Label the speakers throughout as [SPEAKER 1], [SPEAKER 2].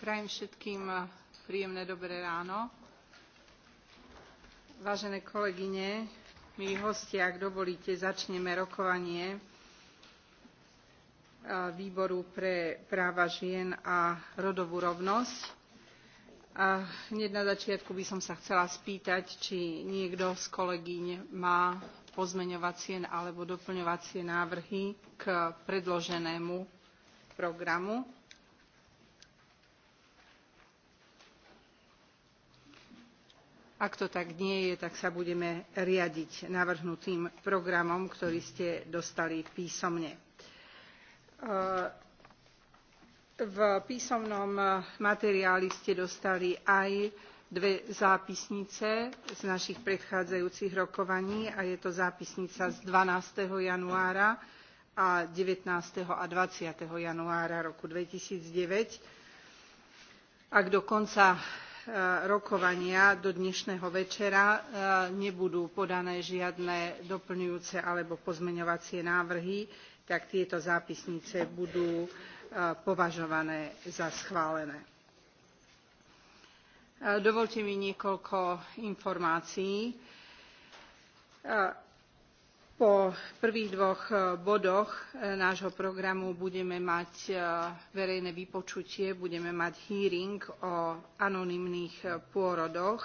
[SPEAKER 1] Prajem všetkým eh, príjemné dobré ráno. Vážené kolegyne, milí hostia, ak dovolíte, začneme rokovanie eh, výboru pre práva žien a rodovú rovnosť. A hneď na začiatku by som sa chcela spýtať, či niekto z kolegyň má pozmeňovacie alebo doplňovacie návrhy k predloženému programu. ak to tak nie je tak sa budeme riadiť navrhnutým programom ktorý ste dostali písomne. E, v písomnom materiáli ste dostali aj dve zápisnice z našich predchádzajúcich rokovaní a je to zápisnica z 12. januára a 19. a 20. januára roku 2009. Ak do konca Eh, rokovania do dnešného večera eh, nebudú podané žiadne doplňujúce alebo pozmeňovacie návrhy tak tieto zápisnice budú eh, považované za schválené. Dovolte mi niekoľko informácií po prvých dvoch e, bodoch e, nášho programu budeme mať e, verejné vypočutie, budeme mať hearing o anonymných pôrodoch.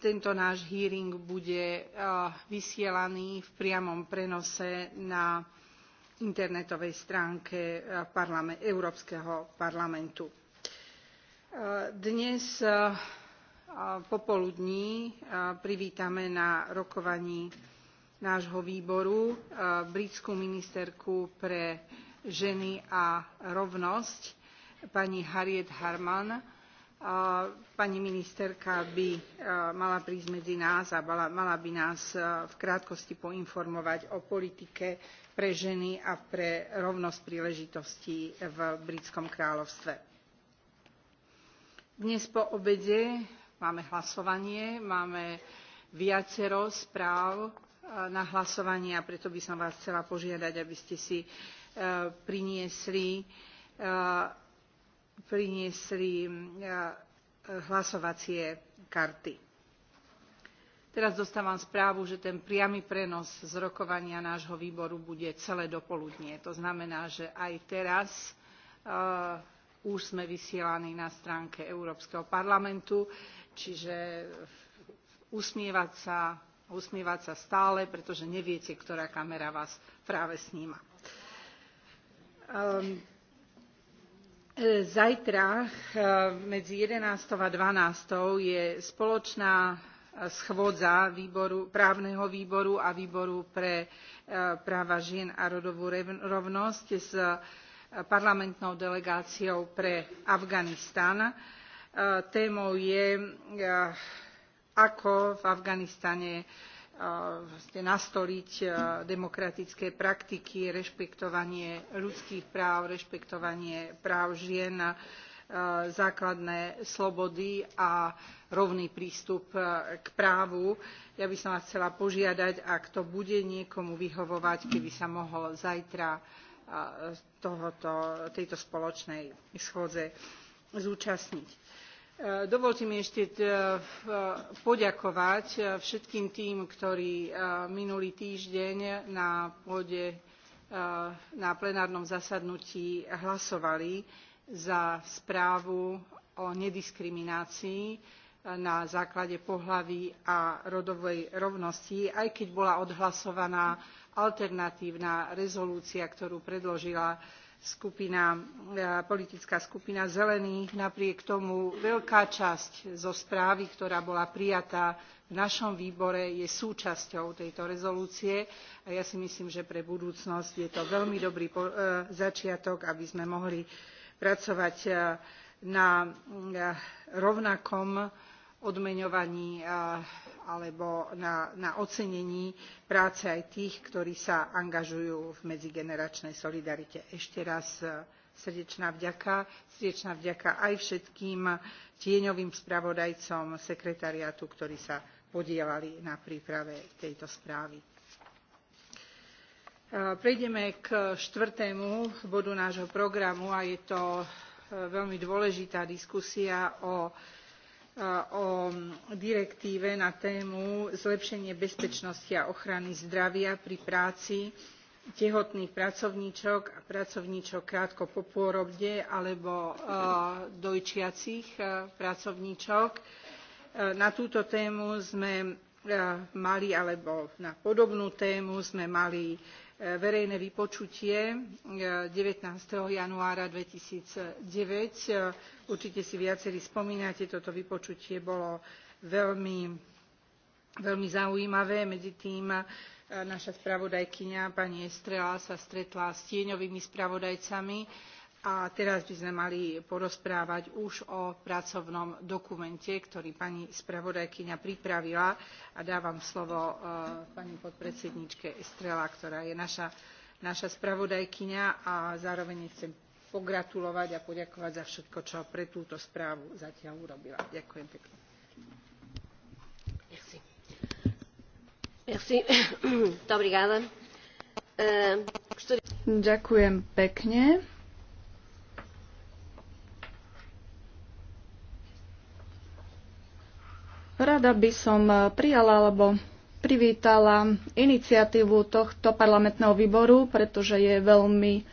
[SPEAKER 1] Tento náš hearing bude vysielaný v priamom prenose na internetovej stránke parlament, Európskeho parlamentu. Dnes popoludní privítame na rokovaní nášho výboru e, britskú ministerku pre ženy a rovnosť pani Harriet Harman. E, pani ministerka by e, mala prísť medzi nás a mala by nás v krátkosti poinformovať o politike pre ženy a pre rovnosť príležitostí v Britskom kráľovstve. Dnes po obede máme hlasovanie, máme viacero správ Eh, na hlasovanie a preto by som vás chcela požiadať, aby ste si eh, priniesli, eh, priniesli mm, hlasovacie karty. Teraz dostávam správu, že ten priamy prenos z rokovania nášho výboru bude celé dopoludnie. To znamená, že aj teraz už sme vysielaní na stránke Európskeho parlamentu, čiže usmievať sa, usmievať sa stále, pretože neviete, ktorá kamera vás práve sníma. Ehm, e, zajtra e, medzi 11. a 12. je spoločná e, schôdza výboru, právneho výboru a výboru pre práva žien a rodovú rovnosť s parlamentnou delegáciou pre Afganistan. Témou je ako v Afganistane eh, ste vlastne nastoliť eh, demokratické praktiky, rešpektovanie ľudských práv, rešpektovanie práv žien, eh, základné slobody a rovný prístup k právu. Ja by som vás chcela požiadať, ak to bude niekomu vyhovovať, keby sa mohol zajtra tohoto, tejto spoločnej schôdze zúčastniť dovoľte mi ešte e, e, poďakovať e, všetkým tým ktorí minulý týždeň na pôde na plenárnom zasadnutí hlasovali za správu o nediskriminácii na základe pohlavy a rodovej rovnosti aj keď bola odhlasovaná alternatívna rezolúcia ktorú predložila E, politická skupina zelených napriek tomu veľká časť zo správy ktorá bola prijatá v našom výbore je súčasťou tejto rezolúcie a ja si myslím že pre budúcnosť je to veľmi dobrý e, začiatok aby sme mohli pracovať e, na rovnakom odmeňovaní eh, alebo na, na ocenení práce aj tých, ktorí sa angažujú v medzigeneračnej solidarite. Ešte raz eh, srdečná vďaka. Srdečná vďaka aj všetkým tieňovým spravodajcom sekretariátu, ktorí sa podielali na príprave tejto správy. Eh, prejdeme k štvrtému bodu nášho programu a je to veľmi dôležitá diskusia o o direktíve na tému zlepšenie bezpečnosti a ochrany zdravia pri práci tehotných pracovníčok a pracovníčok krátko po pôrode alebo dojčiacich pracovníčok. Na túto tému sme mali alebo na podobnú tému sme mali verejné vypočutie 19. E, januára 2009. E, určite si viacerí spomínate, toto vypočutie bolo veľmi, veľmi zaujímavé. Medzi tým e, naša spravodajkyňa pani Estrela sa stretla s tieňovými spravodajcami a teraz by sme mali porozprávať už o pracovnom dokumente ktorý pani spravodajkyňa pripravila a dávam slovo e, pani podpredsedníčke estrela ktorá je naša, naša spravodajkyňa a zároveň chcem pogratulovať a poďakovať za všetko čo pre túto správu zatiaľ urobila. ďakujem pekne. Merci.
[SPEAKER 2] Merci. E,
[SPEAKER 3] ďakujem pekne Rada by som eh, prijala alebo privítala iniciatívu tohto parlamentného výboru, pretože je veľmi eh,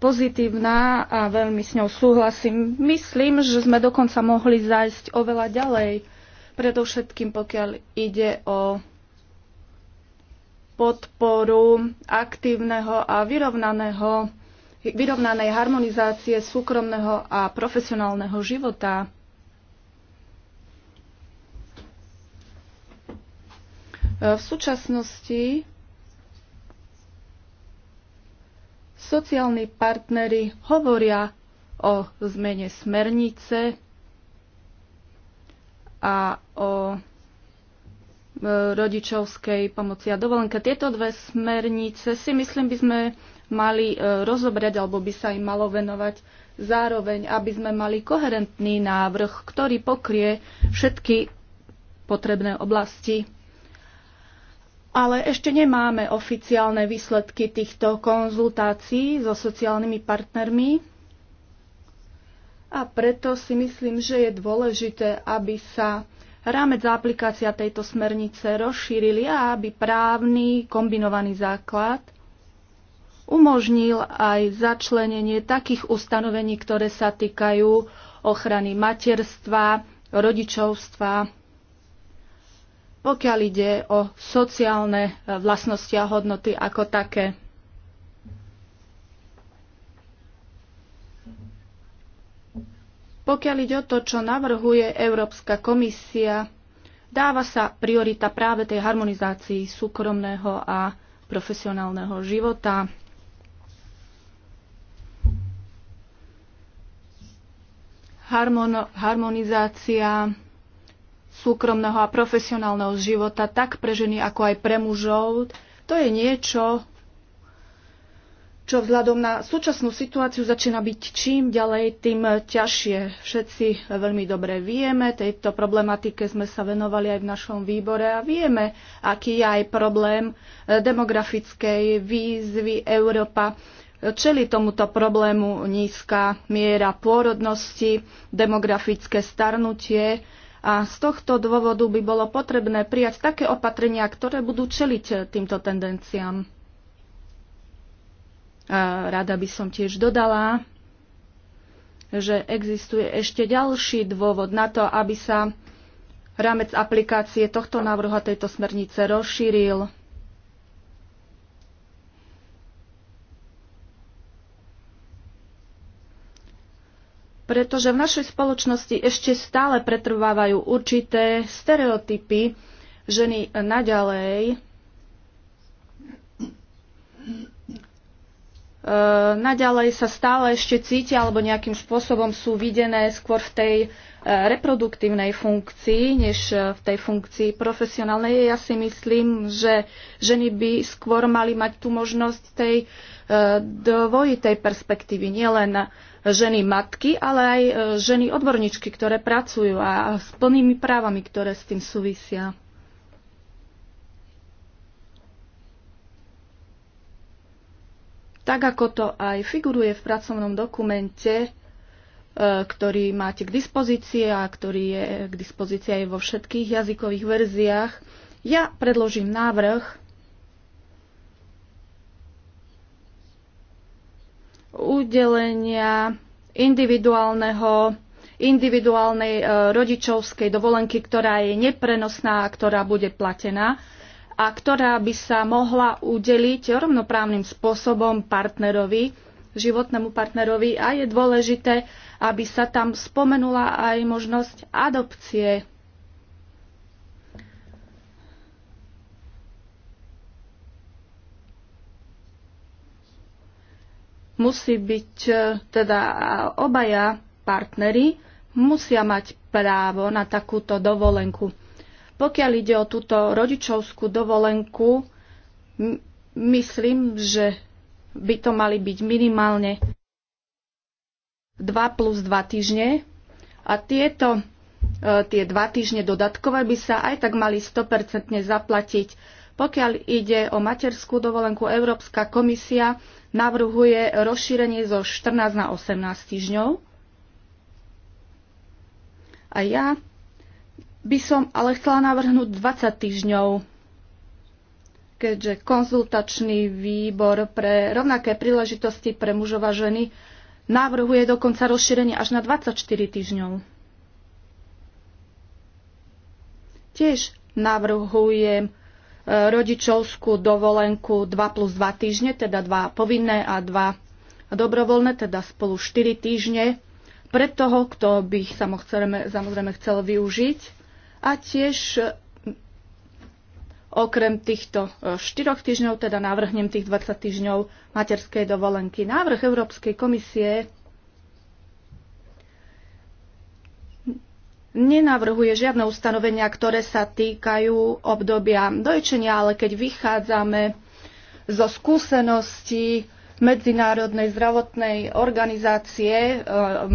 [SPEAKER 3] pozitívna a veľmi s ňou súhlasím. Myslím, že sme dokonca mohli zájsť oveľa ďalej, predovšetkým pokiaľ ide o podporu aktívneho a vyrovnaného, vyrovnanej harmonizácie súkromného a profesionálneho života E, v súčasnosti sociálni partnery hovoria o zmene smernice a o e, rodičovskej pomoci a dovolenke. Tieto dve smernice si myslím by sme mali e, rozobrať alebo by sa im malo venovať zároveň, aby sme mali koherentný návrh, ktorý pokrie všetky potrebné oblasti ale ešte nemáme oficiálne výsledky týchto konzultácií so sociálnymi partnermi. A preto si myslím, že je dôležité, aby sa rámec aplikácia tejto smernice rozšírili a aby právny kombinovaný základ umožnil aj začlenenie takých ustanovení, ktoré sa týkajú ochrany materstva, rodičovstva, pokiaľ ide o sociálne e, vlastnosti a hodnoty ako také. Pokiaľ ide o to, čo navrhuje Európska komisia, dáva sa priorita práve tej harmonizácii súkromného a profesionálneho života. Harmon, harmonizácia súkromného a profesionálneho života, tak pre ženy, ako aj pre mužov, to je niečo, čo vzhľadom na súčasnú situáciu začína byť čím ďalej, tým ťažšie. Všetci veľmi dobre vieme, tejto problematike sme sa venovali aj v našom výbore a vieme, aký je aj problém eh, demografickej výzvy Európa eh, čeli tomuto problému nízka miera pôrodnosti, demografické starnutie a z tohto dôvodu by bolo potrebné prijať také opatrenia, ktoré budú čeliť e, týmto tendenciám. E, rada by som tiež dodala, že existuje ešte ďalší dôvod na to, aby sa rámec aplikácie tohto návrhu a tejto smernice rozšíril pretože v našej spoločnosti ešte stále pretrvávajú určité stereotypy. Ženy naďalej e, naďalej sa stále ešte cítia alebo nejakým spôsobom sú videné skôr v tej e, reproduktívnej funkcii, než e, v tej funkcii profesionálnej. Ja si myslím, že ženy by skôr mali mať tú možnosť tej dvojitej perspektívy, nielen ženy matky, ale aj e, ženy odborníčky, ktoré pracujú a s plnými právami, ktoré s tým súvisia. Tak ako to aj figuruje v pracovnom dokumente, e, ktorý máte k dispozícii a ktorý je k dispozícii aj vo všetkých jazykových verziách, ja predložím návrh udelenia individuálneho individuálnej e, rodičovskej dovolenky, ktorá je neprenosná a ktorá bude platená a ktorá by sa mohla udeliť rovnoprávnym spôsobom partnerovi, životnému partnerovi a je dôležité, aby sa tam spomenula aj možnosť adopcie musí byť e, teda obaja partnery musia mať právo na takúto dovolenku. Pokiaľ ide o túto rodičovskú dovolenku, myslím, že by to mali byť minimálne 2 plus 2 týždne a tieto e, tie dva týždne dodatkové by sa aj tak mali 100% zaplatiť. Pokiaľ ide o materskú dovolenku, Európska komisia navrhuje rozšírenie zo 14 na 18 týždňov. A ja by som ale chcela navrhnúť 20 týždňov, keďže konzultačný výbor pre rovnaké príležitosti pre mužova ženy navrhuje dokonca rozšírenie až na 24 týždňov. Tiež navrhujem rodičovskú dovolenku 2 plus 2 týždne, teda 2 povinné a 2 dobrovoľné, teda spolu 4 týždne pre toho, kto by ich samozrejme, samozrejme chcel využiť. A tiež mm, okrem týchto 4 e, týždňov, teda návrhnem tých 20 týždňov materskej dovolenky. Návrh Európskej komisie nenavrhuje žiadne ustanovenia, ktoré sa týkajú obdobia dojčenia, ale keď vychádzame zo skúseností Medzinárodnej zdravotnej organizácie e,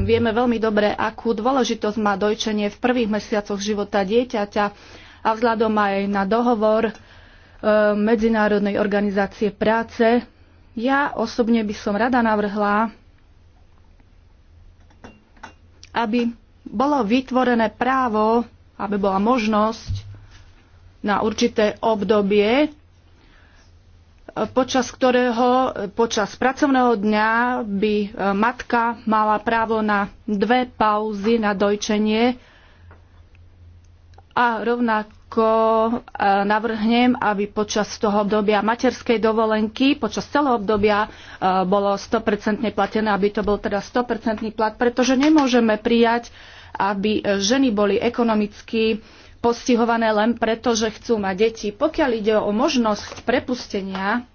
[SPEAKER 3] vieme veľmi dobre, akú dôležitosť má dojčenie v prvých mesiacoch života dieťaťa a vzhľadom aj na dohovor e, Medzinárodnej organizácie práce. Ja osobne by som rada navrhla, aby bolo vytvorené právo, aby bola možnosť na určité obdobie, eh, počas ktorého eh, počas pracovného dňa by eh, matka mala právo na dve pauzy na dojčenie a rovnako navrhnem, aby počas toho obdobia materskej dovolenky, počas celého obdobia bolo 100% platené, aby to bol teda 100% plat, pretože nemôžeme prijať uh, aby e, ženy boli ekonomicky postihované len preto, že chcú mať deti. Pokiaľ ide o možnosť prepustenia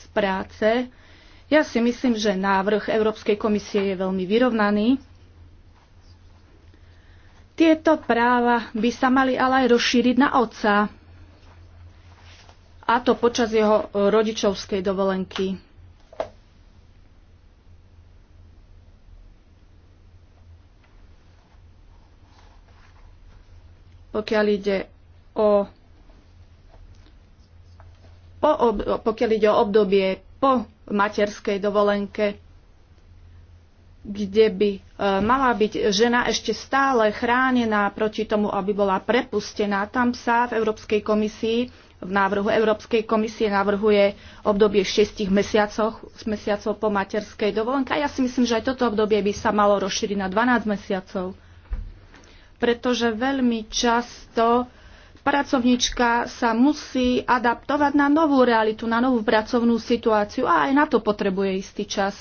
[SPEAKER 3] z práce, ja si myslím, že návrh Európskej komisie je veľmi vyrovnaný. Tieto práva by sa mali ale aj rozšíriť na otca, a to počas jeho rodičovskej dovolenky. pokiaľ ide o, o ob, pokiaľ ide o obdobie po materskej dovolenke, kde by e, mala byť žena ešte stále chránená proti tomu, aby bola prepustená. Tam sa v Európskej komisii, v návrhu Európskej komisie navrhuje obdobie 6 mesiacov, mesiacov po materskej dovolenke. A ja si myslím, že aj toto obdobie by sa malo rozšíriť na 12 mesiacov pretože veľmi často pracovnička sa musí adaptovať na novú realitu, na novú pracovnú situáciu a aj na to potrebuje istý čas.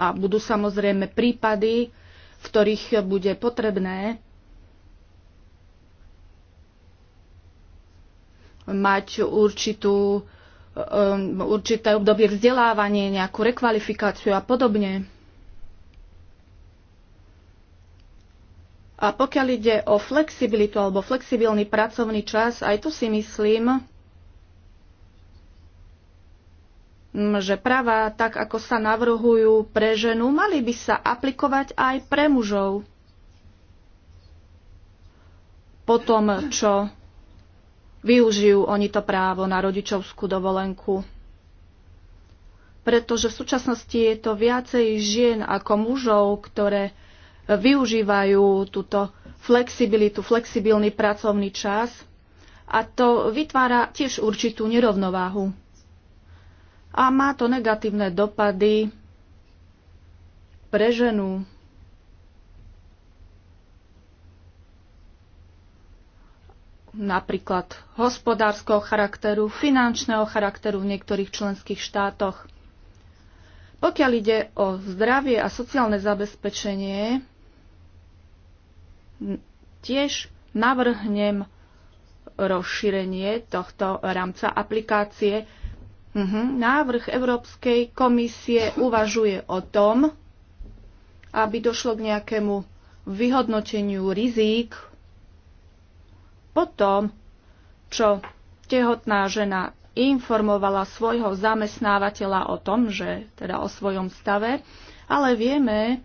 [SPEAKER 3] A budú samozrejme prípady, v ktorých bude potrebné mať určitú, um, určité obdobie vzdelávanie, nejakú rekvalifikáciu a podobne. A pokiaľ ide o flexibilitu alebo flexibilný pracovný čas, aj tu si myslím, že práva, tak ako sa navrhujú pre ženu, mali by sa aplikovať aj pre mužov. Potom, čo využijú oni to právo na rodičovskú dovolenku. Pretože v súčasnosti je to viacej žien ako mužov, ktoré využívajú túto flexibilitu, flexibilný pracovný čas a to vytvára tiež určitú nerovnováhu. A má to negatívne dopady pre ženu. napríklad hospodárskeho charakteru, finančného charakteru v niektorých členských štátoch. Pokiaľ ide o zdravie a sociálne zabezpečenie, tiež navrhnem rozšírenie tohto rámca aplikácie. Uh-huh. Návrh Európskej komisie uvažuje o tom, aby došlo k nejakému vyhodnoteniu rizík po tom, čo tehotná žena informovala svojho zamestnávateľa o tom, že teda o svojom stave, ale vieme,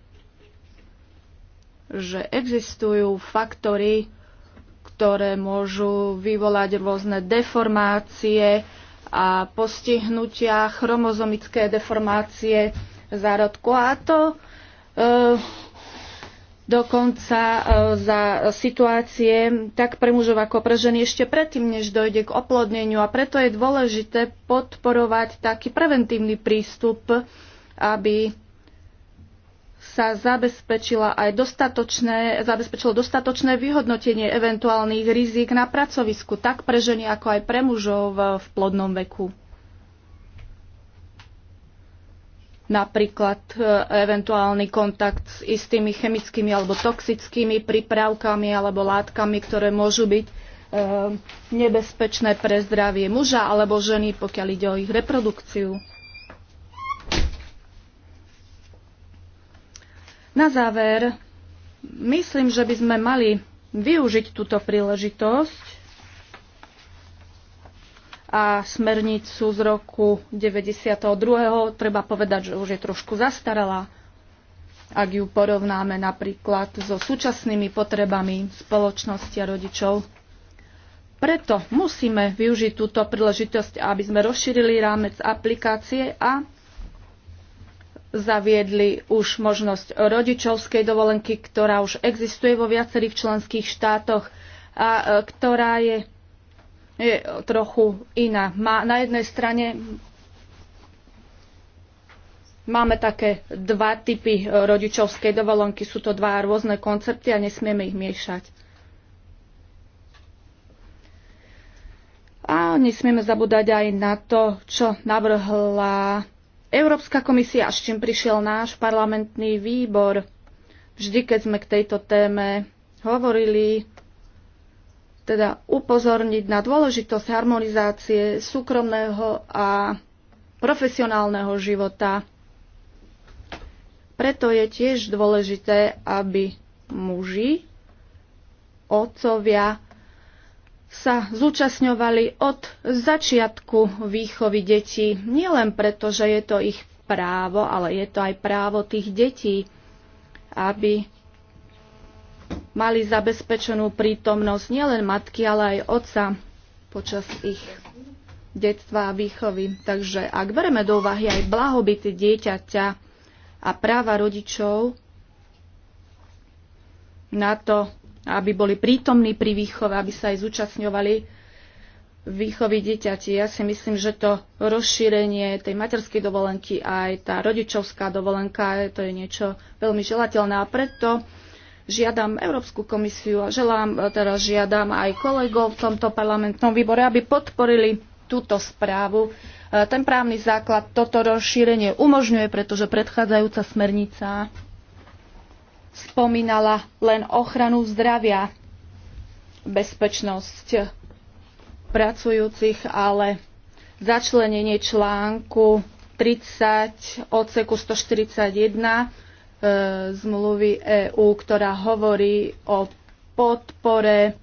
[SPEAKER 3] že existujú faktory, ktoré môžu vyvolať rôzne deformácie a postihnutia, chromozomické deformácie zárodku. A to e, dokonca e, za situácie tak pre mužov ako pre ženy ešte predtým, než dojde k oplodneniu. A preto je dôležité podporovať taký preventívny prístup, aby sa zabezpečila aj dostatočné, zabezpečilo dostatočné vyhodnotenie eventuálnych rizik na pracovisku, tak pre ženy, ako aj pre mužov v plodnom veku. Napríklad e, eventuálny kontakt s istými chemickými alebo toxickými prípravkami alebo látkami, ktoré môžu byť e, nebezpečné pre zdravie muža alebo ženy, pokiaľ ide o ich reprodukciu. Na záver, myslím, že by sme mali využiť túto príležitosť a smernicu z roku 92. treba povedať, že už je trošku zastarala, ak ju porovnáme napríklad so súčasnými potrebami spoločnosti a rodičov. Preto musíme využiť túto príležitosť, aby sme rozšírili rámec aplikácie a zaviedli už možnosť rodičovskej dovolenky, ktorá už existuje vo viacerých členských štátoch a e, ktorá je, je trochu iná. Má, na jednej strane máme také dva typy e, rodičovskej dovolenky. Sú to dva rôzne koncepty a nesmieme ich miešať. A nesmieme zabúdať aj na to, čo navrhla Európska komisia, s čím prišiel náš parlamentný výbor, vždy keď sme k tejto téme hovorili, teda upozorniť na dôležitosť harmonizácie súkromného a profesionálneho života. Preto je tiež dôležité, aby muži, otcovia sa zúčastňovali od začiatku výchovy detí, nielen preto, že je to ich právo, ale je to aj právo tých detí, aby mali zabezpečenú prítomnosť nielen matky, ale aj otca počas ich detstva a výchovy. Takže ak bereme do úvahy aj blahobyty dieťaťa a práva rodičov na to, aby boli prítomní pri výchove, aby sa aj zúčastňovali výchovy dieťati. Ja si myslím, že to rozšírenie tej materskej dovolenky aj tá rodičovská dovolenka, to je niečo veľmi želateľné a preto žiadam Európsku komisiu a želám, teraz žiadam aj kolegov v tomto parlamentnom výbore, aby podporili túto správu. Ten právny základ toto rozšírenie umožňuje, pretože predchádzajúca smernica spomínala len ochranu zdravia, bezpečnosť pracujúcich, ale začlenenie článku 30 odseku 141 e, zmluvy EÚ, ktorá hovorí o podpore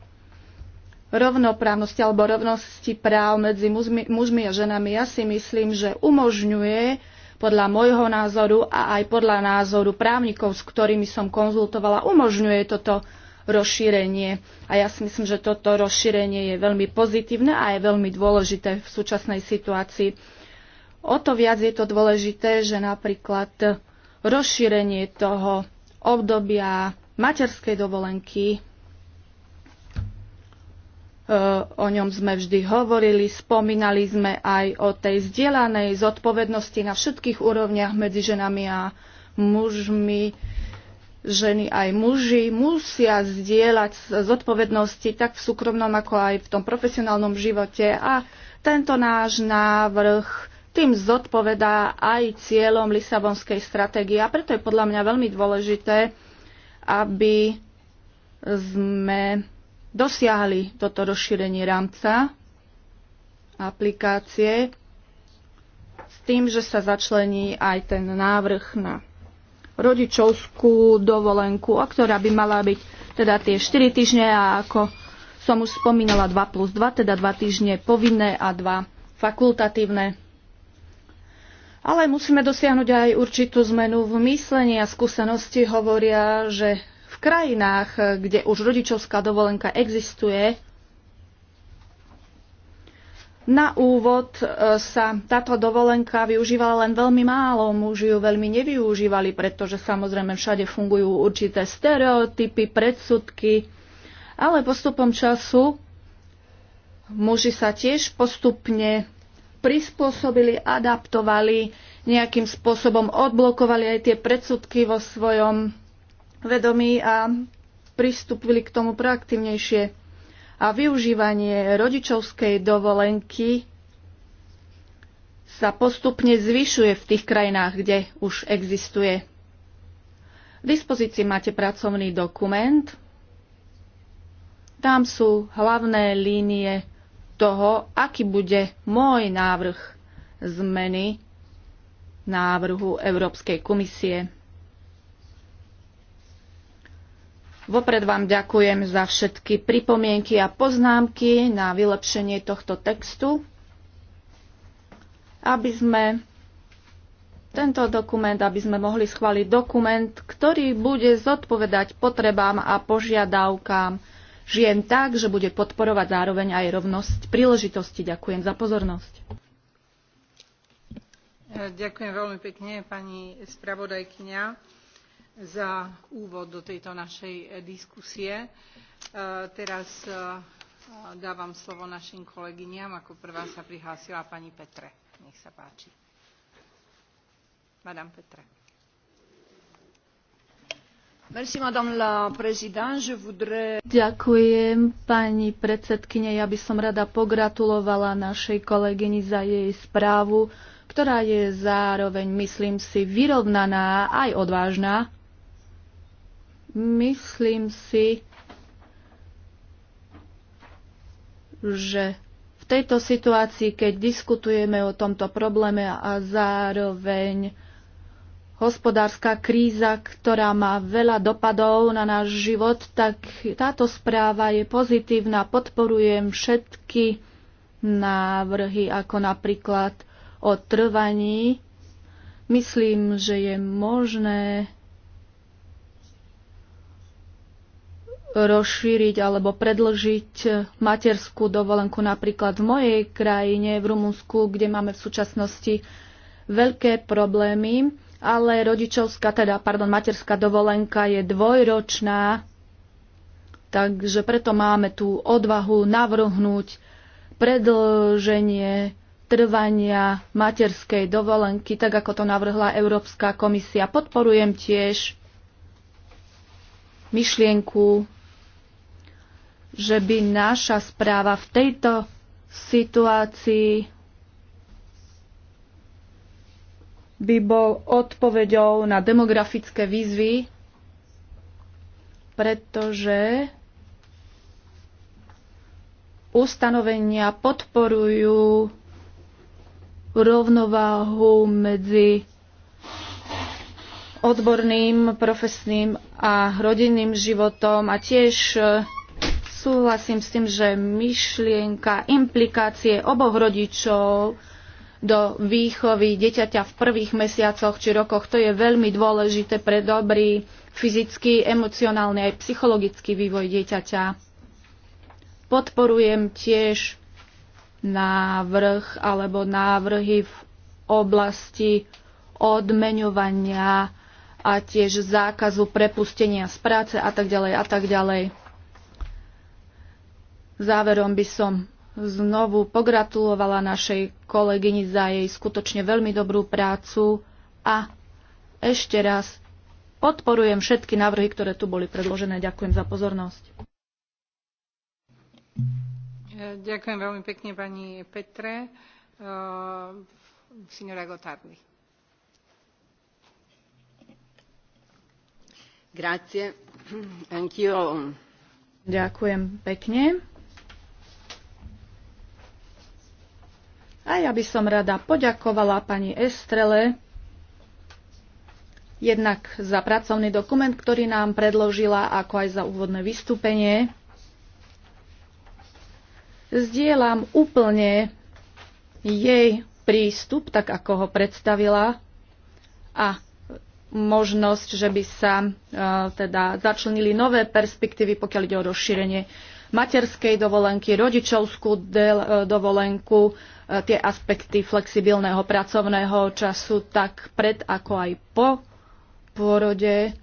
[SPEAKER 3] rovnoprávnosti alebo rovnosti práv medzi mužmi, mužmi a ženami. Ja si myslím, že umožňuje podľa môjho názoru a aj podľa názoru právnikov, s ktorými som konzultovala, umožňuje toto rozšírenie. A ja si myslím, že toto rozšírenie je veľmi pozitívne a je veľmi dôležité v súčasnej situácii. O to viac je to dôležité, že napríklad rozšírenie toho obdobia materskej dovolenky E, o ňom sme vždy hovorili, spomínali sme aj o tej zdieľanej zodpovednosti na všetkých úrovniach medzi ženami a mužmi. Ženy aj muži musia zdieľať zodpovednosti tak v súkromnom, ako aj v tom profesionálnom živote a tento náš návrh tým zodpovedá aj cieľom Lisabonskej stratégie a preto je podľa mňa veľmi dôležité, aby sme dosiahli toto rozšírenie rámca aplikácie s tým, že sa začlení aj ten návrh na rodičovskú dovolenku, a ktorá by mala byť teda tie 4 týždne a ako som už spomínala 2 plus 2, teda 2 týždne povinné a 2 fakultatívne. Ale musíme dosiahnuť aj určitú zmenu v myslení a skúsenosti hovoria, že krajinách, eh, kde už rodičovská dovolenka existuje, na úvod eh, sa táto dovolenka využívala len veľmi málo, muži ju veľmi nevyužívali, pretože samozrejme všade fungujú určité stereotypy, predsudky, ale postupom času muži sa tiež postupne prispôsobili, adaptovali, nejakým spôsobom odblokovali aj tie predsudky vo svojom vedomí a pristúpili k tomu proaktívnejšie. A využívanie rodičovskej dovolenky sa postupne zvyšuje v tých krajinách, kde už existuje. V dispozícii máte pracovný dokument. Tam sú hlavné línie toho, aký bude môj návrh zmeny návrhu Európskej komisie. Vopred vám ďakujem za všetky pripomienky a poznámky na vylepšenie tohto textu, aby sme tento dokument, aby sme mohli schváliť dokument, ktorý bude zodpovedať potrebám a požiadavkám žien tak, že bude podporovať zároveň aj rovnosť príležitosti. Ďakujem za pozornosť.
[SPEAKER 1] Ďakujem veľmi pekne, pani spravodajkynia za úvod do tejto našej eh, diskusie. Eh, teraz eh, dávam slovo našim kolegyniam. Ako prvá sa prihlásila pani Petre. Nech sa páči. Madame Petre.
[SPEAKER 2] Merci, madame la présidente. Je voudrais...
[SPEAKER 3] Ďakujem, pani predsedkyne. Ja by som rada pogratulovala našej kolegyni za jej správu, ktorá je zároveň, myslím si, vyrovnaná aj odvážna Myslím si, že v tejto situácii, keď diskutujeme o tomto probléme a zároveň hospodárska kríza, ktorá má veľa dopadov na náš život, tak táto správa je pozitívna. Podporujem všetky návrhy, ako napríklad o trvaní. Myslím, že je možné rozšíriť alebo predlžiť materskú dovolenku napríklad v mojej krajine, v Rumunsku, kde máme v súčasnosti veľké problémy, ale rodičovská, teda, pardon, materská dovolenka je dvojročná, takže preto máme tú odvahu navrhnúť predlženie trvania materskej dovolenky, tak ako to navrhla Európska komisia. Podporujem tiež myšlienku že by naša správa v tejto situácii by bol odpoveďou na demografické výzvy, pretože ustanovenia podporujú rovnováhu medzi odborným, profesným a rodinným životom a tiež súhlasím s tým, že myšlienka, implikácie oboch rodičov do výchovy dieťaťa v prvých mesiacoch či rokoch, to je veľmi dôležité pre dobrý fyzický, emocionálny aj psychologický vývoj dieťaťa. Podporujem tiež návrh alebo návrhy v oblasti odmeňovania a tiež zákazu prepustenia z práce a tak ďalej a tak ďalej. Záverom by som znovu pogratulovala našej kolegyni za jej skutočne veľmi dobrú prácu a ešte raz podporujem všetky návrhy, ktoré tu boli predložené. Ďakujem za pozornosť.
[SPEAKER 1] Ďakujem veľmi pekne pani Petre. Uh, signora Gotardi.
[SPEAKER 4] Grazie. Anch'io.
[SPEAKER 3] Ďakujem pekne. A ja by som rada poďakovala pani Estrele jednak za pracovný dokument, ktorý nám predložila, ako aj za úvodné vystúpenie. Zdieľam úplne jej prístup, tak ako ho predstavila a možnosť, že by sa e, teda začlenili nové perspektívy, pokiaľ ide o rozšírenie materskej dovolenky, rodičovskú e, dovolenku, e, tie aspekty flexibilného pracovného času tak pred ako aj po pôrode.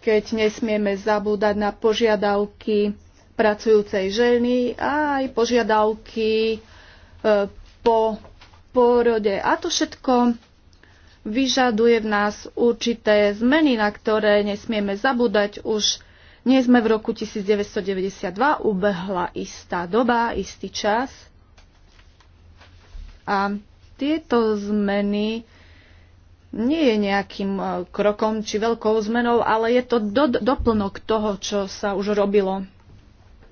[SPEAKER 3] Keď nesmieme zabúdať na požiadavky pracujúcej ženy a aj požiadavky e, po pôrode. A to všetko vyžaduje v nás určité zmeny, na ktoré nesmieme zabúdať. Už nie sme v roku 1992, ubehla istá doba, istý čas. A tieto zmeny nie je nejakým e, krokom či veľkou zmenou, ale je to do, doplnok toho, čo sa už robilo.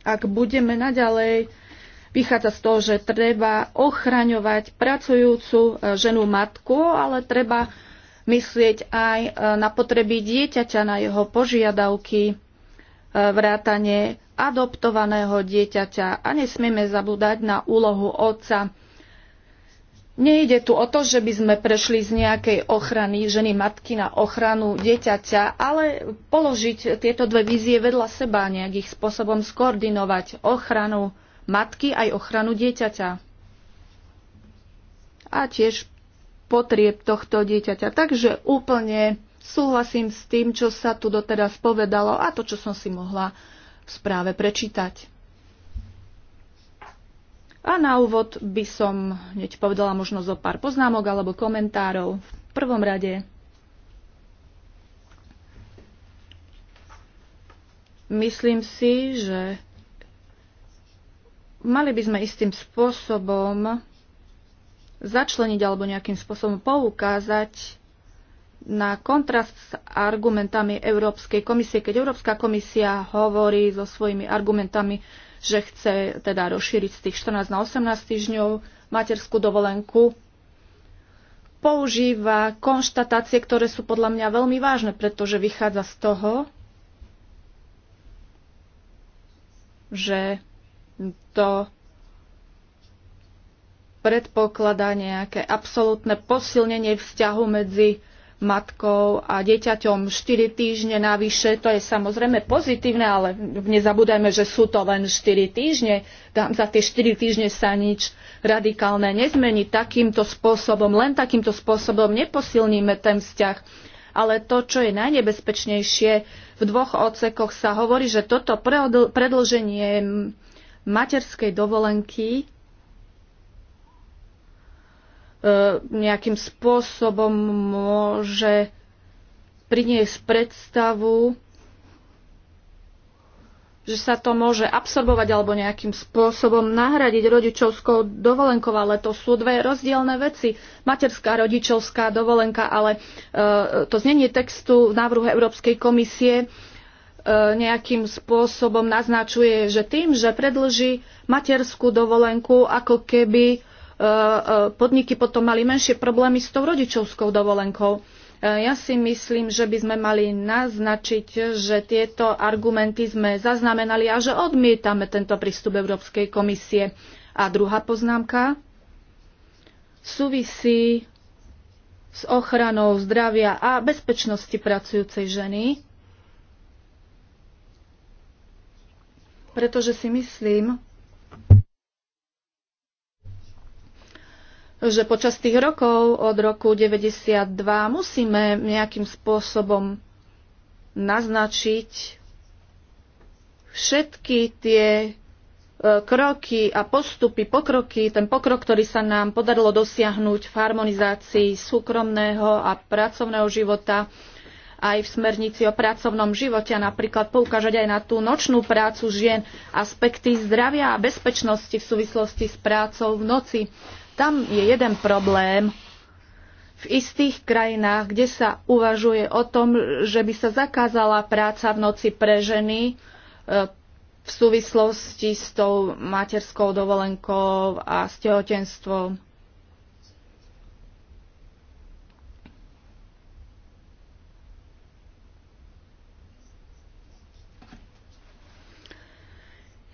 [SPEAKER 3] Ak budeme naďalej vychádza z toho, že treba ochraňovať pracujúcu e, ženu matku, ale treba myslieť aj e, na potreby dieťaťa, na jeho požiadavky, e, vrátanie adoptovaného dieťaťa a nesmieme zabúdať na úlohu otca. Nejde tu o to, že by sme prešli z nejakej ochrany ženy matky na ochranu dieťaťa, ale položiť tieto dve vízie vedľa seba, nejakých spôsobom skoordinovať ochranu matky aj ochranu dieťaťa. A tiež potrieb tohto dieťaťa. Takže úplne súhlasím s tým, čo sa tu doteraz povedalo a to, čo som si mohla v správe prečítať. A na úvod by som hneď povedala možno zo pár poznámok alebo komentárov. V prvom rade myslím si, že mali by sme istým spôsobom začleniť alebo nejakým spôsobom poukázať na kontrast s argumentami Európskej komisie, keď Európska komisia hovorí so svojimi argumentami, že chce teda rozšíriť z tých 14 na 18 týždňov materskú dovolenku, používa konštatácie, ktoré sú podľa mňa veľmi vážne, pretože vychádza z toho, že to predpokladá nejaké absolútne posilnenie vzťahu medzi matkou a dieťaťom 4 týždne navyše. To je samozrejme pozitívne, ale nezabúdajme, že sú to len 4 týždne. Tam za tie 4 týždne sa nič radikálne nezmení. Takýmto spôsobom, len takýmto spôsobom neposilníme ten vzťah. Ale to, čo je najnebezpečnejšie, v dvoch odsekoch sa hovorí, že toto predlženie materskej dovolenky e, nejakým spôsobom môže priniesť predstavu, že sa to môže absorbovať alebo nejakým spôsobom nahradiť rodičovskou dovolenkou, ale to sú dve rozdielne veci. Materská rodičovská dovolenka, ale e, to znenie textu návrhu Európskej komisie E, nejakým spôsobom naznačuje, že tým, že predlží materskú dovolenku, ako keby e, e, podniky potom mali menšie problémy s tou rodičovskou dovolenkou. Ja si myslím, že by sme mali naznačiť, že tieto argumenty sme zaznamenali a že odmietame tento prístup Európskej komisie. A druhá poznámka súvisí s ochranou zdravia a bezpečnosti pracujúcej ženy. pretože si myslím, že počas tých rokov od roku 92 musíme nejakým spôsobom naznačiť všetky tie e, kroky a postupy, pokroky, ten pokrok, ktorý sa nám podarilo dosiahnuť v harmonizácii súkromného a pracovného života, aj v smernici o pracovnom živote a napríklad poukážať aj na tú nočnú prácu žien, aspekty zdravia a bezpečnosti v súvislosti s prácou v noci. Tam je jeden problém. V istých krajinách, kde sa uvažuje o tom, že by sa zakázala práca v noci pre ženy e, v súvislosti s tou materskou dovolenkou a s tehotenstvom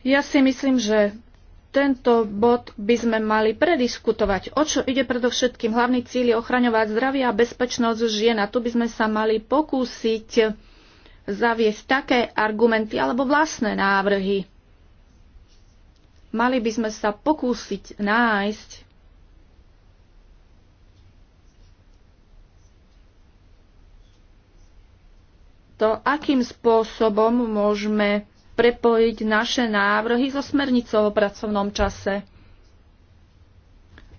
[SPEAKER 3] Ja si myslím, že tento bod by sme mali prediskutovať. O čo ide predovšetkým? Hlavný cíl je ochraňovať zdravie a bezpečnosť žien a tu by sme sa mali pokúsiť zaviesť také argumenty alebo vlastné návrhy. Mali by sme sa pokúsiť nájsť to, akým spôsobom môžeme prepojiť naše návrhy so smernicou o pracovnom čase.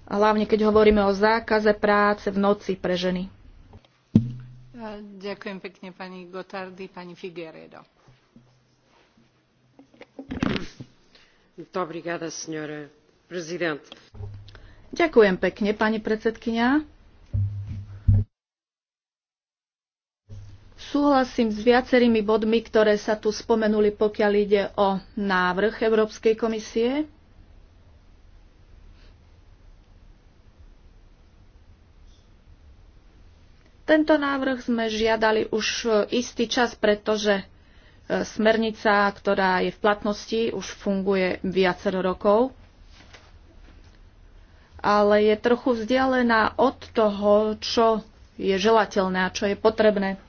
[SPEAKER 3] Hlavne keď hovoríme o zákaze práce v noci pre ženy.
[SPEAKER 1] Ďakujem pekne pani Gotardi, pani Figueredo. Dobrý gada, prezident.
[SPEAKER 3] Ďakujem pekne, pani predsedkynia. Súhlasím s viacerými bodmi, ktoré sa tu spomenuli, pokiaľ ide o návrh Európskej komisie. Tento návrh sme žiadali už istý čas, pretože e, smernica, ktorá je v platnosti, už funguje viacero rokov, ale je trochu vzdialená od toho, čo je želateľné a čo je potrebné.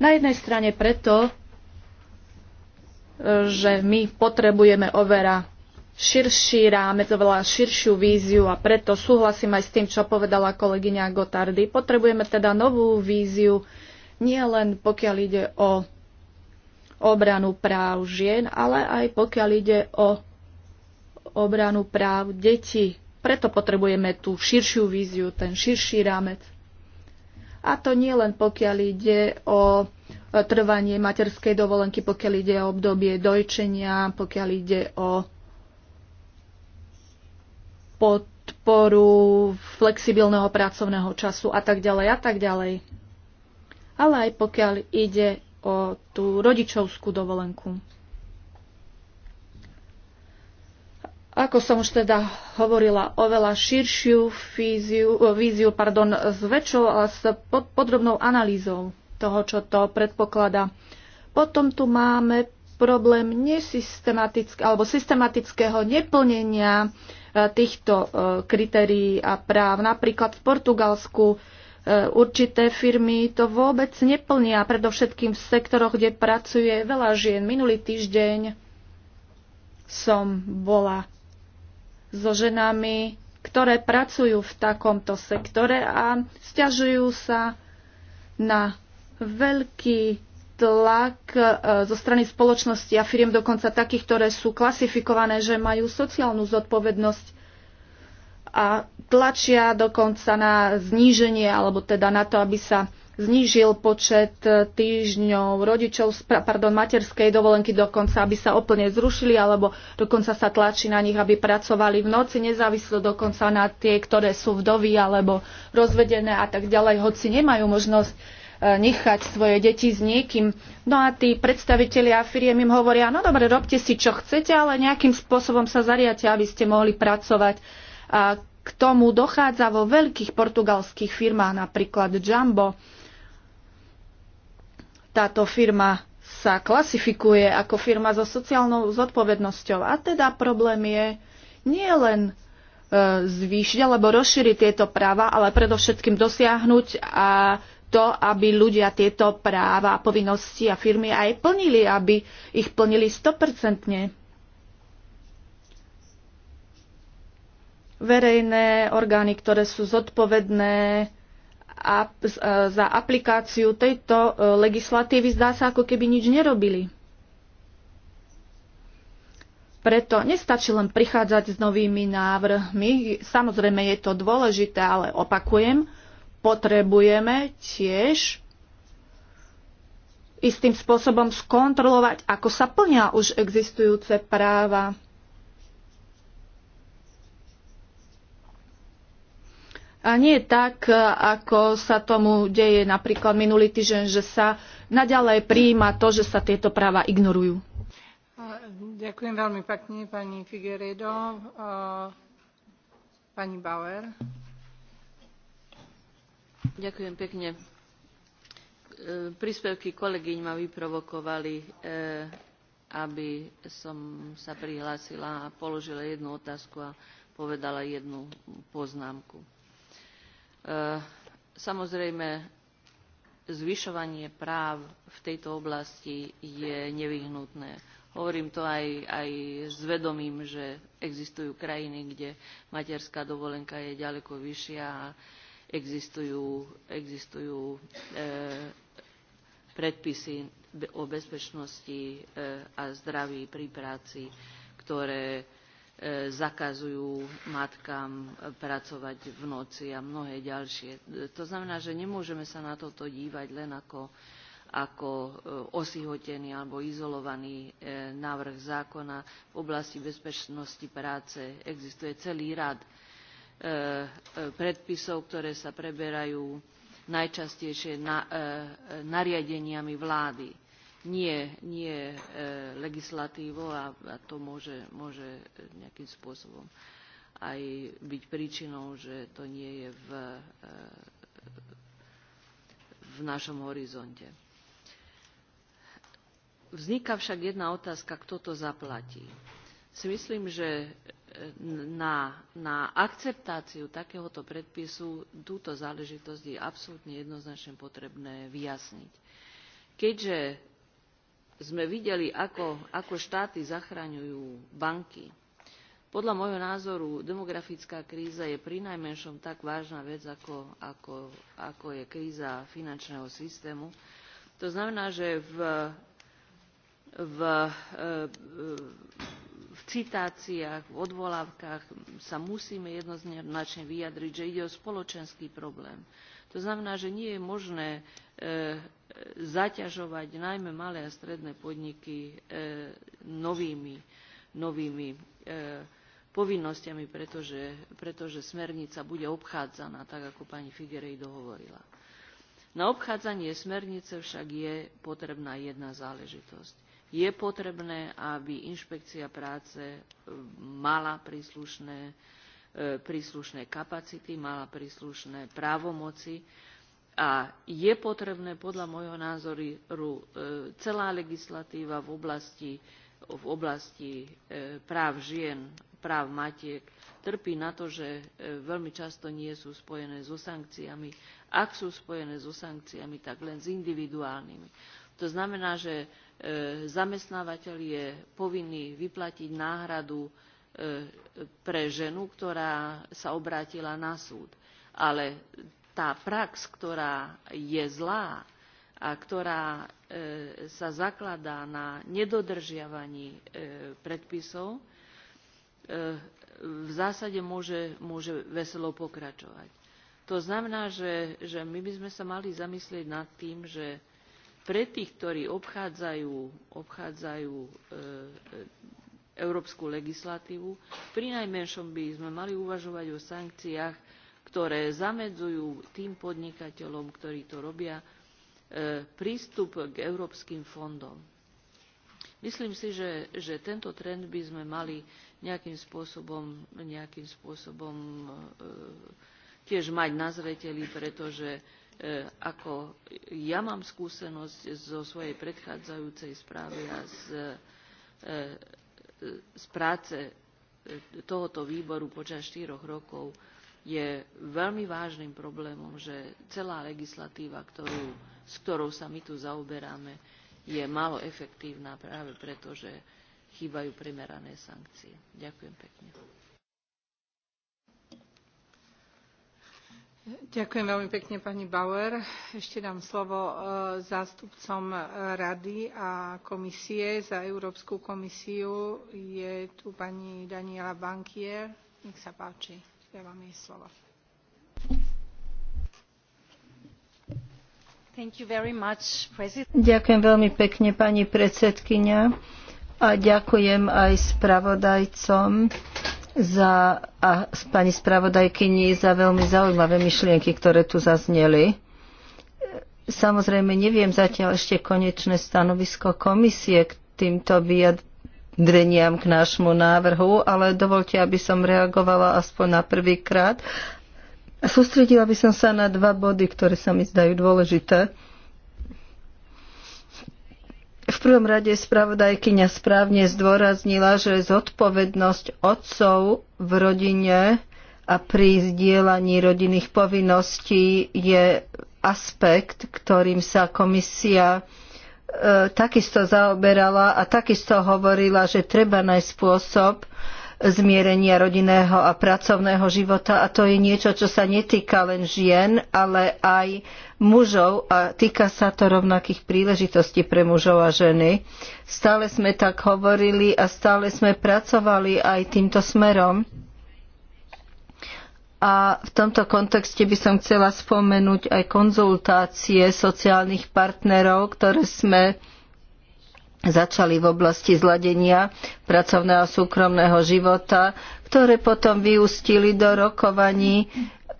[SPEAKER 3] Na jednej strane preto, e, že my potrebujeme overa širší rámec, oveľa širšiu víziu a preto súhlasím aj s tým, čo povedala kolegyňa Gotardy. Potrebujeme teda novú víziu, nie len pokiaľ ide o obranu práv žien, ale aj pokiaľ ide o obranu práv detí. Preto potrebujeme tú širšiu víziu, ten širší rámec. A to nie len pokiaľ ide o trvanie materskej dovolenky, pokiaľ ide o obdobie dojčenia, pokiaľ ide o podporu flexibilného pracovného času a tak ďalej a tak ďalej. Ale aj pokiaľ ide o tú rodičovskú dovolenku. Ako som už teda hovorila, oveľa širšiu víziu, víziu pardon, s väčšou a s podrobnou analýzou toho, čo to predpokladá. Potom tu máme problém nesystematického alebo systematického neplnenia e, týchto e, kritérií a práv. Napríklad v Portugalsku e, určité firmy to vôbec neplnia, predovšetkým v sektoroch, kde pracuje veľa žien. Minulý týždeň som bola so ženami, ktoré pracujú v takomto sektore a stiažujú sa na veľký tlak e, zo strany spoločnosti a firiem, dokonca takých, ktoré sú klasifikované, že majú sociálnu zodpovednosť a tlačia dokonca na zníženie alebo teda na to, aby sa znížil počet e, týždňov rodičov, pardon, materskej dovolenky dokonca, aby sa úplne zrušili, alebo dokonca sa tlačí na nich, aby pracovali v noci, nezávislo dokonca na tie, ktoré sú vdovy alebo rozvedené a tak ďalej, hoci nemajú možnosť e, nechať svoje deti s niekým. No a tí predstavitelia firiem im hovoria, no dobre, robte si čo chcete, ale nejakým spôsobom sa zariate, aby ste mohli pracovať. A k tomu dochádza vo veľkých portugalských firmách, napríklad Jumbo táto firma sa klasifikuje ako firma so sociálnou zodpovednosťou. A teda problém je nie len e, zvýšiť alebo rozšíriť tieto práva, ale predovšetkým dosiahnuť a to, aby ľudia tieto práva a povinnosti a firmy aj plnili, aby ich plnili 100%. Verejné orgány, ktoré sú zodpovedné a e, za aplikáciu tejto e, legislatívy zdá sa, ako keby nič nerobili. Preto nestačí len prichádzať s novými návrhmi. Samozrejme je to dôležité, ale opakujem, potrebujeme tiež istým spôsobom skontrolovať, ako sa plnia už existujúce práva. A nie tak, ako sa tomu deje napríklad minulý týždeň, že sa naďalej prijíma to, že sa tieto práva ignorujú.
[SPEAKER 1] Ďakujem veľmi pekne pani Figueredo. Pani Bauer. Ďakujem pekne.
[SPEAKER 2] E, príspevky kolegyň ma vyprovokovali, e, aby som sa prihlásila a položila jednu otázku a povedala jednu poznámku E, samozrejme, zvyšovanie práv v tejto oblasti je nevyhnutné. Hovorím to aj, aj s vedomím, že existujú krajiny, kde materská dovolenka je ďaleko vyššia a existujú, existujú e, predpisy o bezpečnosti e, a zdraví pri práci, ktoré E, zakazujú matkám pracovať v noci a mnohé ďalšie. E, to znamená, že nemôžeme sa na toto dívať len ako, ako e, osihotený alebo izolovaný návrh zákona. V oblasti bezpečnosti práce existuje celý rad predpisov, ktoré sa preberajú najčastejšie na, nariadeniami vlády nie, nie e, legislatívou a, a to môže, môže e, nejakým spôsobom aj byť príčinou, že to nie je v, e, v našom horizonte. Vzniká však jedna otázka, kto to zaplatí. Si myslím, že e, na, na akceptáciu takéhoto predpisu túto záležitosť je absolútne jednoznačne potrebné vyjasniť. Keďže sme videli, ako, ako štáty zachraňujú banky. Podľa môjho názoru demografická kríza je prinajmenšom tak vážna vec, ako, ako, ako je kríza finančného systému. To znamená, že v, v, e, e, v citáciách, v odvolávkach sa musíme jednoznačne vyjadriť, že ide o spoločenský problém to znamená, že nie je možné e, zaťažovať najmä malé a stredné podniky e, novými, novými e, povinnosťami, pretože, pretože smernica bude obchádzaná, tak ako pani Figerej hovorila. Na obchádzanie smernice však je potrebná jedna záležitosť. Je potrebné, aby inšpekcia práce mala príslušné E, príslušné kapacity, mala príslušné právomoci a je potrebné podľa môjho názoru e, celá legislatíva v oblasti, v oblasti e, práv žien, práv matiek trpí na to, že veľmi často nie sú spojené so sankciami. Ak sú spojené so sankciami, tak len s individuálnymi. To znamená, že zamestnávateľ je povinný vyplatiť náhradu pre ženu, ktorá sa obrátila na súd. Ale tá prax, ktorá je zlá a ktorá e, sa zakladá na nedodržiavaní e, predpisov, e, v zásade môže, môže veselo pokračovať. To znamená, že, že my by sme sa mali zamyslieť nad tým, že pre tých, ktorí obchádzajú, obchádzajú európsku legislatívu, prinajmenšom by sme mali uvažovať o sankciách, ktoré zamedzujú tým podnikateľom, ktorí to robia, e, prístup k európskym fondom. Myslím si, že, tento trend by sme mali nejakým spôsobom, nejakým spôsobom e, tiež mať na zreteli, pretože e, ako ja mám skúsenosť zo svojej predchádzajúcej správy a z z práce e, tohoto výboru počas štyroch rokov je veľmi vážnym problémom, že celá legislatíva, ktorú, s ktorou sa my tu zaoberáme, je málo efektívna práve preto, že chýbajú primerané sankcie. Ďakujem pekne.
[SPEAKER 1] Ďakujem veľmi pekne pani Bauer. Ešte dám slovo e, zástupcom e, Rady a komisie. Za Európsku komisiu je tu pani Daniela Bankier. Nech sa páči, ja vám jej slovo.
[SPEAKER 5] ďakujem veľmi pekne pani predsedkyňa a ďakujem aj spravodajcom za, a s pani spravodajkyni za veľmi zaujímavé myšlienky, ktoré tu zazneli. Samozrejme, neviem zatiaľ ešte konečné stanovisko komisie k týmto vyjadreniam k nášmu návrhu, ale dovolte, aby som reagovala aspoň na prvýkrát. Sústredila by som sa na dva body, ktoré sa mi zdajú dôležité prvom rade spravodajkyňa správne zdôraznila, že zodpovednosť otcov v rodine a pri zdieľaní rodinných povinností je aspekt, ktorým sa komisia e, takisto zaoberala a takisto hovorila, že treba nájsť spôsob, zmierenia rodinného a pracovného života a to je niečo, čo sa netýka len žien, ale aj mužov a týka sa to rovnakých príležitostí pre mužov a ženy. Stále sme tak hovorili a stále sme pracovali aj týmto smerom. A v tomto kontexte by som chcela spomenúť aj konzultácie sociálnych partnerov, ktoré sme začali v oblasti zladenia pracovného a súkromného života, ktoré potom vyústili do rokovaní,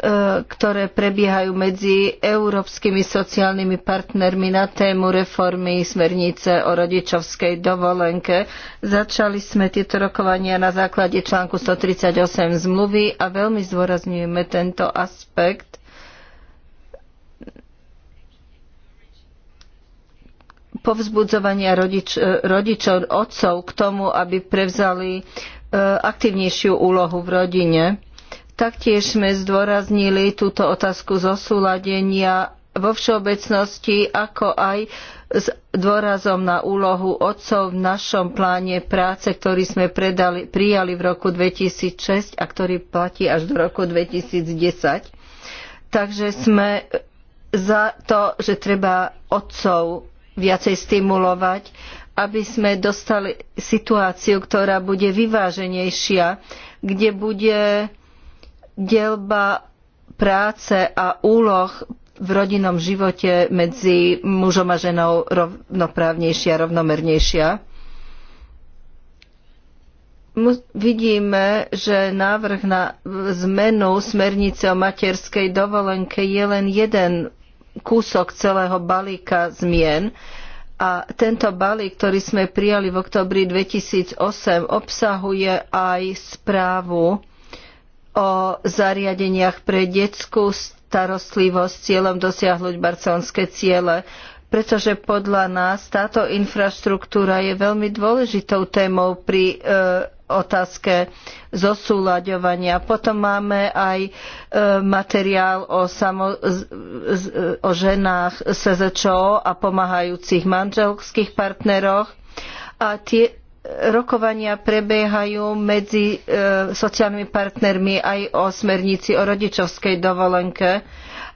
[SPEAKER 5] e, ktoré prebiehajú medzi európskymi sociálnymi partnermi na tému reformy smernice o rodičovskej dovolenke. Začali sme tieto rokovania na základe článku 138 zmluvy a veľmi zdôrazňujeme tento aspekt povzbudzovania rodič, e, rodičov, otcov k tomu, aby prevzali e, aktívnejšiu úlohu v rodine. Taktiež sme zdôraznili túto otázku zosúladenia vo všeobecnosti, ako aj s dôrazom na úlohu otcov v našom pláne práce, ktorý sme predali, prijali v roku 2006 a ktorý platí až do roku 2010. Takže sme za to, že treba otcov viacej stimulovať, aby sme dostali situáciu, ktorá bude vyváženejšia, kde bude delba práce a úloh v rodinnom živote medzi mužom a ženou rovnoprávnejšia, rovnomernejšia. Vidíme, že návrh na zmenu smernice o materskej dovolenke je len jeden kúsok celého balíka zmien. A tento balík, ktorý sme prijali v oktobri 2008, obsahuje aj správu o zariadeniach pre detskú starostlivosť s cieľom dosiahnuť barcelonské ciele pretože podľa nás táto infraštruktúra je veľmi dôležitou témou pri e, otázke zosúľaďovania. Potom máme aj e, materiál o, samo, z, z, o ženách SZČO a pomáhajúcich manželských partneroch. A tie rokovania prebiehajú medzi e, sociálnymi partnermi aj o smernici o rodičovskej dovolenke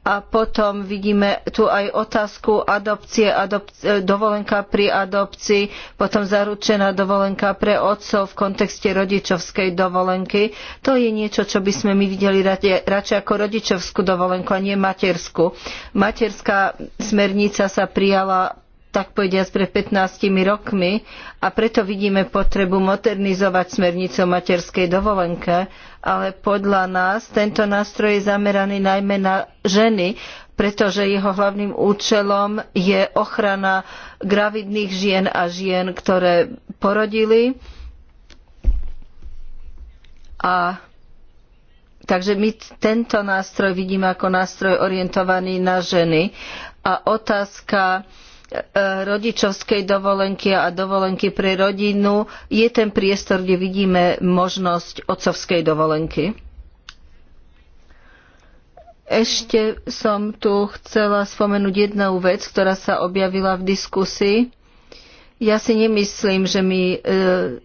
[SPEAKER 5] a potom vidíme tu aj otázku adopcie, e, dovolenka pri adopcii, potom zaručená dovolenka pre otcov v kontexte rodičovskej dovolenky. To je niečo, čo by sme my videli radšej ako rodičovskú dovolenku a nie materskú. Materská smernica sa prijala tak povediať pred 15 rokmi a preto vidíme potrebu modernizovať smernicu o materskej dovolenke, ale podľa nás tento nástroj je zameraný najmä na ženy, pretože jeho hlavným účelom je ochrana gravidných žien a žien, ktoré porodili. A Takže my tento nástroj vidíme ako nástroj orientovaný na ženy. A otázka E, rodičovskej dovolenky a dovolenky pre rodinu je ten priestor, kde vidíme možnosť otcovskej dovolenky. Ešte som tu chcela spomenúť jednu vec, ktorá sa objavila v diskusii ja si nemyslím, že my e,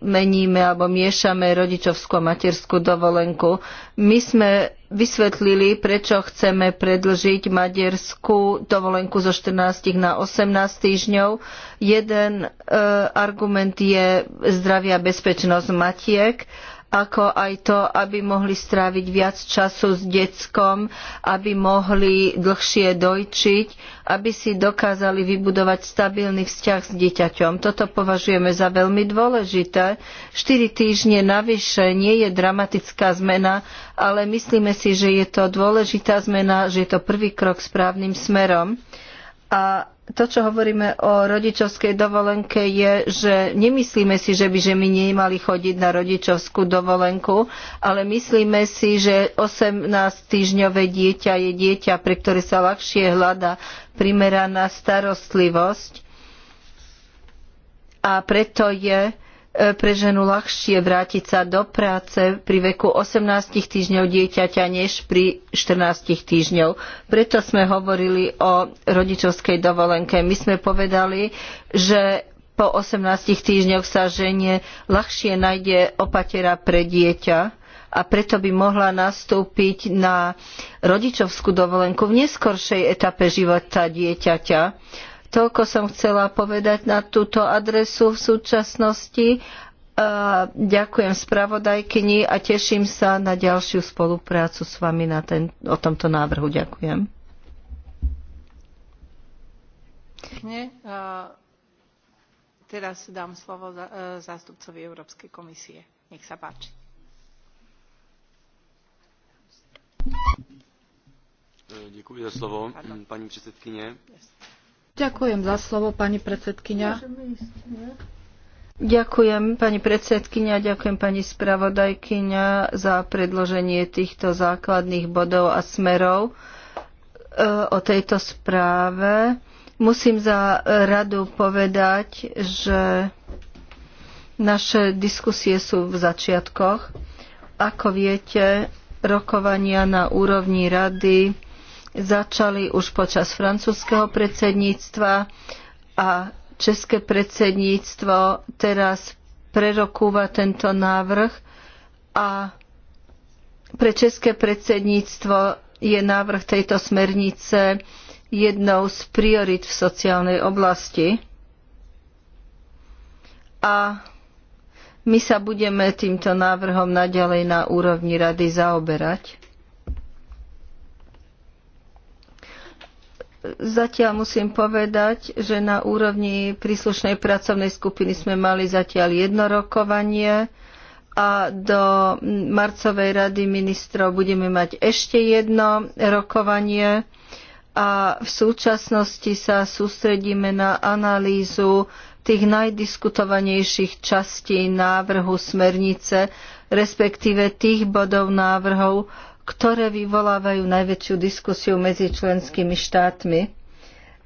[SPEAKER 5] meníme alebo miešame rodičovskú a materskú dovolenku. My sme vysvetlili, prečo chceme predlžiť materskú dovolenku zo 14 na 18 týždňov. Jeden e, argument je zdravia a bezpečnosť matiek ako aj to, aby mohli stráviť viac času s deckom, aby mohli dlhšie dojčiť, aby si dokázali vybudovať stabilný vzťah s dieťaťom. Toto považujeme za veľmi dôležité. Štyri týždne navyše nie je dramatická zmena, ale myslíme si, že je to dôležitá zmena, že je to prvý krok správnym smerom. A to, čo hovoríme o rodičovskej dovolenke, je, že nemyslíme si, že by ženy nemali chodiť na rodičovskú dovolenku, ale myslíme si, že 18-týždňové dieťa je dieťa, pre ktoré sa ľahšie hľada primeraná starostlivosť. A preto je pre ženu ľahšie vrátiť sa do práce pri veku 18 týždňov dieťaťa než pri 14 týždňov. Preto sme hovorili o rodičovskej dovolenke. My sme povedali, že po 18 týždňoch sa žene ľahšie nájde opatera pre dieťa a preto by mohla nastúpiť na rodičovskú dovolenku v neskoršej etape života dieťaťa. Toľko som chcela povedať na túto adresu v súčasnosti. Ďakujem spravodajkyni a teším sa na ďalšiu spoluprácu s vami na ten, o tomto návrhu. Ďakujem.
[SPEAKER 1] Ne, teraz dám slovo e, zástupcovi Európskej komisie. Nech sa páči.
[SPEAKER 3] Děkuji e, za slovo, paní předsedkyně. Yes. Ďakujem za slovo, pani predsedkynia.
[SPEAKER 5] Ďakujem pani predsedkynia, ďakujem pani spravodajkyňa za predloženie týchto základných bodov a smerov e, o tejto správe. Musím za radu povedať, že naše diskusie sú v začiatkoch. Ako viete, rokovania na úrovni rady začali už počas francúzského predsedníctva a české predsedníctvo teraz prerokúva tento návrh a pre české predsedníctvo je návrh tejto smernice jednou z priorit v sociálnej oblasti. A my sa budeme týmto návrhom naďalej na úrovni rady zaoberať. Zatiaľ musím povedať, že na úrovni príslušnej pracovnej skupiny sme mali zatiaľ jedno rokovanie a do marcovej rady ministrov budeme mať ešte jedno rokovanie a v súčasnosti sa sústredíme na analýzu tých najdiskutovanejších častí návrhu smernice, respektíve tých bodov návrhov, ktoré vyvolávajú najväčšiu diskusiu medzi členskými štátmi.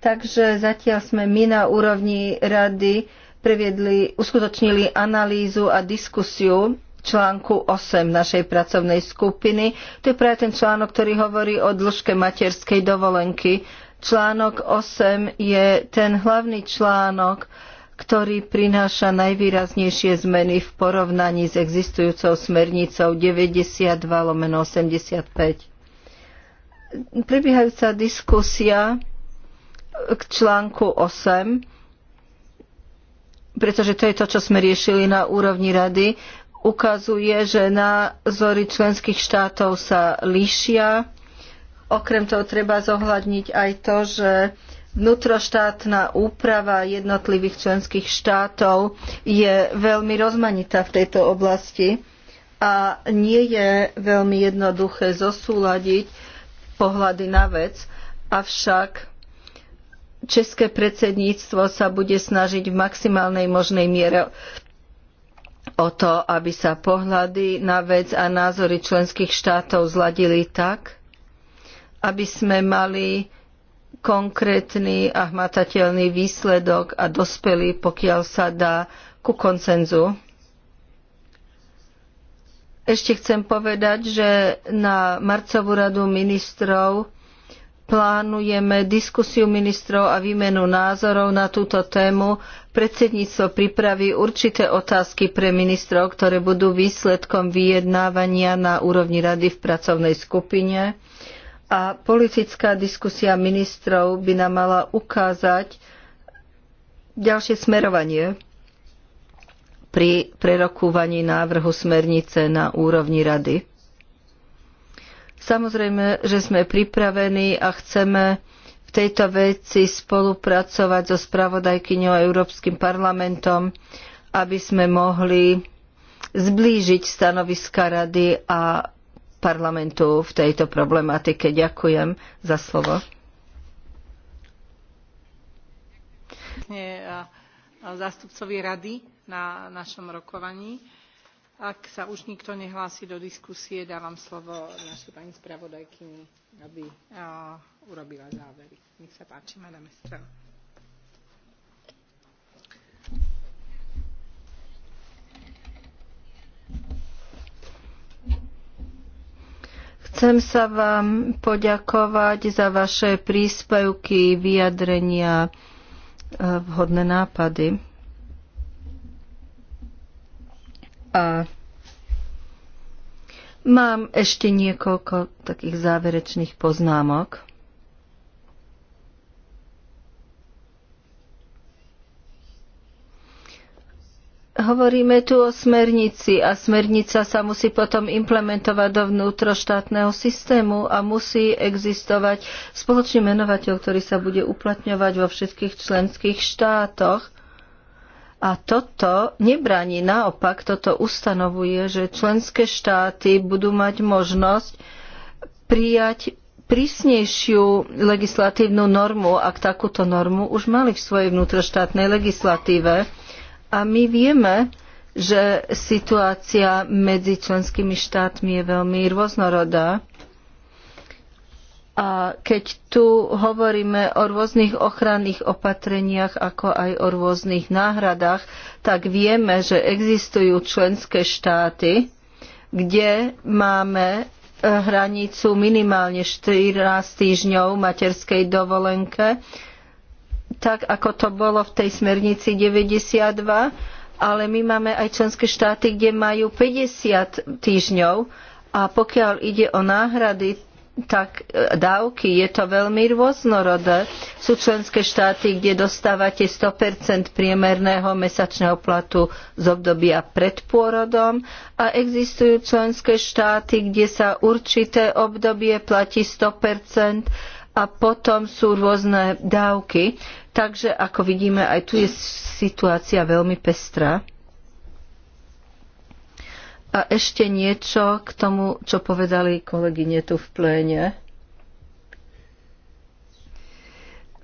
[SPEAKER 5] Takže zatiaľ sme my na úrovni rady previedli, uskutočnili analýzu a diskusiu článku 8 našej pracovnej skupiny. To je práve ten článok, ktorý hovorí o dĺžke materskej dovolenky. Článok 8 je ten hlavný článok, ktorý prináša najvýraznejšie zmeny v porovnaní s existujúcou smernicou 92 lomeno 85. Prebiehajúca diskusia k článku 8, pretože to je to, čo sme riešili na úrovni rady, ukazuje, že názory členských štátov sa líšia. Okrem toho treba zohľadniť aj to, že Vnútroštátna úprava jednotlivých členských štátov je veľmi rozmanitá v tejto oblasti a nie je veľmi jednoduché zosúľadiť pohľady na vec, avšak české predsedníctvo sa bude snažiť v maximálnej možnej miere o to, aby sa pohľady na vec a názory členských štátov zladili tak, aby sme mali konkrétny a hmatateľný výsledok a dospeli, pokiaľ sa dá, ku koncenzu. Ešte chcem povedať, že na marcovú radu ministrov plánujeme diskusiu ministrov a výmenu názorov na túto tému. Predsedníctvo pripraví určité otázky pre ministrov, ktoré budú výsledkom vyjednávania na úrovni rady v pracovnej skupine a politická diskusia ministrov by nám mala ukázať ďalšie smerovanie pri prerokúvaní návrhu smernice na úrovni rady. Samozrejme, že sme pripravení a chceme v tejto veci spolupracovať so spravodajkyňou a Európskym parlamentom, aby sme mohli zblížiť stanoviska rady a parlamentu v tejto problematike. Ďakujem za slovo.
[SPEAKER 1] zástupcovi rady na našom rokovaní. Ak sa už nikto nehlási do diskusie, dávam slovo našej pani spravodajkyni, aby urobila závery. Nech sa páči, madame Strela.
[SPEAKER 5] Chcem sa vám poďakovať za vaše príspevky, vyjadrenia, e, vhodné nápady. A mám ešte niekoľko takých záverečných poznámok. Hovoríme tu o smernici a smernica sa musí potom implementovať do vnútroštátneho systému a musí existovať spoločný menovateľ, ktorý sa bude uplatňovať vo všetkých členských štátoch. A toto nebráni, naopak toto ustanovuje, že členské štáty budú mať možnosť prijať prísnejšiu legislatívnu normu, ak takúto normu už mali v svojej vnútroštátnej legislatíve a my vieme, že situácia medzi členskými štátmi je veľmi rôznorodá. A keď tu hovoríme o rôznych ochranných opatreniach, ako aj o rôznych náhradách, tak vieme, že existujú členské štáty, kde máme eh, hranicu minimálne 14 týždňov materskej dovolenke tak ako to bolo v tej smernici 92, ale my máme aj členské štáty, kde majú 50 týždňov a pokiaľ ide o náhrady, tak e, dávky, je to veľmi rôznorodé. Sú členské štáty, kde dostávate 100% priemerného mesačného platu z obdobia pred pôrodom a existujú členské štáty, kde sa určité obdobie platí 100% a potom sú rôzne dávky. Takže ako vidíme, aj tu je situácia veľmi pestrá. A ešte niečo k tomu, čo povedali kolegyne tu v pléne.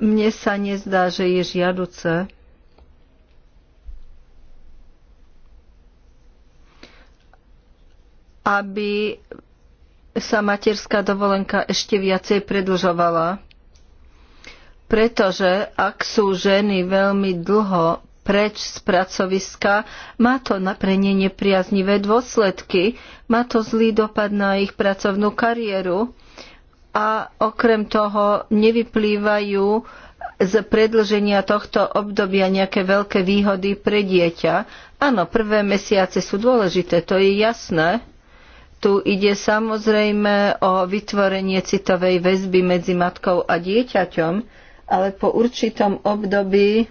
[SPEAKER 5] Mne sa nezdá, že je žiaduce, aby sa materská dovolenka ešte viacej predlžovala. Pretože ak sú ženy veľmi dlho preč z pracoviska, má to na pre ne nepriaznivé dôsledky, má to zlý dopad na ich pracovnú kariéru a okrem toho nevyplývajú z predlženia tohto obdobia nejaké veľké výhody pre dieťa. Áno, prvé mesiace sú dôležité, to je jasné, tu ide samozrejme o vytvorenie citovej väzby medzi matkou a dieťaťom, ale po určitom období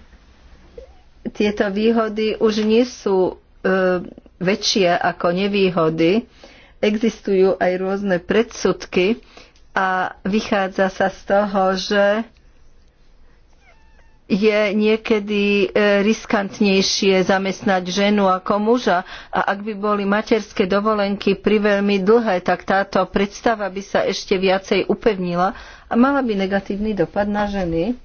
[SPEAKER 5] tieto výhody už nie sú e, väčšie ako nevýhody. Existujú aj rôzne predsudky a vychádza sa z toho, že je niekedy e, riskantnejšie zamestnať ženu ako muža a ak by boli materské dovolenky priveľmi dlhé, tak táto predstava by sa ešte viacej upevnila a mala by negatívny dopad na ženy.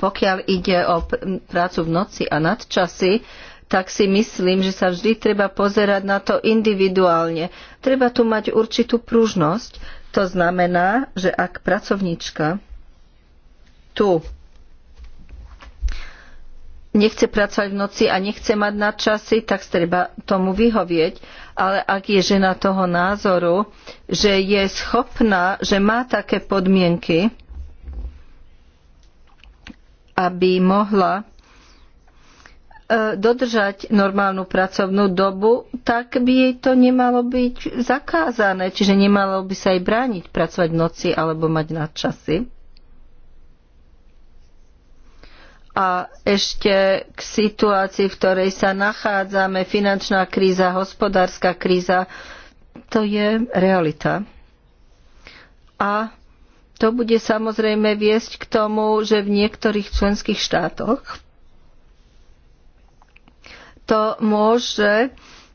[SPEAKER 5] Pokiaľ ide o prácu v noci a nadčasy, tak si myslím, že sa vždy treba pozerať na to individuálne. Treba tu mať určitú pružnosť. To znamená, že ak pracovníčka tu nechce pracovať v noci a nechce mať nadčasy, tak treba tomu vyhovieť. Ale ak je žena toho názoru, že je schopná, že má také podmienky, aby mohla E, dodržať normálnu pracovnú dobu, tak by jej to nemalo byť zakázané, čiže nemalo by sa jej brániť pracovať v noci alebo mať nadčasy. A ešte k situácii, v ktorej sa nachádzame, finančná kríza, hospodárska kríza, to je realita. A to bude samozrejme viesť k tomu, že v niektorých členských štátoch to môže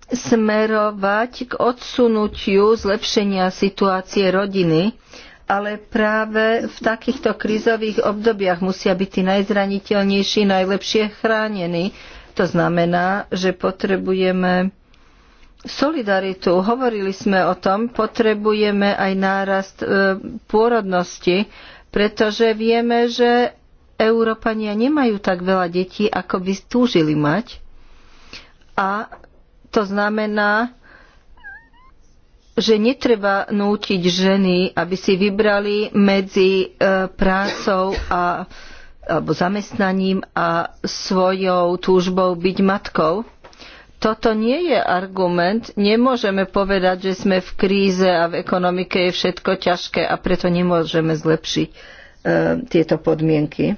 [SPEAKER 5] smerovať k odsunutiu zlepšenia situácie rodiny, ale práve v takýchto krízových obdobiach musia byť tí najzraniteľnejší najlepšie chránení. To znamená, že potrebujeme solidaritu. Hovorili sme o tom, potrebujeme aj nárast e, pôrodnosti, pretože vieme, že Európania nemajú tak veľa detí, ako by túžili mať. A to znamená, že netreba nútiť ženy, aby si vybrali medzi e, prácou a, alebo zamestnaním a svojou túžbou byť matkou. Toto nie je argument. Nemôžeme povedať, že sme v kríze a v ekonomike je všetko ťažké a preto nemôžeme zlepšiť e, tieto podmienky.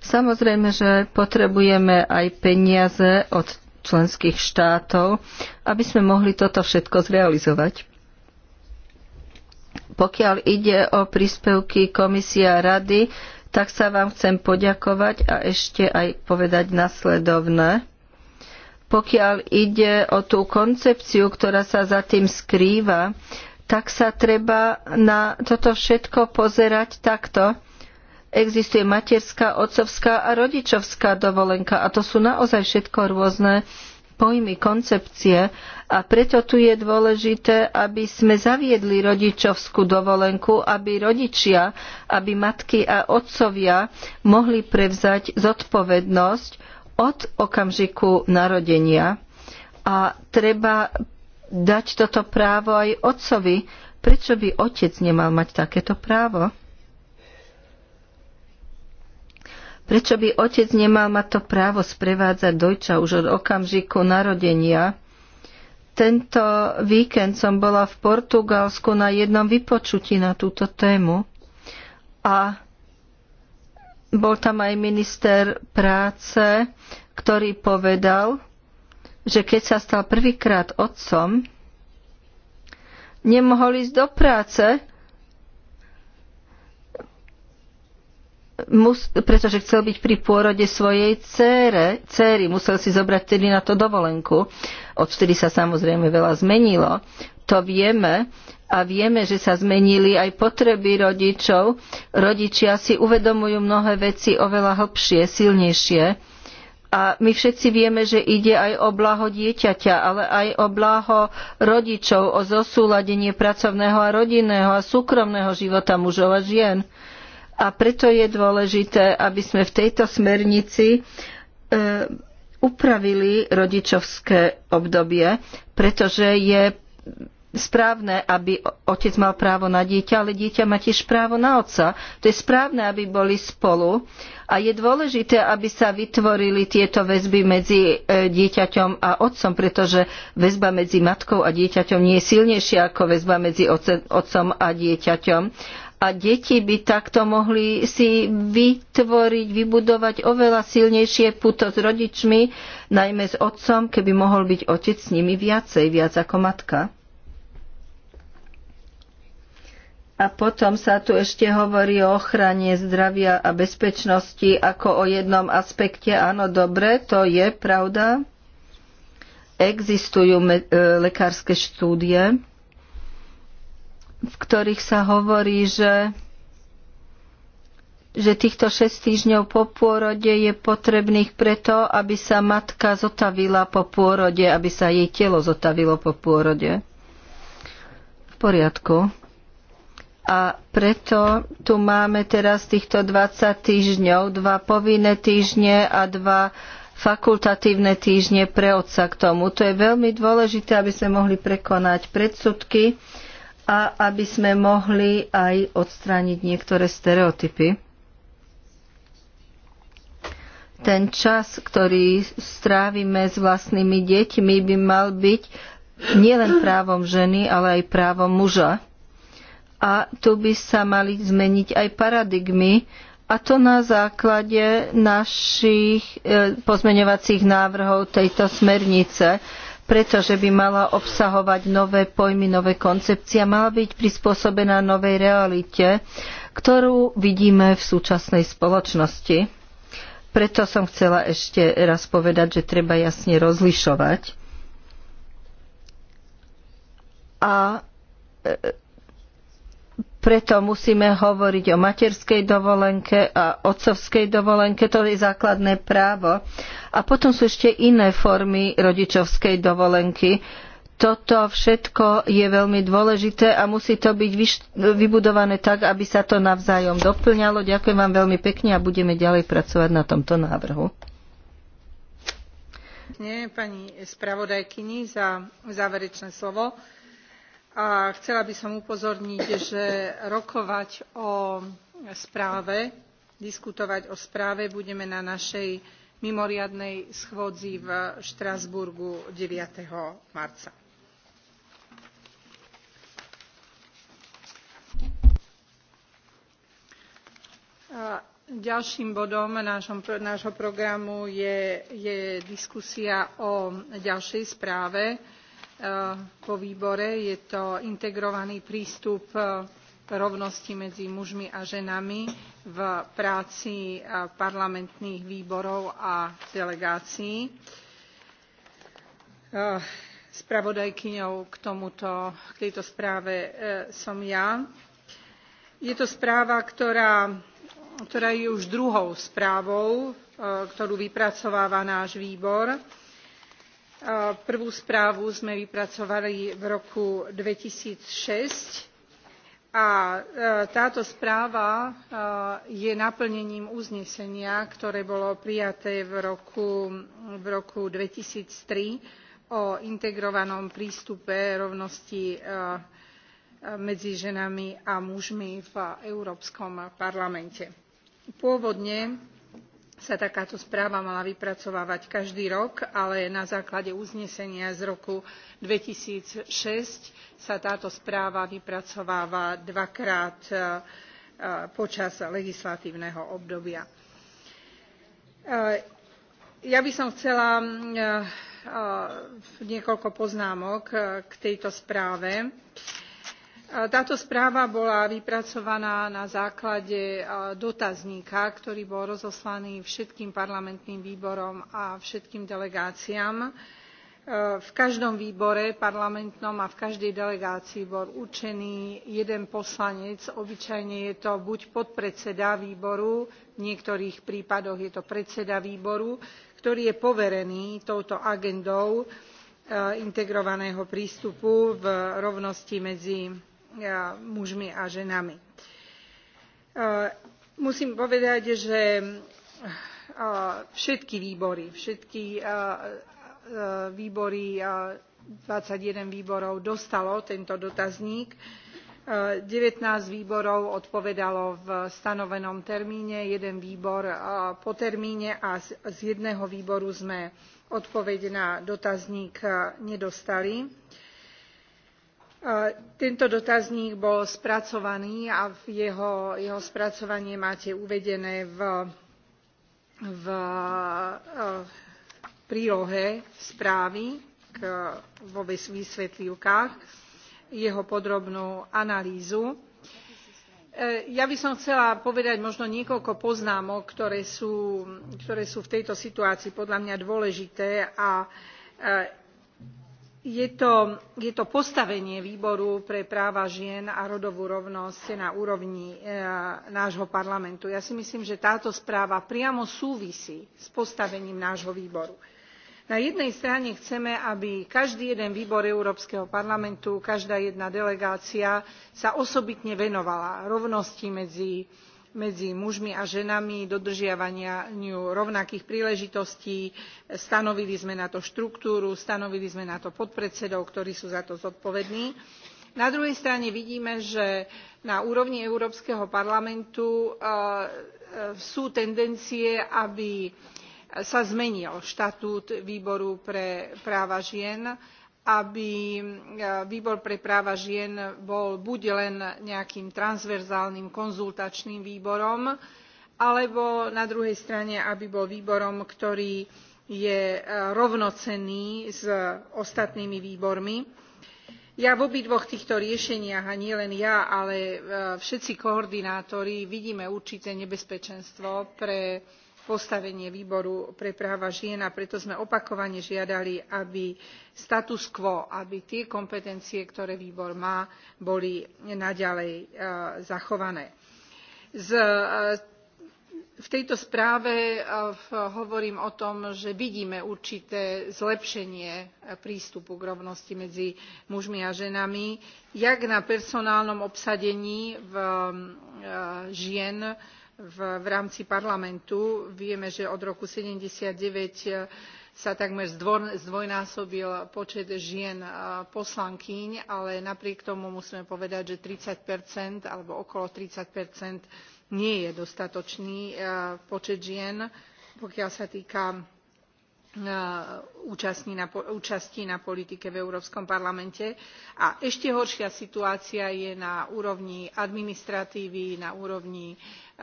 [SPEAKER 5] Samozrejme, že potrebujeme aj peniaze od členských štátov, aby sme mohli toto všetko zrealizovať. Pokiaľ ide o príspevky komisia rady, tak sa vám chcem poďakovať a ešte aj povedať nasledovné. Pokiaľ ide o tú koncepciu, ktorá sa za tým skrýva, tak sa treba na toto všetko pozerať takto Existuje materská, otcovská a rodičovská dovolenka a to sú naozaj všetko rôzne pojmy, koncepcie a preto tu je dôležité, aby sme zaviedli rodičovskú dovolenku, aby rodičia, aby matky a otcovia mohli prevzať zodpovednosť od okamžiku narodenia. A treba dať toto právo aj otcovi. Prečo by otec nemal mať takéto právo? Prečo by otec nemal mať to právo sprevádzať dojča už od okamžiku narodenia? Tento víkend som bola v Portugalsku na jednom vypočutí na túto tému a bol tam aj minister práce, ktorý povedal, že keď sa stal prvýkrát otcom, nemohol ísť do práce, mus, pretože chcel byť pri pôrode svojej cére, céry, musel si zobrať tedy na to dovolenku. Odvtedy sa samozrejme veľa zmenilo. To vieme a vieme, že sa zmenili aj potreby rodičov. Rodičia si uvedomujú mnohé veci oveľa hlbšie, silnejšie. A my všetci vieme, že ide aj o blaho dieťaťa, ale aj o blaho rodičov, o zosúladenie pracovného a rodinného a súkromného života mužov a žien. A preto je dôležité, aby sme v tejto smernici e, upravili rodičovské obdobie, pretože je správne, aby otec mal právo na dieťa, ale dieťa má tiež právo na otca. To je správne, aby boli spolu a je dôležité, aby sa vytvorili tieto väzby medzi e, dieťaťom a otcom, pretože väzba medzi matkou a dieťaťom nie je silnejšia ako väzba medzi otcom a dieťaťom a deti by takto mohli si vytvoriť, vybudovať oveľa silnejšie puto s rodičmi, najmä s otcom, keby mohol byť otec s nimi viacej, viac ako matka. A potom sa tu ešte hovorí o ochrane zdravia a bezpečnosti ako o jednom aspekte. Áno, dobre, to je pravda. Existujú e, lekárske štúdie, v ktorých sa hovorí, že, že týchto 6 týždňov po pôrode je potrebných preto, aby sa matka zotavila po pôrode, aby sa jej telo zotavilo po pôrode. V poriadku. A preto tu máme teraz týchto 20 týždňov, dva povinné týždne a dva fakultatívne týždne pre otca k tomu. To je veľmi dôležité, aby sme mohli prekonať predsudky a aby sme mohli aj odstrániť niektoré stereotypy. Ten čas, ktorý strávime s vlastnými deťmi, by mal byť nielen právom ženy, ale aj právom muža. A tu by sa mali zmeniť aj paradigmy, a to na základe našich eh, pozmeňovacích návrhov tejto smernice pretože by mala obsahovať nové pojmy, nové koncepcie a mala byť prispôsobená novej realite, ktorú vidíme v súčasnej spoločnosti. Preto som chcela ešte raz povedať, že treba jasne rozlišovať. A e, preto musíme hovoriť o materskej dovolenke a otcovskej dovolenke, to je základné právo. A potom sú ešte iné formy rodičovskej dovolenky. Toto všetko je veľmi dôležité a musí to byť vybudované tak, aby sa to navzájom doplňalo. Ďakujem vám veľmi pekne a budeme ďalej pracovať na tomto návrhu.
[SPEAKER 1] pani spravodajkyni za záverečné slovo a chcela by som upozorniť že rokovať o správe diskutovať o správe budeme na našej mimoriadnej schôdzi v štrasburgu. nine marca. ďalším bodom nášho programu je, je diskusia o ďalšej správe Eh, vo výbore je to integrovaný prístup eh, rovnosti medzi mužmi a ženami v práci eh, parlamentných výborov a delegácií. spravodajkyňou k, tomuto, k tejto správe som ja. je to správa ktorá, je už druhou správou ktorú vypracováva náš výbor prvú správu sme vypracovali v roku two thousand and six a e, táto správa e, je naplnením uznesenia ktoré bolo prijaté v roku two thousand and three o integrovanom prístupe rovnosti e, medzi ženami a mužmi v európskom parlamente. pôvodne sa takáto správa mala vypracovávať každý rok ale na základe uznesenia z roku two thousand and six sa táto správa vypracováva dvakrát e, e, počas legislatívneho obdobia. E, ja by som chcela niekoľko poznámok k tejto správe táto správa bola vypracovaná na základe e, dotazníka ktorý bol rozoslaný všetkým parlamentným výborom a všetkým delegáciám. E, v každom výbore parlamentnom a v každej delegácii bol určený jeden poslanec obyčajne je to buď podpredseda výboru v niektorých prípadoch je to predseda výboru ktorý je poverený touto agendou e, integrovaného prístupu v rovnosti medzi E, mužmi a ženami. E, musím povedať že e, všetky výbory všetky výbory 21 výborov dostalo tento dotazník 19 výborov odpovedalo v stanovenom termíne jeden výbor po termíne a z jedného výboru sme odpoveď na dotazník nedostali. E, tento dotazník bol spracovaný a jeho, jeho spracovanie máte uvedené v, e, prílohe správy vo vysvetlivkách jeho podrobnú analýzu. E, ja by som chcela povedať možno niekoľko poznámok, ktoré sú, ktoré sú v tejto situácii podľa mňa dôležité a je to, postavenie výboru pre práva žien a rodovú rovnosť na úrovni e, nášho parlamentu. ja si myslím že táto správa priamo súvisí s postavením nášho výboru. na jednej strane chceme aby každý jeden výbor európskeho parlamentu každá jedna delegácia sa osobitne venovala rovnosti medzi medzi mužmi a ženami dodržiavaniu rovnakých príležitostí stanovili sme na to štruktúru stanovili sme na to podpredsedov ktorí sú za to zodpovední. na druhej strane vidíme že na úrovni európskeho parlamentu eh, eh, sú tendencie aby sa zmenil štatút výboru pre práva žien aby mm, e, výbor pre práva žien bol buď len nejakým transverzálnym konzultačným výborom alebo na druhej strane aby bol výborom ktorý je e, rovnocenný s ostatnými výbormi. ja v obidvoch týchto riešeniach a nielen ja ale e, všetci koordinátori vidíme určité nebezpečenstvo pre postavenie výboru pre práva žien a preto sme opakovane žiadali aby status quo aby tie kompetencie ktoré výbor má boli naďalej e, zachované. E, v tejto správe e, hovorím o tom že vidíme určité zlepšenie prístupu k rovnosti medzi mužmi a ženami jak na personálnom obsadení žien v v, rámci parlamentu. Vieme, že od roku nine eh, sa takmer zdvojnásobil počet žien eh, poslankýň ale napriek tomu musíme povedať že thirty alebo okolo thirty nie je dostatočný eh, počet žien pokiaľ sa týka Eh, účasti na, politike v európskom parlamente a ešte horšia situácia je na úrovni administratívy na úrovni eh,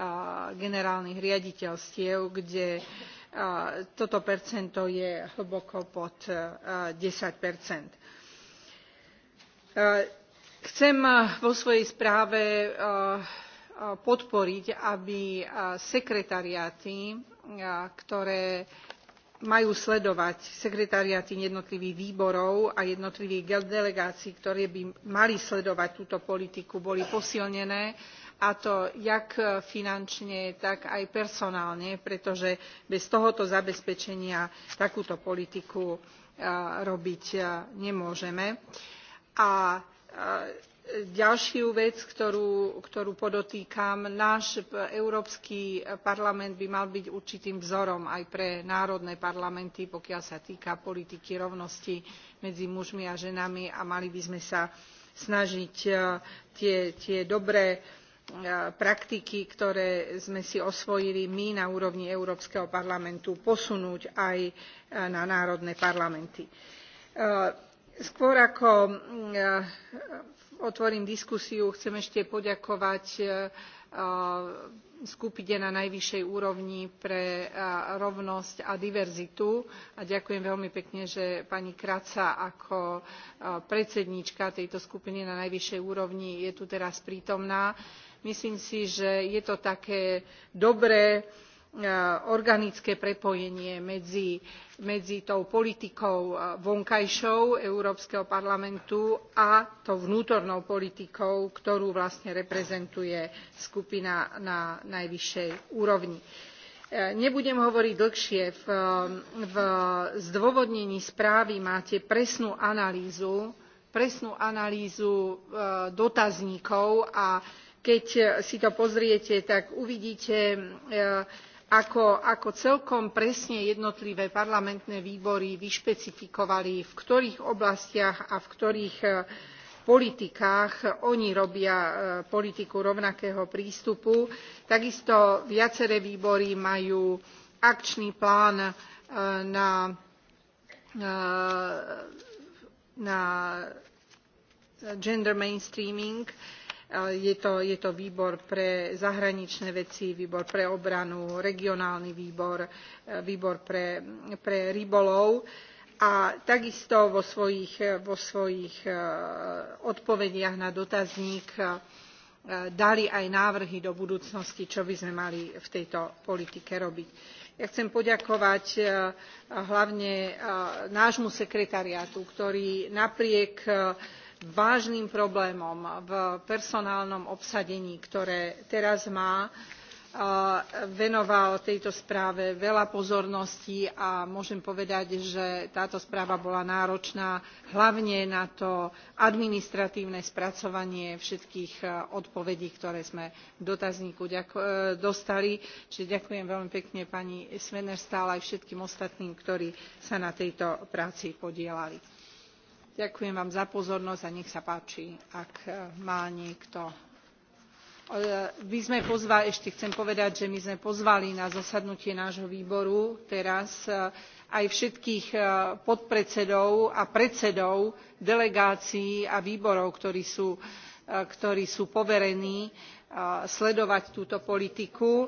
[SPEAKER 1] generálnych riaditeľstiev kde eh, toto percento je hlboko pod ten chcem vo svojej správe podporiť aby sekretariáty ktoré majú sledovať sekretariáty jednotlivých výborov a jednotlivých delegácií ktoré by mali sledovať túto politiku boli posilnené a to jak finančne tak aj personálne pretože bez tohto zabezpečenia takúto politiku robiť nemôžeme. a ďalšiu vec ktorú, podotýkam náš európsky parlament by mal byť určitým vzorom aj pre národné parlamenty pokiaľ sa týka politiky rovnosti medzi mužmi a ženami a mali by sme sa snažiť e, tie, tie dobré e, praktiky ktoré sme si osvojili my na úrovni európskeho parlamentu posunúť aj e, na národné parlamenty. skôr ako otvorím diskusiu chcem ešte poďakovať e, e, skupine na najvyššej úrovni pre e, rovnosť a diverzitu a ďakujem veľmi pekne že pani kratsa ako predsedníčka tejto skupiny na najvyššej úrovni je tu teraz prítomná. myslím si že je to také dobré Eh, organické prepojenie medzi, tou politikou eh, vonkajšou európskeho parlamentu a tou vnútornou politikou ktorú vlastne reprezentuje skupina na najvyššej úrovni. Eh, nebudem hovoriť dlhšie v zdôvodnení správy máte presnú analýzu presnú analýzu dotazníkov a keď si to pozriete tak uvidíte ako, celkom presne jednotlivé parlamentné výbory vyšpecifikovali v ktorých oblastiach a v ktorých e, politikách oni robia e, politiku rovnakého prístupu. takisto viaceré výbory majú akčný plán e, na gender mainstreaming Eh, je to, výbor pre zahraničné veci výbor pre obranu regionálny výbor eh, výbor pre, rybolov a takisto vo svojich, eh, vo svojich odpovediach na dotazník dali aj návrhy do budúcnosti čo by sme mali v tejto politike robiť. ja chcem poďakovať hlavne nášmu sekretariátu ktorý napriek vážnym problémom v personálnom obsadení ktoré teraz má venoval tejto správe veľa pozornosti a môžem povedať že táto správa bola náročná hlavne na to administratívne spracovanie všetkých e, odpovedí ktoré sme v dotazníku e, dostali čiže ďakujem veľmi pekne pani svenner aj všetkým ostatným ktorí sa na tejto práci podieľali ďakujem vám za pozornosť a nech sa páči ak e, má niekto e, my sme pozvali ešte chcem povedať že my sme pozvali na zasadnutie nášho výboru teraz e, aj všetkých podpredsedov a predsedov delegácií a výborov ktorí sú, ktorí sú poverení sledovať túto politiku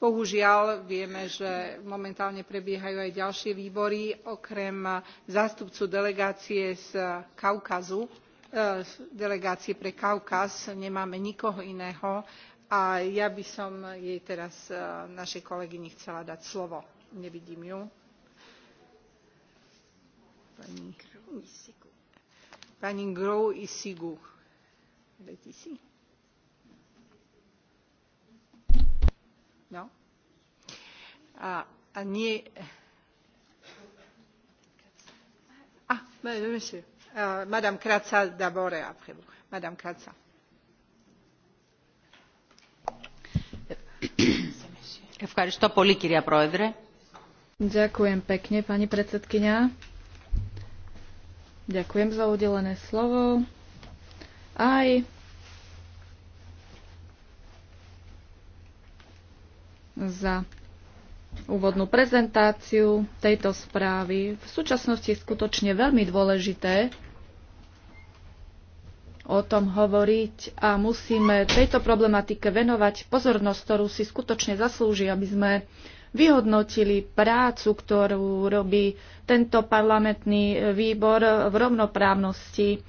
[SPEAKER 1] bohužiaľ vieme že momentálne prebiehajú aj ďalšie výbory okrem zástupcu delegácie z kaukazu e, delegácie pre kaukaz nemáme nikoho iného a ja by som jej teraz e, našej kolegyni chcela dať slovo nevidím ju pani, pani grou No? A, a nie... Ah, monsieur. Uh, Madame Kratza d'abord et après vous. Madame Kratza.
[SPEAKER 5] Ευχαριστώ πολύ, κυρία Πρόεδρε.
[SPEAKER 3] Ďakujem pekne, pani predsedkynia. Ďakujem za udelené slovo. Aj za úvodnú prezentáciu tejto správy. V súčasnosti je skutočne veľmi dôležité o tom hovoriť a musíme tejto problematike venovať pozornosť, ktorú si skutočne zaslúži, aby sme vyhodnotili prácu, ktorú robí tento parlamentný výbor v rovnoprávnosti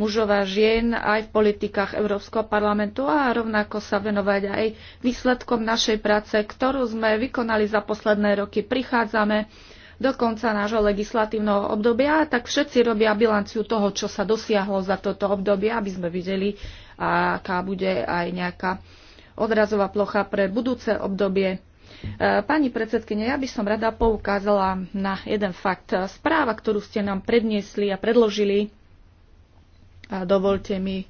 [SPEAKER 3] mužov a žien aj v politikách Európskeho parlamentu a rovnako sa venovať aj výsledkom našej práce, ktorú sme vykonali za posledné roky. Prichádzame do konca nášho legislatívneho obdobia, tak všetci robia bilanciu toho, čo sa dosiahlo za toto obdobie, aby sme videli, aká bude aj nejaká odrazová plocha pre budúce obdobie. E, pani predsedkyne, ja by som rada poukázala na jeden fakt. Správa, ktorú ste nám predniesli a predložili, a dovolte mi,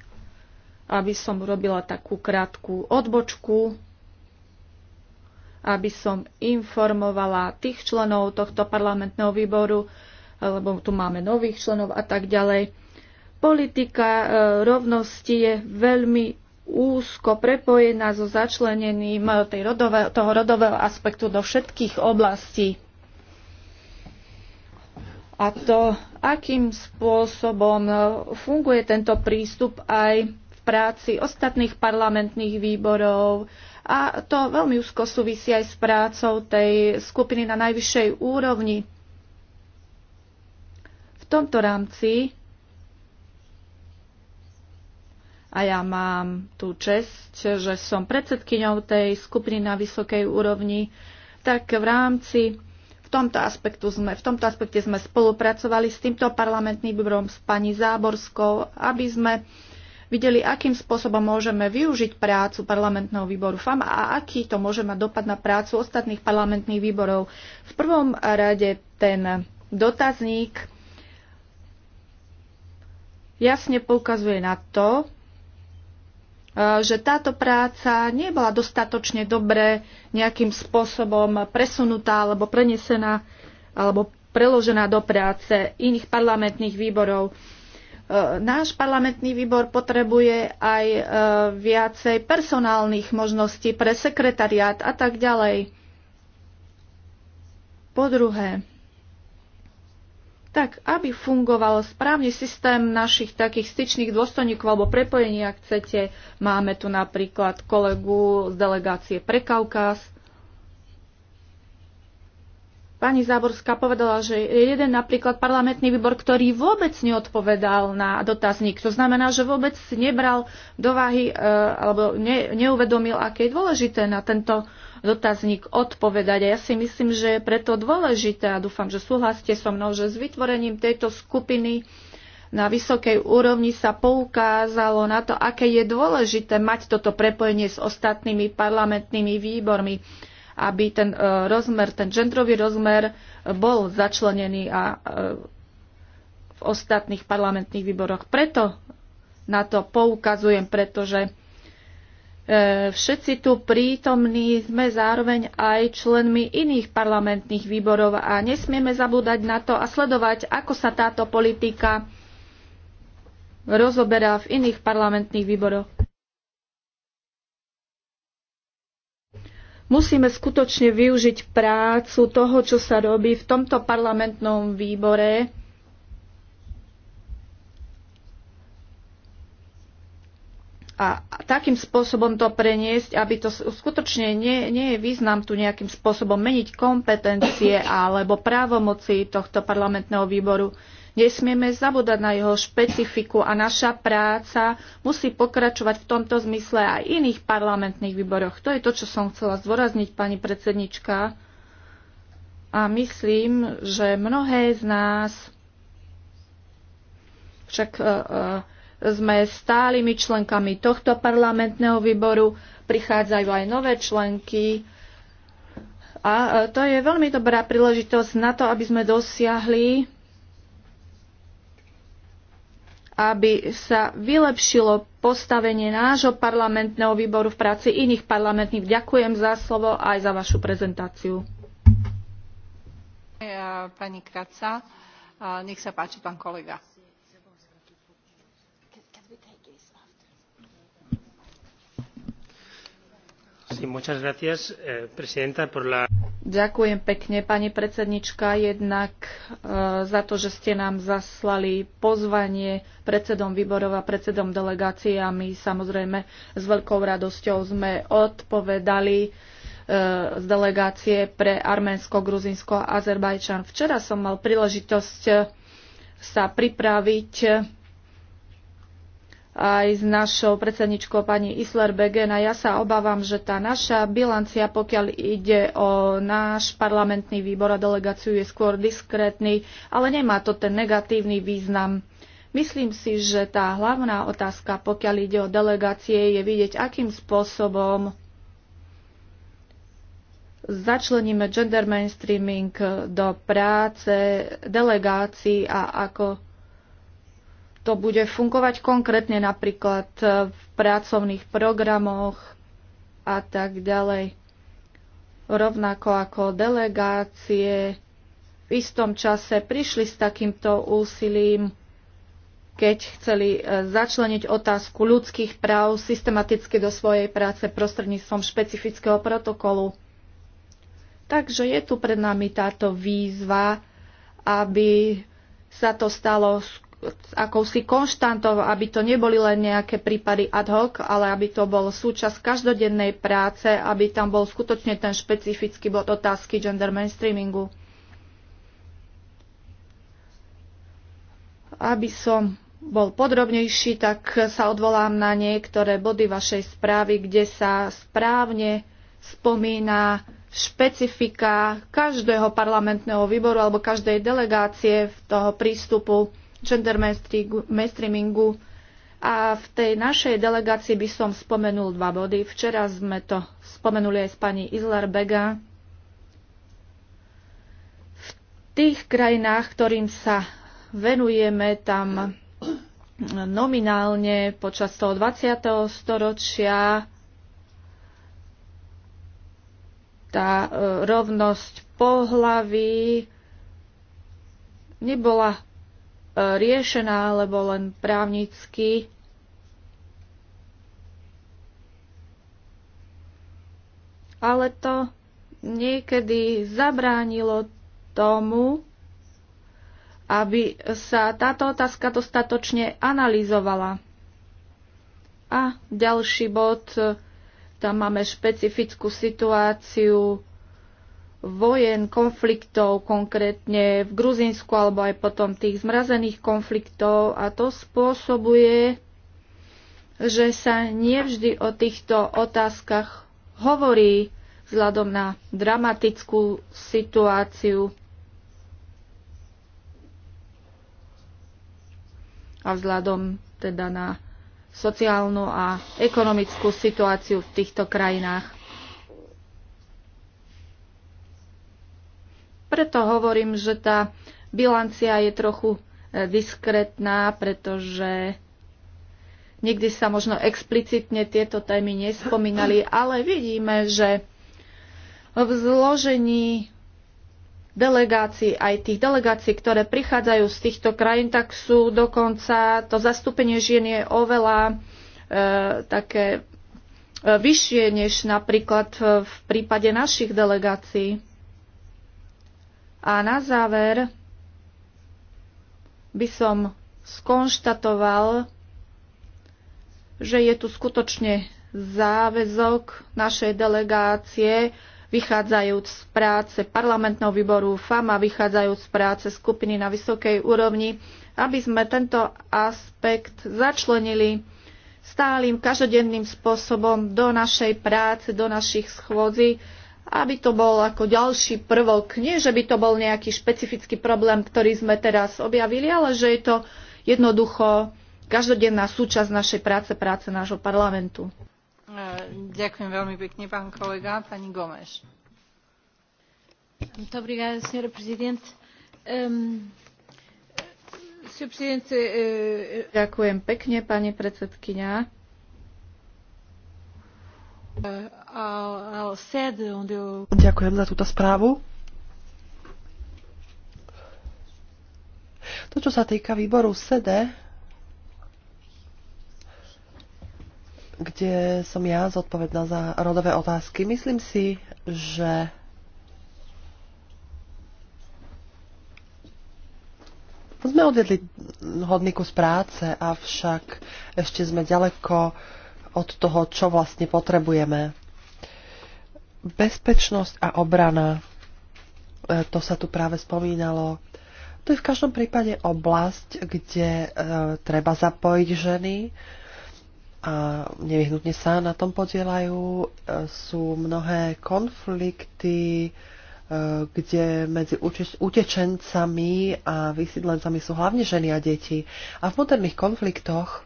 [SPEAKER 3] aby som urobila takú krátku odbočku, aby som informovala tých členov tohto parlamentného výboru, lebo tu máme nových členov a tak ďalej. Politika e, rovnosti je veľmi úzko prepojená so začlenením e, tej rodové, toho rodového aspektu do všetkých oblastí a to, akým spôsobom e, funguje tento prístup aj v práci ostatných parlamentných výborov. A to veľmi úzko súvisí aj s prácou tej skupiny na najvyššej úrovni. V tomto rámci a ja mám tú čest, že som predsedkyňou tej skupiny na vysokej úrovni, tak v rámci tomto, aspektu sme, v tomto aspekte sme spolupracovali s týmto parlamentným výborom, s pani Záborskou, aby sme videli, akým spôsobom môžeme využiť prácu parlamentného výboru FAM a aký to môže mať dopad na prácu ostatných parlamentných výborov. V prvom rade ten dotazník jasne poukazuje na to, E, že táto práca nebola dostatočne dobre nejakým spôsobom presunutá alebo prenesená alebo preložená do práce iných parlamentných výborov. E, náš parlamentný výbor potrebuje aj e, viacej personálnych možností pre sekretariát a tak ďalej. Po druhé, tak aby fungoval správny systém našich takých styčných dôstojníkov alebo prepojení, ak chcete. Máme tu napríklad kolegu z delegácie pre Kaukaz. Pani Záborská povedala, že je jeden napríklad parlamentný výbor, ktorý vôbec neodpovedal na dotazník. To znamená, že vôbec nebral do váhy e, alebo ne, neuvedomil, aké je dôležité na tento dotazník odpovedať. A ja si myslím, že je preto dôležité a dúfam, že súhlasíte so mnou, že s vytvorením tejto skupiny na vysokej úrovni sa poukázalo na to, aké je dôležité mať toto prepojenie s ostatnými parlamentnými výbormi, aby ten e, rozmer, ten žendrový rozmer bol začlenený a e, v ostatných parlamentných výboroch. Preto na to poukazujem, pretože E, všetci tu prítomní sme zároveň aj členmi iných parlamentných výborov a nesmieme zabúdať na to a sledovať, ako sa táto politika rozoberá v iných parlamentných výboroch. Musíme skutočne využiť prácu toho, čo sa robí v tomto parlamentnom výbore a takým spôsobom to preniesť, aby to skutočne nie, nie je význam tu nejakým spôsobom meniť kompetencie alebo právomoci tohto parlamentného výboru. Nesmieme zabúdať na jeho špecifiku a naša práca musí pokračovať v tomto zmysle aj iných parlamentných výboroch. To je to, čo som chcela zdôrazniť, pani predsednička. A myslím, že mnohé z nás však uh, uh, sme stálymi členkami tohto parlamentného výboru, prichádzajú aj nové členky. A e, to je veľmi dobrá príležitosť na to, aby sme dosiahli, aby sa vylepšilo postavenie nášho parlamentného výboru v práci iných parlamentných. Ďakujem za slovo aj za vašu prezentáciu.
[SPEAKER 1] Pani Kraca, nech sa páči, pán kolega. Eh,
[SPEAKER 3] Ďakujem pekne, pani predsednička, jednak eh, za to, že ste nám zaslali pozvanie predsedom výborov a predsedom delegácií a my samozrejme s veľkou radosťou sme odpovedali eh, z delegácie pre Arménsko, Gruzinsko a Azerbajčan. Včera som mal príležitosť sa pripraviť aj s našou predsedničkou pani Isler Begen a ja sa obávam, že tá naša bilancia, pokiaľ ide o náš parlamentný výbor a delegáciu, je skôr diskrétny, ale nemá to ten negatívny význam. Myslím si, že tá hlavná otázka, pokiaľ ide o delegácie, je vidieť, akým spôsobom začleníme gender mainstreaming do práce delegácií a ako to bude fungovať konkrétne napríklad v pracovných programoch a tak ďalej. Rovnako ako delegácie v istom čase prišli s takýmto úsilím, keď chceli e, začleniť otázku ľudských práv systematicky do svojej práce prostredníctvom špecifického protokolu. Takže je tu pred nami táto výzva, aby sa to stalo skôr akousi konštantov, aby to neboli len nejaké prípady ad hoc, ale aby to bol súčasť každodennej práce, aby tam bol skutočne ten špecifický bod otázky gender mainstreamingu. Aby som bol podrobnejší, tak sa odvolám na niektoré body vašej správy, kde sa správne spomína špecifika každého parlamentného výboru alebo každej delegácie v toho prístupu gender mainstreamingu. A v tej našej delegácii by som spomenul dva body. Včera sme to spomenuli aj s pani Izlar Bega. V tých krajinách, ktorým sa venujeme, tam nominálne počas toho 20. storočia tá e, rovnosť pohlaví nebola riešená, alebo len právnicky. Ale to niekedy zabránilo tomu, aby sa táto otázka dostatočne analyzovala. A ďalší bod, tam máme špecifickú situáciu vojen, konfliktov, konkrétne v Gruzínsku alebo aj potom tých zmrazených konfliktov a to spôsobuje, že sa nevždy o týchto otázkach hovorí vzhľadom na dramatickú situáciu a vzhľadom teda na sociálnu a ekonomickú situáciu v týchto krajinách. Preto hovorím, že tá bilancia je trochu e, diskretná, pretože nikdy sa možno explicitne tieto témy nespomínali, ale vidíme, že v zložení delegácií, aj tých delegácií, ktoré prichádzajú z týchto krajín, tak sú dokonca, to zastúpenie žien je oveľa e, také e, vyššie než napríklad v prípade našich delegácií. A na záver by som skonštatoval, že je tu skutočne záväzok našej delegácie, vychádzajúc z práce parlamentného výboru FAMA, vychádzajúc z práce skupiny na vysokej úrovni, aby sme tento aspekt začlenili stálym každodenným spôsobom do našej práce, do našich schôdzi, aby to bol ako ďalší prvok. Nie, že by to bol nejaký špecifický problém, ktorý sme teraz objavili, ale že je to jednoducho každodenná súčasť našej práce, práce nášho parlamentu.
[SPEAKER 1] E, ďakujem veľmi pekne, pán kolega. Pani Gomeš. Dobrý obrigada,
[SPEAKER 2] Sra. prezident. Um, Uh,
[SPEAKER 3] Ďakujem pekne, pani predsedkynia.
[SPEAKER 1] Eh,
[SPEAKER 6] Ďakujem za túto správu. To, čo sa týka výboru SEDE, kde som ja zodpovedná za rodové otázky, myslím si, že sme odvedli hodný kus práce, avšak ešte sme ďaleko od toho, čo vlastne potrebujeme. Bezpečnosť a obrana. E, to sa tu práve spomínalo. To je v každom prípade oblasť, kde e, treba zapojiť ženy a nevyhnutne sa na tom podielajú. E, sú mnohé konflikty, e, kde medzi utečencami a vysídlencami sú hlavne ženy a deti. A v moderných konfliktoch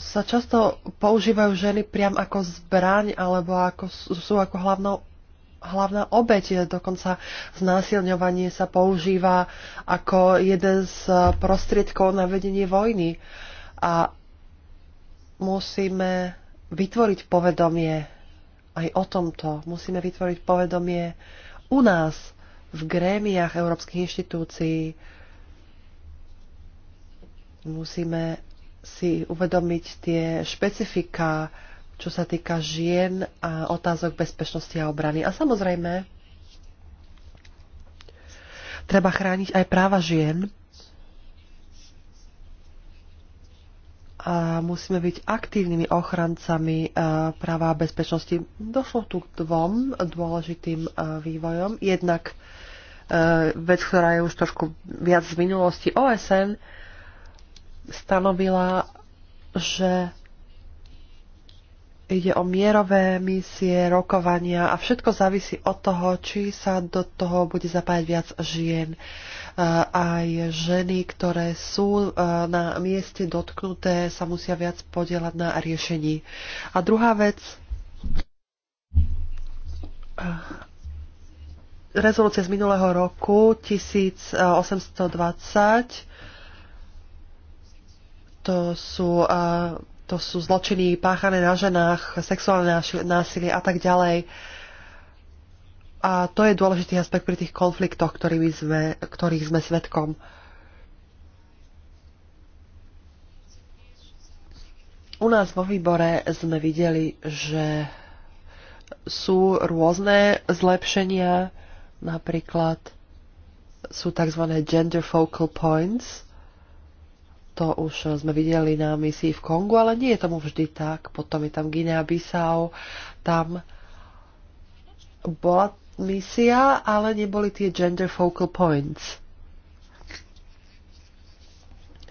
[SPEAKER 6] sa často používajú ženy priam ako zbraň alebo ako, sú ako hlavnou hlavná obeď, dokonca znásilňovanie sa používa ako jeden z prostriedkov na vedenie vojny. A musíme vytvoriť povedomie aj o tomto. Musíme vytvoriť povedomie u nás, v grémiách európskych inštitúcií. Musíme si uvedomiť tie špecifika, čo sa týka žien a otázok bezpečnosti a obrany. A samozrejme, treba chrániť aj práva žien a musíme byť aktívnymi ochrancami e, práva a bezpečnosti. Došlo tu k dvom dôležitým e, vývojom. Jednak e, vec, ktorá je už trošku viac z minulosti OSN, stanovila, že ide o mierové misie, rokovania a všetko závisí od toho, či sa do toho bude zapájať viac žien. Aj ženy, ktoré sú e, na mieste dotknuté, sa musia viac podielať na riešení. A druhá vec, e, rezolúcia z minulého roku 1820 to sú, to sú zločiny páchané na ženách, sexuálne násilie a tak ďalej. A to je dôležitý aspekt pri tých konfliktoch, ktorými sme, ktorých sme svetkom. U nás vo výbore sme videli, že sú rôzne zlepšenia, napríklad sú tzv. gender focal points, to už eh, sme videli na misii v Kongu, ale nie je tomu vždy tak. Potom je tam Guinea-Bissau, tam bola misia, ale neboli tie gender focal points.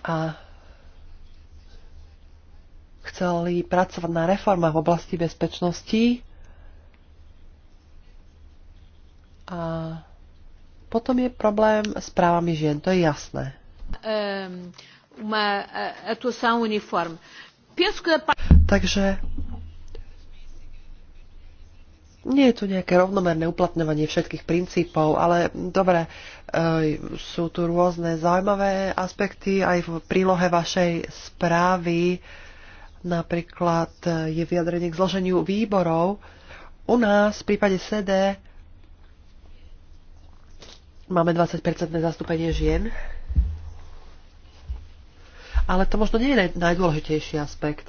[SPEAKER 6] A chceli pracovať na reformách v oblasti bezpečnosti. A potom je problém s právami žien, to je jasné.
[SPEAKER 2] Um, uma atuação uniforme. Penso que a...
[SPEAKER 6] Takže nie je tu nejaké rovnomerné uplatňovanie všetkých princípov, ale dobre, e, sú tu rôzne zaujímavé aspekty aj v prílohe vašej správy. Napríklad e, je vyjadrenie k zloženiu výborov. U nás v prípade SED máme 20-percentné zastúpenie žien ale to možno nie je najdôležitejší aspekt.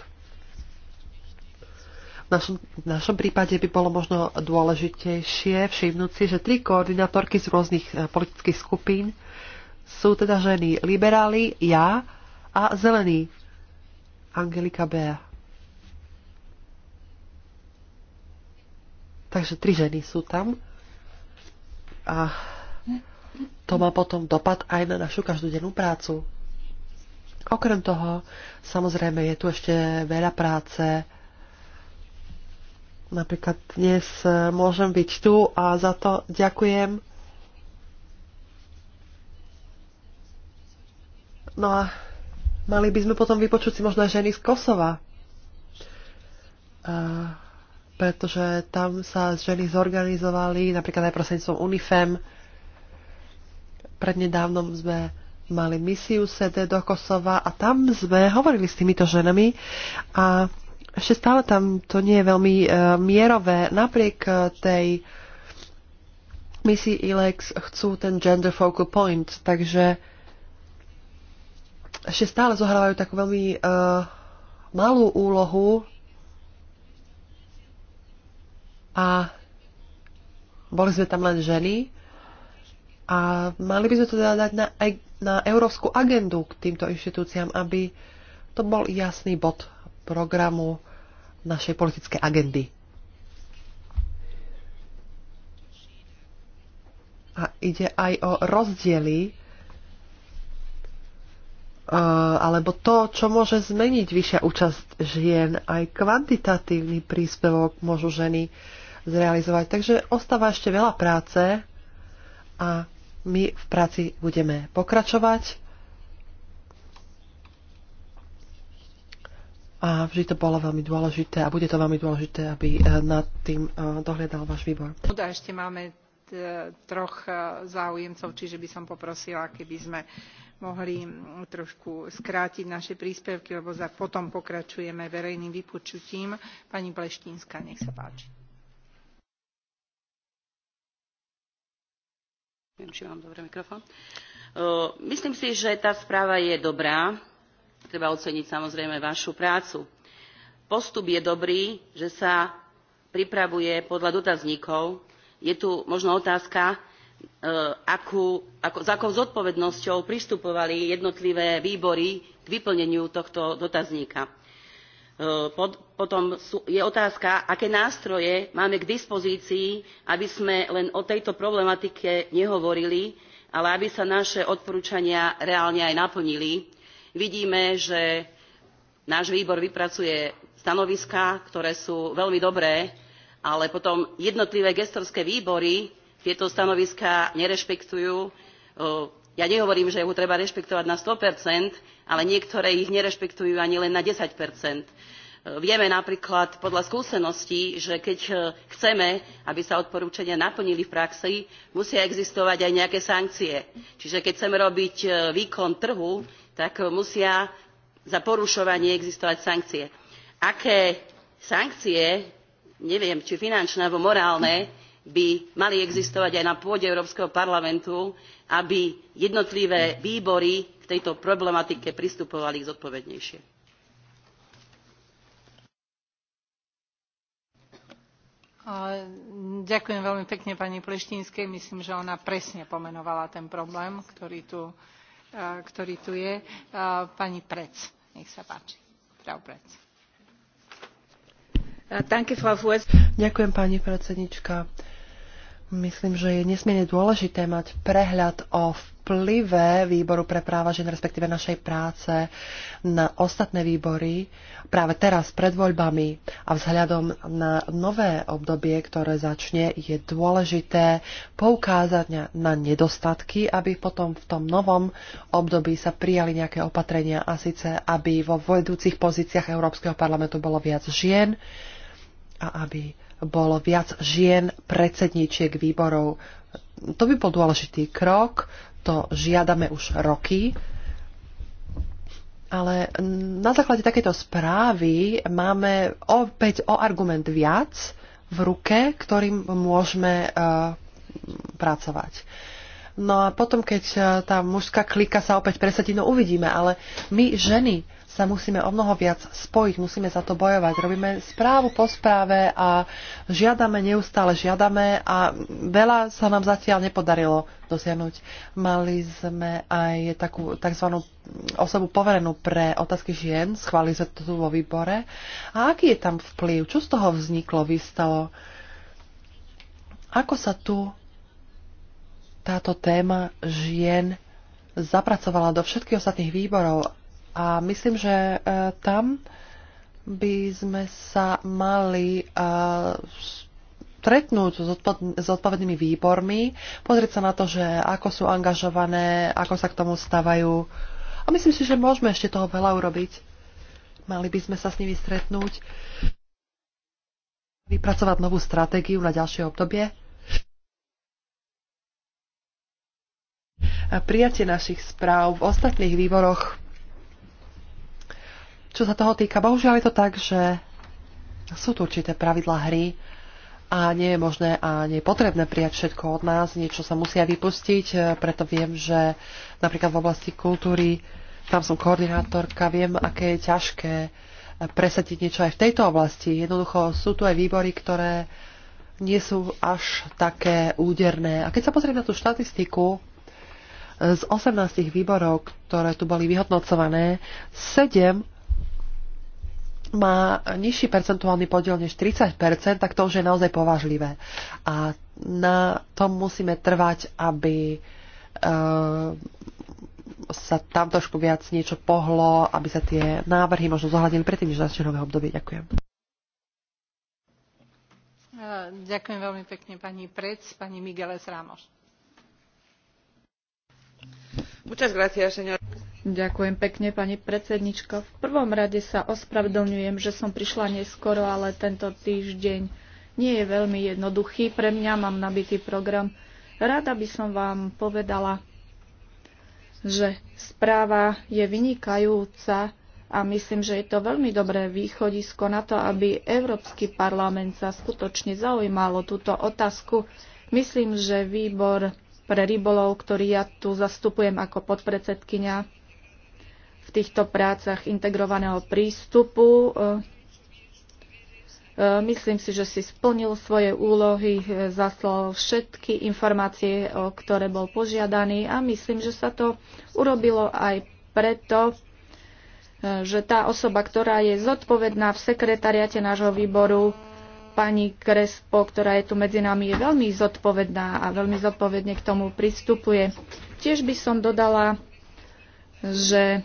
[SPEAKER 6] V našom, v našom prípade by bolo možno dôležitejšie všimnúť si, že tri koordinátorky z rôznych e, politických skupín sú teda ženy liberáli, ja a zelený Angelika Bea. Takže tri ženy sú tam a to má potom dopad aj na našu každodennú prácu. Okrem toho, samozrejme, je tu ešte veľa práce. Napríklad dnes e, môžem byť tu a za to ďakujem. No a mali by sme potom vypočuť si možno aj ženy z Kosova. A e, pretože tam sa ženy zorganizovali, napríklad aj prostredníctvom UNIFEM. Prednedávnom sme mali misiu CD do Kosova a tam sme hovorili s týmito ženami a ešte stále tam to nie je veľmi uh, mierové. Napriek e, tej misii ILEX chcú ten gender focal point, takže ešte stále zohrávajú takú veľmi uh, malú úlohu a boli sme tam len ženy a mali by sme to teda dať na na európsku agendu k týmto inštitúciám, aby to bol jasný bod programu našej politickej agendy. A ide aj o rozdiely e, alebo to, čo môže zmeniť vyššia účasť žien, aj kvantitatívny príspevok môžu ženy zrealizovať. Takže ostáva ešte veľa práce a my v práci budeme pokračovať. A vždy to bolo veľmi dôležité a bude to veľmi dôležité, aby eh, nad tým eh, dohľadal váš výbor. Uda,
[SPEAKER 1] teda ešte máme eh, troch záujemcov, čiže by som poprosila, keby sme mohli mm, trošku skrátiť naše príspevky, lebo potom pokračujeme verejným vypočutím. Pani Pleštínska, nech sa páči.
[SPEAKER 4] či mám dobrý mikrofón. Myslím si, že tá správa je dobrá. Treba oceniť samozrejme vašu prácu. Postup je dobrý, že sa pripravuje podľa dotazníkov. Je tu možno otázka, akú, ako, s akou zodpovednosťou pristupovali jednotlivé výbory k vyplneniu tohto dotazníka E, potom je otázka aké nástroje máme k dispozícii aby sme len o tejto problematike nehovorili ale aby sa naše odporúčania reálne aj naplnili. vidíme že náš výbor vypracuje stanoviská ktoré sú veľmi dobré ale potom jednotlivé gestorské výbory tieto stanoviská nerešpektujú e, ja nehovorím že ju treba rešpektovať na one ale niektoré ich nerešpektujú ani len na ten vieme napríklad podľa skúseností že keď e, chceme aby sa odporúčania naplnili v praxi musia existovať aj nejaké sankcie čiže keď chceme robiť e, výkon trhu tak musia za porušovanie existovať sankcie. aké sankcie neviem či finančné alebo morálne by mali existovať aj na pôde európskeho parlamentu aby jednotlivé výbory k tejto problematike pristupovali zodpovednejšie.
[SPEAKER 1] ďakujem veľmi pekne pani pleštinskej myslím že ona presne pomenovala ten problém ktorý tu, ktorý tu je. pani prets nech sa páči. Frau
[SPEAKER 6] Ďakujem, pani predsednička Myslím, že je nesmierne dôležité mať prehľad o vplyve výboru pre práva žien, respektíve našej práce na ostatné výbory práve teraz pred voľbami a vzhľadom na nové obdobie, ktoré začne, je dôležité poukázať na nedostatky, aby potom v tom novom období sa prijali nejaké opatrenia a síce, aby vo vedúcich pozíciách Európskeho parlamentu bolo viac žien a aby bolo viac žien predsedníčiek výborov. To by bol dôležitý krok, to žiadame už roky. Ale na základe takéto správy máme opäť o argument viac v ruke, ktorým môžeme eh, pracovať. No a potom, keď e, tá mužská klika sa opäť presadí, no uvidíme, ale my ženy sa musíme o mnoho viac spojiť, musíme za to bojovať. Robíme správu po správe a žiadame, neustále žiadame a veľa sa nám zatiaľ nepodarilo dosiahnuť. Mali sme aj takú tzv. osobu poverenú pre otázky žien, schválili sme to tu vo výbore. A aký je tam vplyv? Čo z toho vzniklo, vystalo? Ako sa tu táto téma žien zapracovala do všetkých ostatných výborov a myslím, že e, tam by sme sa mali e, stretnúť s odpovednými výbormi, pozrieť sa na to, že ako sú angažované, ako sa k tomu stavajú. A myslím si, že môžeme ešte toho veľa urobiť. Mali by sme sa s nimi stretnúť, vypracovať novú stratégiu na ďalšie obdobie prijatie našich správ v ostatných výboroch. Čo sa toho týka, bohužiaľ je to tak, že sú tu určité pravidla hry a nie je možné a nie je potrebné prijať všetko od nás, niečo sa musia vypustiť, e, preto viem, že napríklad v oblasti kultúry, tam som koordinátorka, viem, aké je ťažké e, presadiť niečo aj v tejto oblasti. Jednoducho sú tu aj výbory, ktoré nie sú až také úderné. A keď sa pozrieme na tú štatistiku, z 18 výborov, ktoré tu boli vyhodnocované, 7 má nižší percentuálny podiel než 30%, tak to už je naozaj považlivé. A na tom musíme trvať, aby uh, sa tam trošku viac niečo pohlo, aby sa tie návrhy možno zohľadili predtým, než začne nové obdobie. Ďakujem. Eh,
[SPEAKER 1] ďakujem veľmi pekne pani Prec, pani Migeles Rámoš
[SPEAKER 3] Ďakujem pekne, pani V prvom rade sa ospravedlňujem, že som prišla neskoro, ale tento týždeň nie je veľmi jednoduchý. Pre mňa mám nabitý program. Rada by som vám povedala, že správa je vynikajúca a myslím, že je to veľmi dobré východisko na to, aby Európsky parlament sa skutočne zaujímalo túto otázku. Myslím, že výbor pre rybolov, ktorý ja tu zastupujem ako podpredsedkynia v týchto prácach integrovaného prístupu. E, e, myslím si, že si splnil svoje úlohy, e, zaslal všetky informácie, o ktoré bol požiadaný a myslím, že sa to urobilo aj preto, že tá osoba, ktorá je zodpovedná v sekretariate nášho výboru, pani Krespo, ktorá je tu medzi nami, je veľmi zodpovedná a veľmi zodpovedne k tomu pristupuje. Tiež by som dodala, že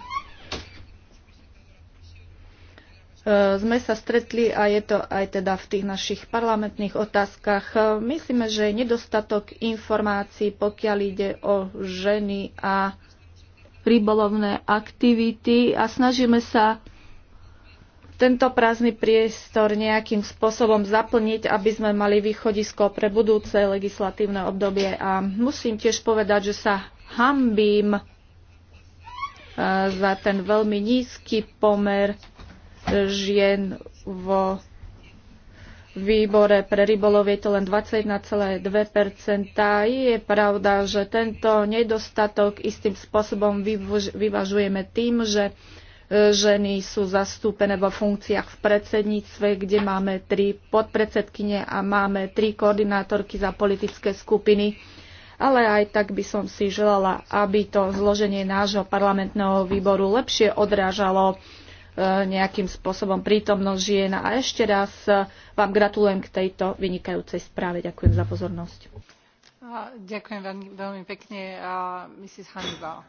[SPEAKER 3] e, sme sa stretli a je to aj teda v tých našich parlamentných otázkach. E, myslíme, že je nedostatok informácií, pokiaľ ide o ženy a rybolovné aktivity a snažíme sa tento prázdny priestor nejakým spôsobom zaplniť, aby sme mali východisko pre budúce legislatívne obdobie. A musím tiež povedať, že sa hambím e, za ten veľmi nízky pomer žien vo výbore pre rybolov je to len 21,2 Je pravda, že tento nedostatok istým spôsobom vyvažujeme tým, že E, ženy sú zastúpené vo funkciách v predsedníctve, kde máme tri podpredsedkyne a máme tri koordinátorky za politické skupiny. Ale aj tak by som si želala, aby to zloženie nášho parlamentného výboru lepšie odrážalo e, nejakým spôsobom prítomnosť žien. A ešte raz e, vám gratulujem k tejto vynikajúcej správe. Ďakujem za pozornosť.
[SPEAKER 1] Ďakujem veľmi pekne, Mrs. Hannibal.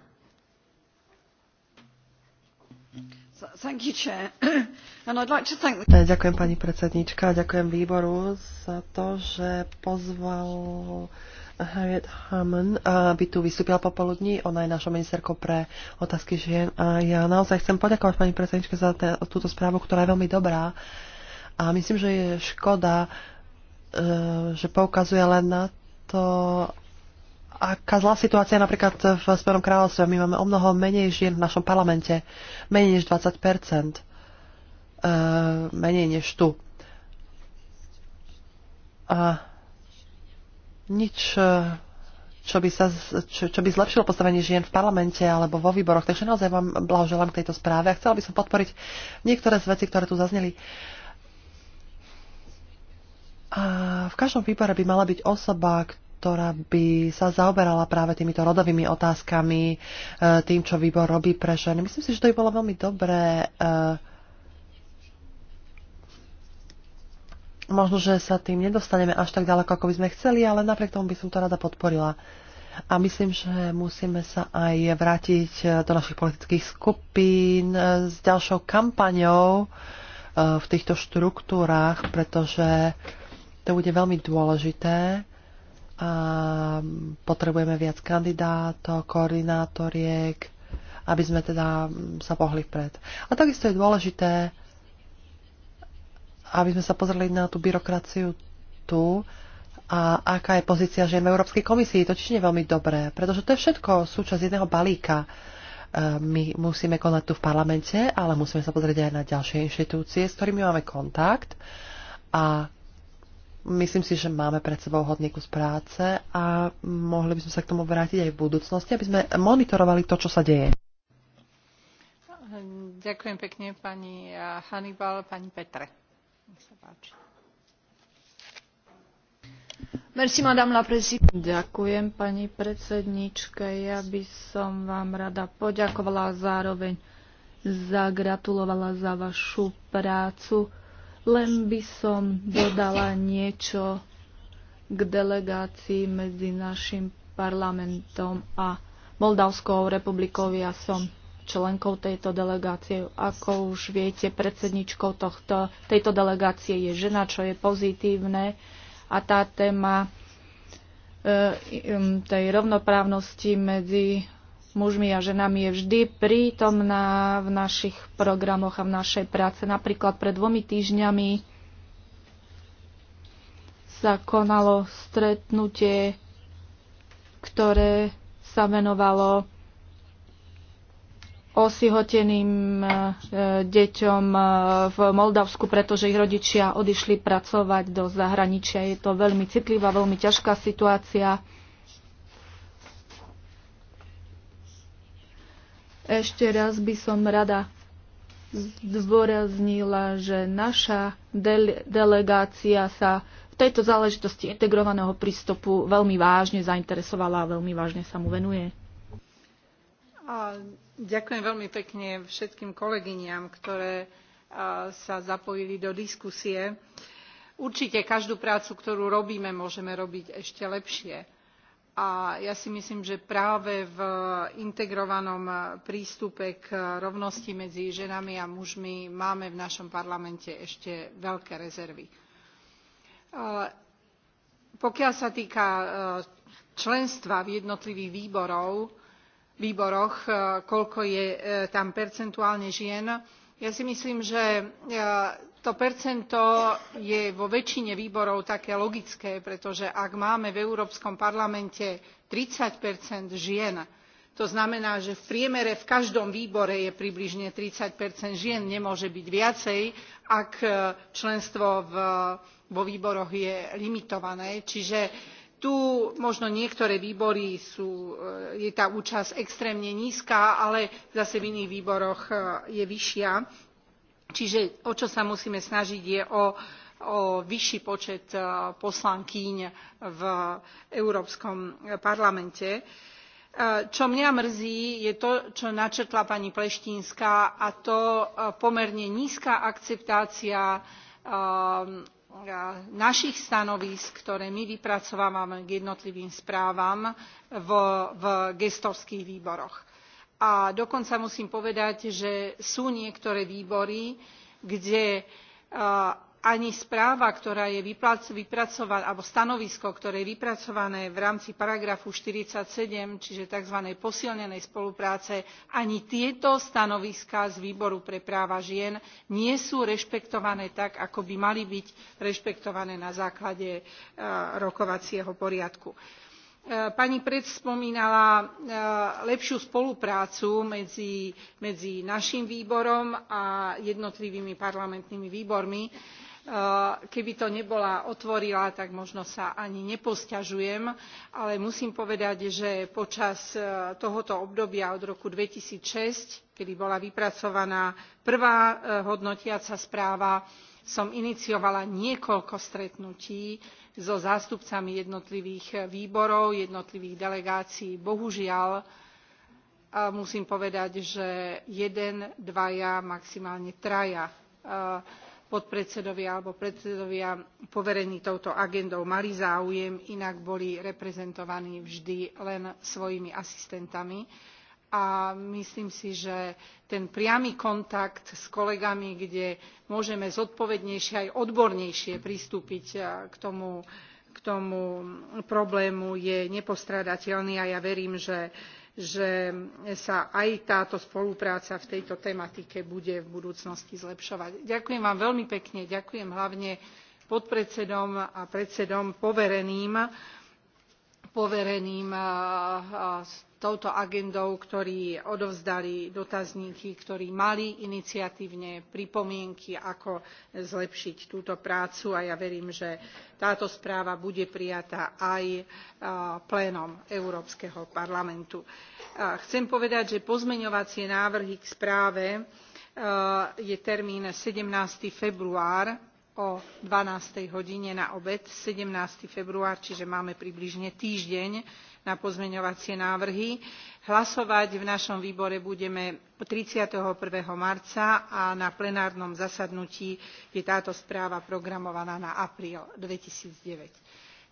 [SPEAKER 2] Ďakujem
[SPEAKER 6] pani predsedníčka, ďakujem výboru za to, že pozval Harriet Harman, aby tu vystúpila popoludní. Ona je našou ministerkou pre otázky žien. A ja naozaj chcem poďakovať pani predsedničke za túto správu, ktorá je veľmi dobrá. A myslím, že je škoda, eh, že poukazuje len na to, aká zlá situácia napríklad v Spojenom kráľovstve. My máme o mnoho menej žien v našom parlamente, menej než 20 e, menej než tu. A nič, e, čo by, sa, čo, čo by zlepšilo postavenie žien v parlamente alebo vo výboroch. Takže naozaj vám blahoželám k tejto správe a chcela by som podporiť niektoré z vecí, ktoré tu zazneli. A v každom výbore by mala byť osoba, ktorá ktorá by sa zaoberala práve týmito rodovými otázkami, e, tým, čo výbor robí pre ženy. Myslím si, že to by bolo veľmi dobré. E, možno, že sa tým nedostaneme až tak ďaleko, ako by sme chceli, ale napriek tomu by som to rada podporila. A myslím, že musíme sa aj vrátiť e, do našich politických skupín s ďalšou kampaňou v týchto štruktúrách, pretože to bude veľmi dôležité Ehm, potrebujeme viac kandidátov, koordinátoriek, aby sme teda mm, sa pohli vpred. A takisto je dôležité, aby sme sa pozreli na tú byrokraciu tu a aká je pozícia žien v Európskej komisii. To čiže nie je veľmi dobré, pretože to je všetko súčasť jedného balíka. Ehm, my musíme konať tu v parlamente, ale musíme sa pozrieť aj na ďalšie inštitúcie, s ktorými máme kontakt a Myslím si, že máme pred sebou hodný kus práce a mohli by sme sa k tomu vrátiť aj v budúcnosti, aby sme monitorovali to, čo sa deje.
[SPEAKER 1] Ďakujem pekne pani Hannibal, pani Petre. Nech sa páči.
[SPEAKER 3] Merci, madame la Ďakujem, pani predsedničke. Ja by som vám rada poďakovala a zároveň zagratulovala za vašu prácu len by som dodala niečo k delegácii medzi našim parlamentom a Moldavskou republikou. Ja som členkou tejto delegácie. Ako už viete, predsedničkou tohto, tejto delegácie je žena, čo je pozitívne. A tá téma e, tej rovnoprávnosti medzi mužmi a ženami je vždy prítomná v našich programoch a v našej práce. Napríklad pred dvomi týždňami sa konalo stretnutie, ktoré sa venovalo osihoteným e, deťom e, v Moldavsku, pretože ich rodičia odišli pracovať do zahraničia. Je to veľmi citlivá, veľmi ťažká situácia. Ešte raz by som rada zdôraznila, že naša dele- delegácia sa v tejto záležitosti integrovaného prístupu veľmi vážne zainteresovala a veľmi vážne sa mu venuje.
[SPEAKER 1] A ďakujem veľmi pekne všetkým kolegyniam, ktoré sa zapojili do diskusie. Určite každú prácu, ktorú robíme, môžeme robiť ešte lepšie a ja si myslím že práve v integrovanom eh, prístupe k rovnosti medzi ženami a mužmi máme v našom parlamente ešte veľké rezervy. Eh, pokiaľ sa týka eh, členstva v jednotlivých výboroch koľko je tam percentuálne žien ja si myslím že to percento je vo väčšine výborov také logické pretože ak máme v európskom parlamente thirty žien to znamená že v priemere v každom výbore je približne thirty žien nemôže byť viacej ak eh, členstvo vo výboroch je limitované čiže tu možno niektoré výbory sú, e, je tá účasť extrémne nízka ale zase v iných výboroch e, je vyššia čiže o čo sa musíme snažiť je o, o vyšší počet e, poslankýň v európskom parlamente. čo mňa mrzí je to čo načrtla pani Pleštínska, a to pomerne nízka akceptácia našich stanovísk ktoré my vypracovávame k jednotlivým správam v, gestorských výboroch. a dokonca musím povedať že sú niektoré výbory kde ani správa ktorá je vypracovaná alebo stanovisko ktoré je vypracované v rámci paragrafu forty seven čiže tzv. posilnenej spolupráce ani tieto stanoviská z výboru pre práva žien nie sú rešpektované tak ako by mali byť rešpektované na základe e, rokovacieho poriadku e, pani prets spomínala e, lepšiu spoluprácu medzi, medzi naším výborom a jednotlivými parlamentnými výbormi. Eh, keby to nebola otvorila tak možno sa ani neposťažujem ale musím povedať že počas eh, tohto obdobia od roku two thousand and six kedy bola vypracovaná prvá eh, hodnotiaca správa som iniciovala niekoľko stretnutí so zástupcami jednotlivých výborov jednotlivých delegácií. bohužiaľ musím povedať že jeden dvaja maximálne traja podpredsedovia alebo predsedovia poverení touto agendou mali záujem inak boli reprezentovaní vždy len svojimi asistentami a myslím si že ten priamy kontakt s kolegami kde môžeme zodpovednejšie aj odbornejšie pristúpiť eh, k tomu, k tomu problému je nepostradateľný a ja verím že že sa aj táto spolupráca v tejto tematike bude v budúcnosti zlepšovať. ďakujem vám veľmi pekne ďakujem hlavne podpredsedom a predsedom povereným touto agendou ktorí odovzdali dotazníky ktorí mali iniciatívne pripomienky ako zlepšiť túto prácu a ja verím že táto správa bude prijatá aj plénom európskeho parlamentu. chcem povedať že pozmeňovacie návrhy k správe je termín seventeen február o twelve hodine na obed seventeen február čiže máme približne týždeň na pozmeňovacie návrhy. hlasovať v našom výbore budeme. thirty one marca a na plenárnom zasadnutí je táto správa programovaná na apríl. two thousand and nine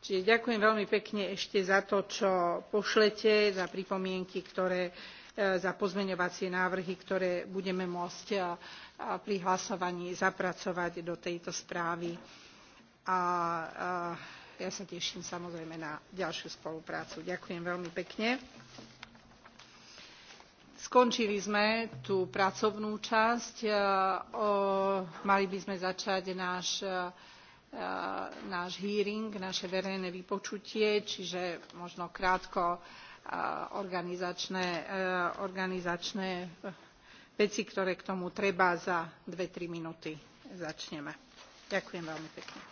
[SPEAKER 1] čiže ďakujem veľmi pekne ešte za to čo pošlete za pripomienky ktoré e, za pozmeňovacie návrhy ktoré budeme môcť e, pri hlasovaní zapracovať do tejto správy. a ja sa teším samozrejme na ďalšiu spoluprácu. ďakujem veľmi pekne. skončili sme tú pracovnú časť e, o, mali by sme začať náš e, náš hearing naše verejné vypočutie čiže možno krátko e, organizačné, organizačné veci ktoré k tomu treba za dve tri minúty začneme. ďakujem veľmi pekne.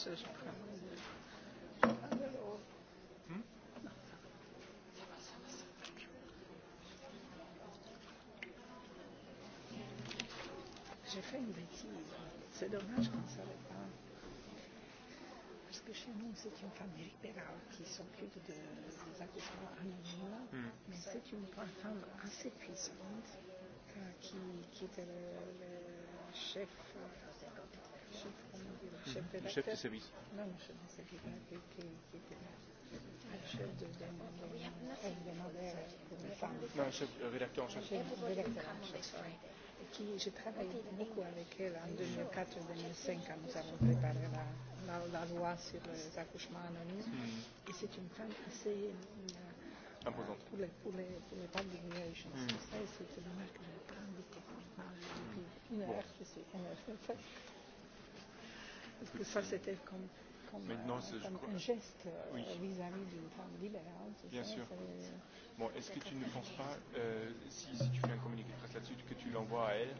[SPEAKER 1] J'ai fait une bêtise. C'est dommage qu'on ne savait pas. Parce que chez nous, c'est une femme libérale qui s'occupe de, des accouchements anonymes. Mm. Mais c'est une femme assez puissante
[SPEAKER 6] euh, qui, qui était le, le chef. Euh, chef de service. Non, le chef de service qui, qui, qui était là. chef
[SPEAKER 2] de
[SPEAKER 1] Non, chef rédacteur en chef. chef rédacteur en chef, Qui, j'ai travaillé beaucoup avec elle en 2004-2005 quand nous avons préparé la, la, la loi sur les accouchements anonymes. Mm. Et c'est une femme assez. Euh, Imposante. Pour les, pour les, pour les public relations. Mm. Ça, c'est une marque que j'ai pas invitée. Une heure, je une heure. Parce que ça, c'était comme, comme, Maintenant, euh, comme crois... un geste euh, oui. vis-à-vis oui. -vis, -vis d'une femme libérale. Bien ça, sûr. Ça, bon, est-ce que tu ne penses pas,
[SPEAKER 2] euh, si, si tu fais un communiqué de presse là-dessus, que tu l'envoies à elle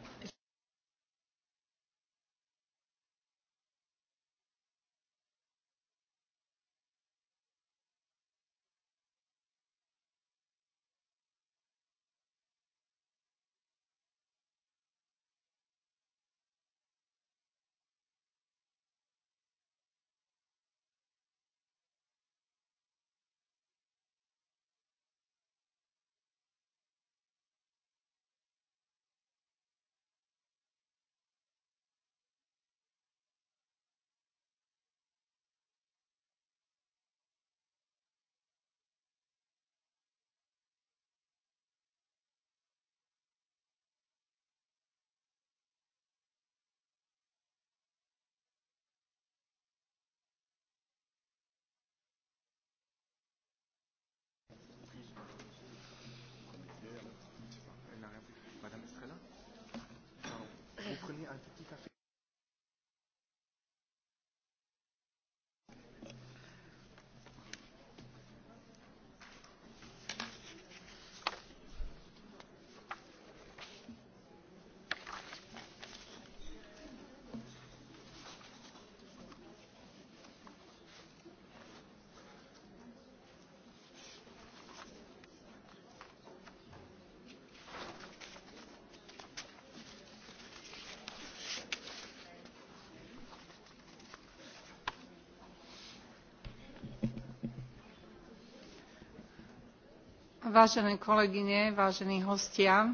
[SPEAKER 1] vážené kolegyne vážení hostia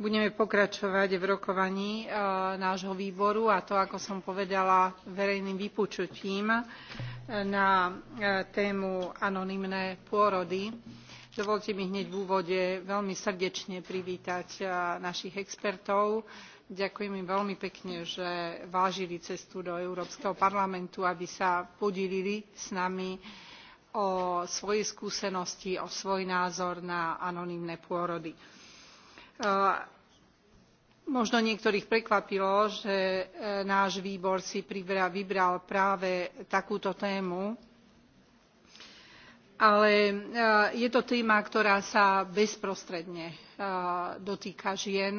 [SPEAKER 1] budeme pokračovať v rokovaní e, nášho výboru a to ako som povedala verejným vypočutím e, na e, tému anonymné pôrody. dovoľte mi hneď v úvode veľmi srdečne privítať našich expertov ďakujem im veľmi pekne že vážili cestu do európskeho parlamentu aby sa podielili s nami o svoje skúsenosti, o svoj názor na anonymné pôrody. E, možno niektorých prekvapilo, že e, náš výbor si vybral práve takúto tému, ale e, je to téma, ktorá sa bezprostredne dotýka žien,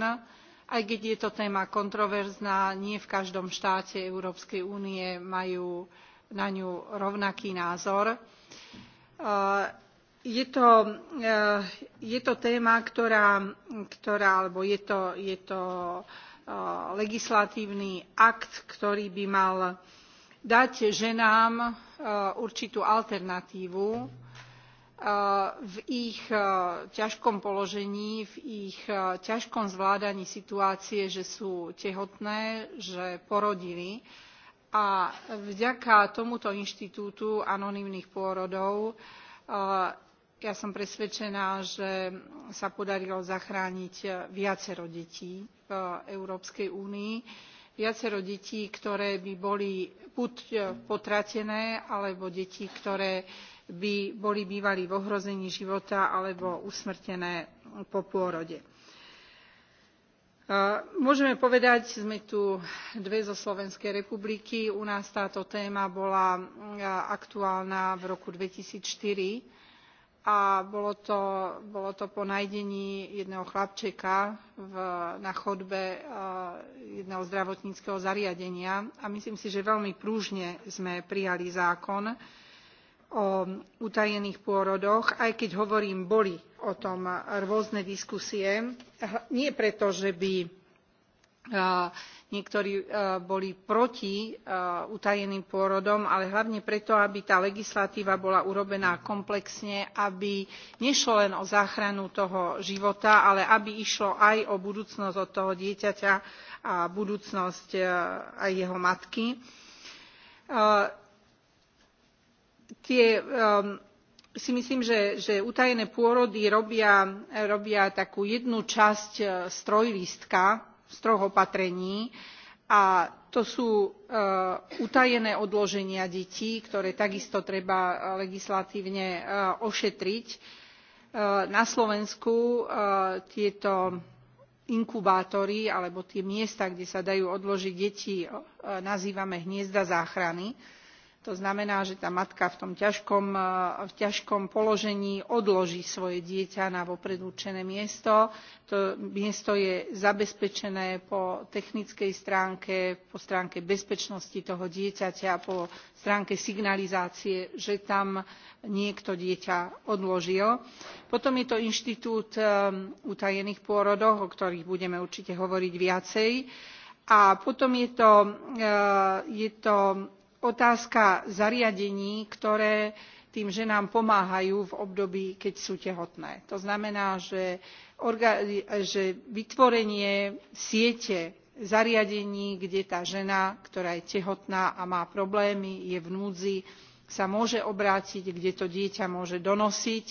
[SPEAKER 1] aj keď je to téma kontroverzná, nie v každom štáte Európskej únie majú na ňu rovnaký názor Eh, eh, je to, téma, ktorá, alebo je to, eh, legislatívny akt, ktorý by mal dať ženám určitú alternatívu v ich ťažkom položení v ich ťažkom zvládaní situácie že sú tehotné že porodili a vďaka tomuto inštitútu anonymných pôrodov e, ja som presvedčená že sa podarilo zachrániť viacero detí v európskej únii viacero detí ktoré by boli buď potratené alebo deti ktoré by boli bývali v ohrození života alebo usmrtené po pôrode môžeme povedať sme tu dve zo slovenskej republiky u nás táto téma bola aktuálna v roku two thousand and four a bolo to, po nájdení jedného chlapčeka na chodbe jedného zdravotníckeho zariadenia a myslím si že veľmi pružne sme prijali zákon ktorý o utajených pôrodoch aj keď hovorím boli o tom rôzne diskusie nie preto že by niektorí boli proti utajeným pôrodom ale hlavne preto aby tá legislatíva bola urobená komplexne aby nešlo len o záchranu toho života ale aby išlo aj o budúcnosť od toho dieťaťa a budúcnosť aj jeho matky Um, si myslím že, utajené pôrody robia, robia takú jednu časť z e, trojlístka z troch opatrení a to sú e, utajené odloženia detí ktoré takisto treba e, legislatívne ošetriť. na slovensku tieto inkubátory alebo tie miesta kde sa dajú odložiť deti nazývame hniezda záchrany to znamená že tá matka v tom ťažkom, e, v ťažkom položení odloží svoje dieťa na vopred určené miesto to miesto je zabezpečené po technickej stránke po stránke bezpečnosti toho dieťaťa po stránke signalizácie že tam niekto dieťa odložil. potom je to inštitút e, utajených pôrodov o ktorých budeme určite hovoriť viacej a potom je to, e, je to otázka zariadení ktoré tým ženám pomáhajú v období keď sú tehotné. to znamená že, vytvorenie siete zariadení kde tá žena ktorá je tehotná a má problémy je v núdzi sa môže obrátiť kde to dieťa môže donosiť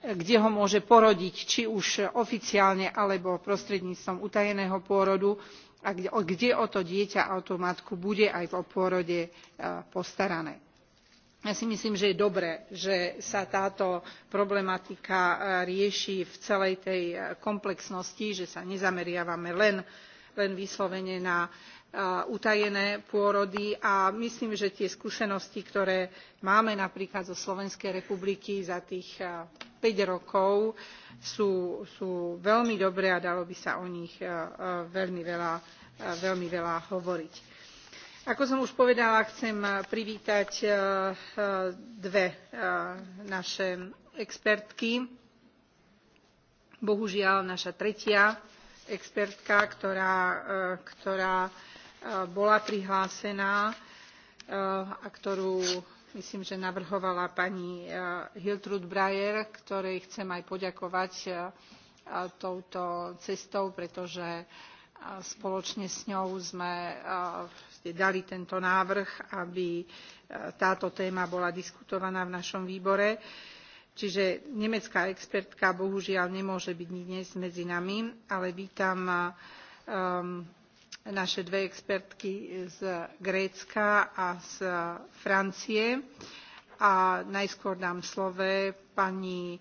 [SPEAKER 1] kde ho môže porodiť či už oficiálne alebo prostredníctvom utajeného pôrodu a kde o to dieťa a o tú matku bude aj po pôrode e, postarané. ja si myslím že je dobré že sa táto problematika e, rieši v celej tej e, komplexnosti že sa nezameriavame len, len vyslovene na utajené pôrody a myslím že tie skúsenosti ktoré máme napríklad zo slovenskej republiky za tých päť rokov sú, veľmi dobré a dalo by sa o nich veľmi veľa, hovoriť. ako som už povedala chcem privítať dve naše expertky bohužiaľ naša tretia expertka ktorá bola prihlásená a ktorú myslím že navrhovala pani hiltrud breyer ktorej chcem aj poďakovať touto cestou pretože spoločne s ňou sme dali tento návrh aby táto téma bola diskutovaná v našom výbore. čiže nemecká expertka bohužiaľ nemôže byť dnes medzi nami ale vítam um, naše dve expertky z grécka a z francie a najskôr dám slove pani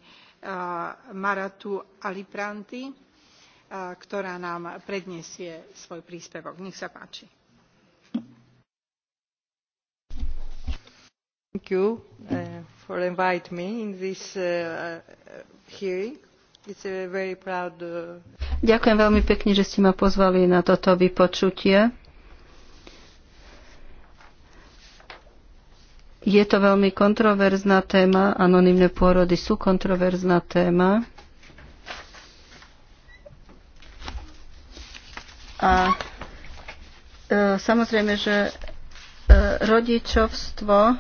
[SPEAKER 1] maratu aliprandi ktorá nám predniesie svoj príspevok. nech sa páči.
[SPEAKER 6] thank you uh, for inviting me
[SPEAKER 1] in this uh, uh hearing. it's a very proud uh,
[SPEAKER 5] Ďakujem veľmi pekne, že ste ma pozvali na toto vypočutie. Je to veľmi kontroverzná téma, anonimné pôrody sú kontroverzná téma. A e, samozrejme, že e, rodičovstvo e,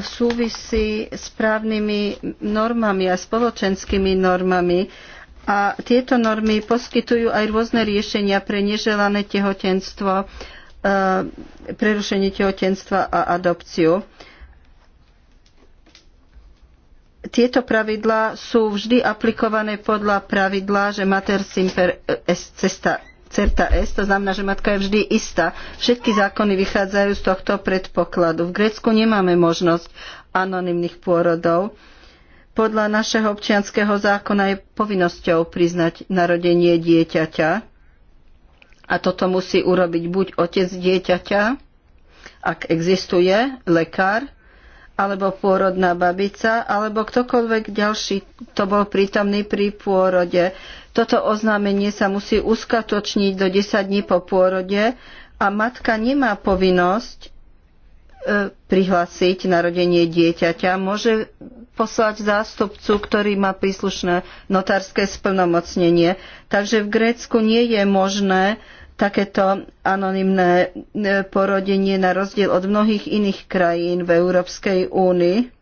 [SPEAKER 5] súvisí s právnymi normami a spoločenskými normami. E, a tieto normy poskytujú aj rôzne riešenia pre neželané tehotenstvo, e, prerušenie tehotenstva a adopciu. Tieto pravidlá sú vždy aplikované podľa pravidla, že mater simper e, es cesta certa est, to znamená, že matka je vždy istá. Všetky zákony vychádzajú z tohto predpokladu. V Grécku nemáme možnosť anonymných pôrodov podľa našeho občianského zákona je povinnosťou priznať narodenie dieťaťa. A toto musí urobiť buď otec dieťaťa, ak existuje lekár, alebo pôrodná babica, alebo ktokoľvek ďalší, to bol prítomný pri pôrode. Toto oznámenie sa musí uskatočniť do 10 dní po pôrode a matka nemá povinnosť e, prihlásiť narodenie dieťaťa. Môže poslať zástupcu, ktorý má príslušné notárske splnomocnenie. Takže v Grécku nie je možné takéto anonymné e, porodenie na rozdiel od mnohých iných krajín v Európskej únii.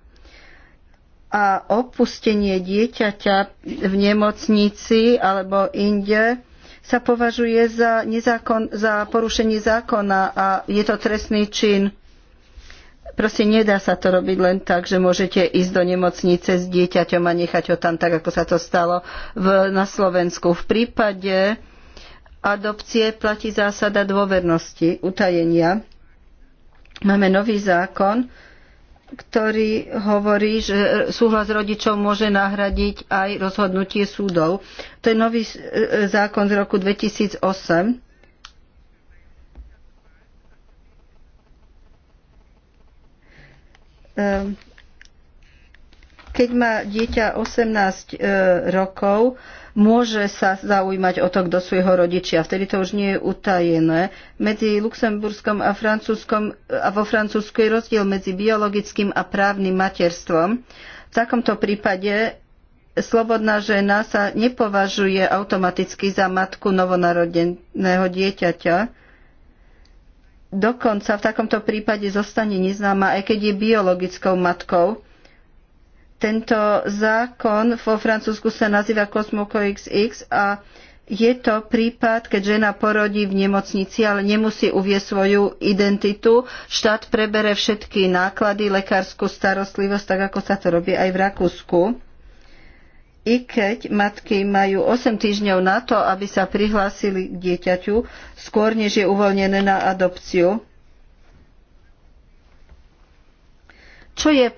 [SPEAKER 5] A opustenie dieťaťa v nemocnici alebo inde sa považuje za, nezákon, za porušenie zákona a je to trestný čin. Proste nedá sa to robiť len tak, že môžete ísť do nemocnice s dieťaťom a nechať ho tam tak, ako sa to stalo v, na Slovensku. V prípade adopcie platí zásada dôvernosti, utajenia. Máme nový zákon, ktorý hovorí, že súhlas rodičov môže nahradiť aj rozhodnutie súdov. To je nový e, e, zákon z roku 2008 Ehm, keď má dieťa 18 e, rokov, môže sa zaujímať o to, kto sú jeho rodičia. Vtedy to už nie je utajené. Medzi Luxemburskom a, Francúzskom, e, a vo Francúzsku je rozdiel medzi biologickým a právnym materstvom. V takomto prípade slobodná žena sa nepovažuje automaticky za matku novonarodeného dieťaťa dokonca v takomto prípade zostane neznáma, aj keď je biologickou matkou. Tento zákon vo Francúzsku sa nazýva Cosmoco XX a je to prípad, keď žena porodí v nemocnici, ale nemusí uvieť svoju identitu. Štát prebere všetky náklady, lekárskú starostlivosť, tak ako sa to robí aj v Rakúsku i keď matky majú 8 týždňov na to, aby sa prihlásili k dieťaťu, skôr než je uvoľnené na adopciu. Čo je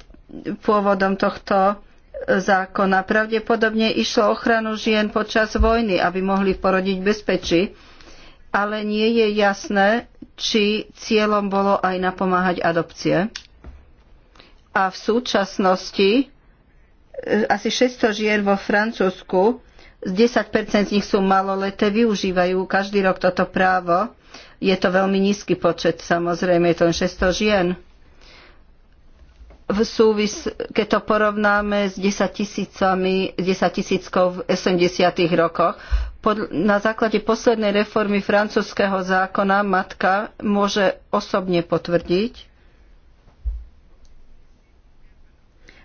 [SPEAKER 5] pôvodom tohto zákona? Pravdepodobne išlo ochranu žien počas vojny, aby mohli porodiť bezpečí, ale nie je jasné, či cieľom bolo aj napomáhať adopcie. A v súčasnosti E, asi 600 žien vo Francúzsku, 10% z nich sú maloleté, využívajú každý rok toto právo. Je to veľmi nízky počet, samozrejme, je to len 600 žien. V súvis, keď to porovnáme s 10 tisícami, 10 tisíckou v 80. rokoch, pod, na základe poslednej reformy francúzského zákona matka môže osobne potvrdiť,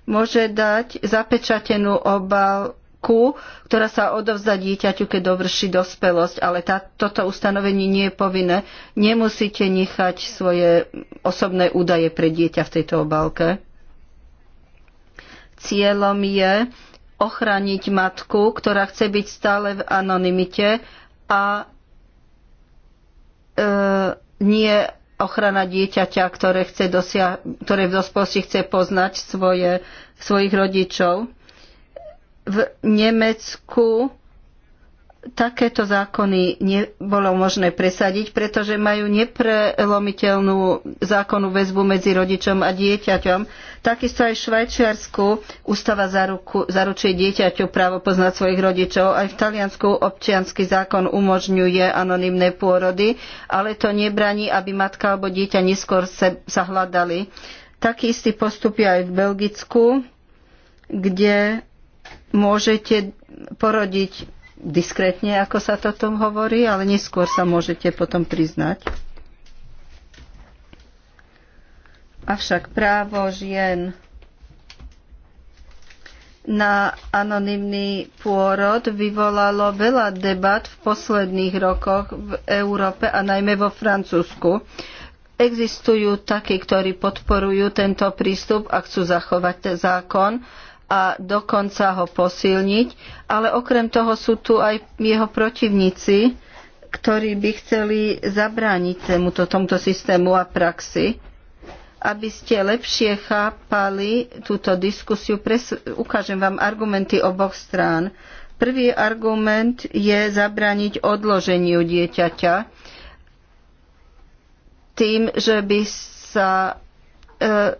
[SPEAKER 5] môže dať zapečatenú obálku, ktorá sa odovzdá dieťaťu, keď dovrší dospelosť, ale tá, toto ustanovenie nie je povinné. Nemusíte nechať svoje osobné údaje pre dieťa v tejto obálke. Cieľom je ochraniť matku, ktorá chce byť stále v anonymite a e, nie ochrana dieťaťa, ktoré, chce dosia- ktoré v dospelosti chce poznať svoje, svojich rodičov. V Nemecku takéto zákony nebolo možné presadiť, pretože majú neprelomiteľnú zákonnú väzbu medzi rodičom a dieťaťom. Takisto aj v Švajčiarsku ústava zaruku, zaručuje dieťaťu právo poznať svojich rodičov. Aj v Taliansku občiansky zákon umožňuje anonymné pôrody, ale to nebraní, aby matka alebo dieťa neskôr se, sa hľadali. Taký istý postup je aj v Belgicku, kde môžete porodiť diskrétne, ako sa to tom hovorí, ale neskôr sa môžete potom priznať. Avšak právo žien na anonymný pôrod vyvolalo veľa debat v posledných rokoch v Európe a najmä vo Francúzsku. Existujú takí, ktorí podporujú tento prístup a chcú zachovať zákon, a dokonca ho posilniť, ale okrem toho sú tu aj jeho protivníci, ktorí by chceli zabrániť tomuto, tomuto systému a praxi. Aby ste lepšie chápali túto diskusiu, pres, ukážem vám argumenty oboch strán. Prvý argument je zabrániť odloženiu dieťaťa tým, že by sa e,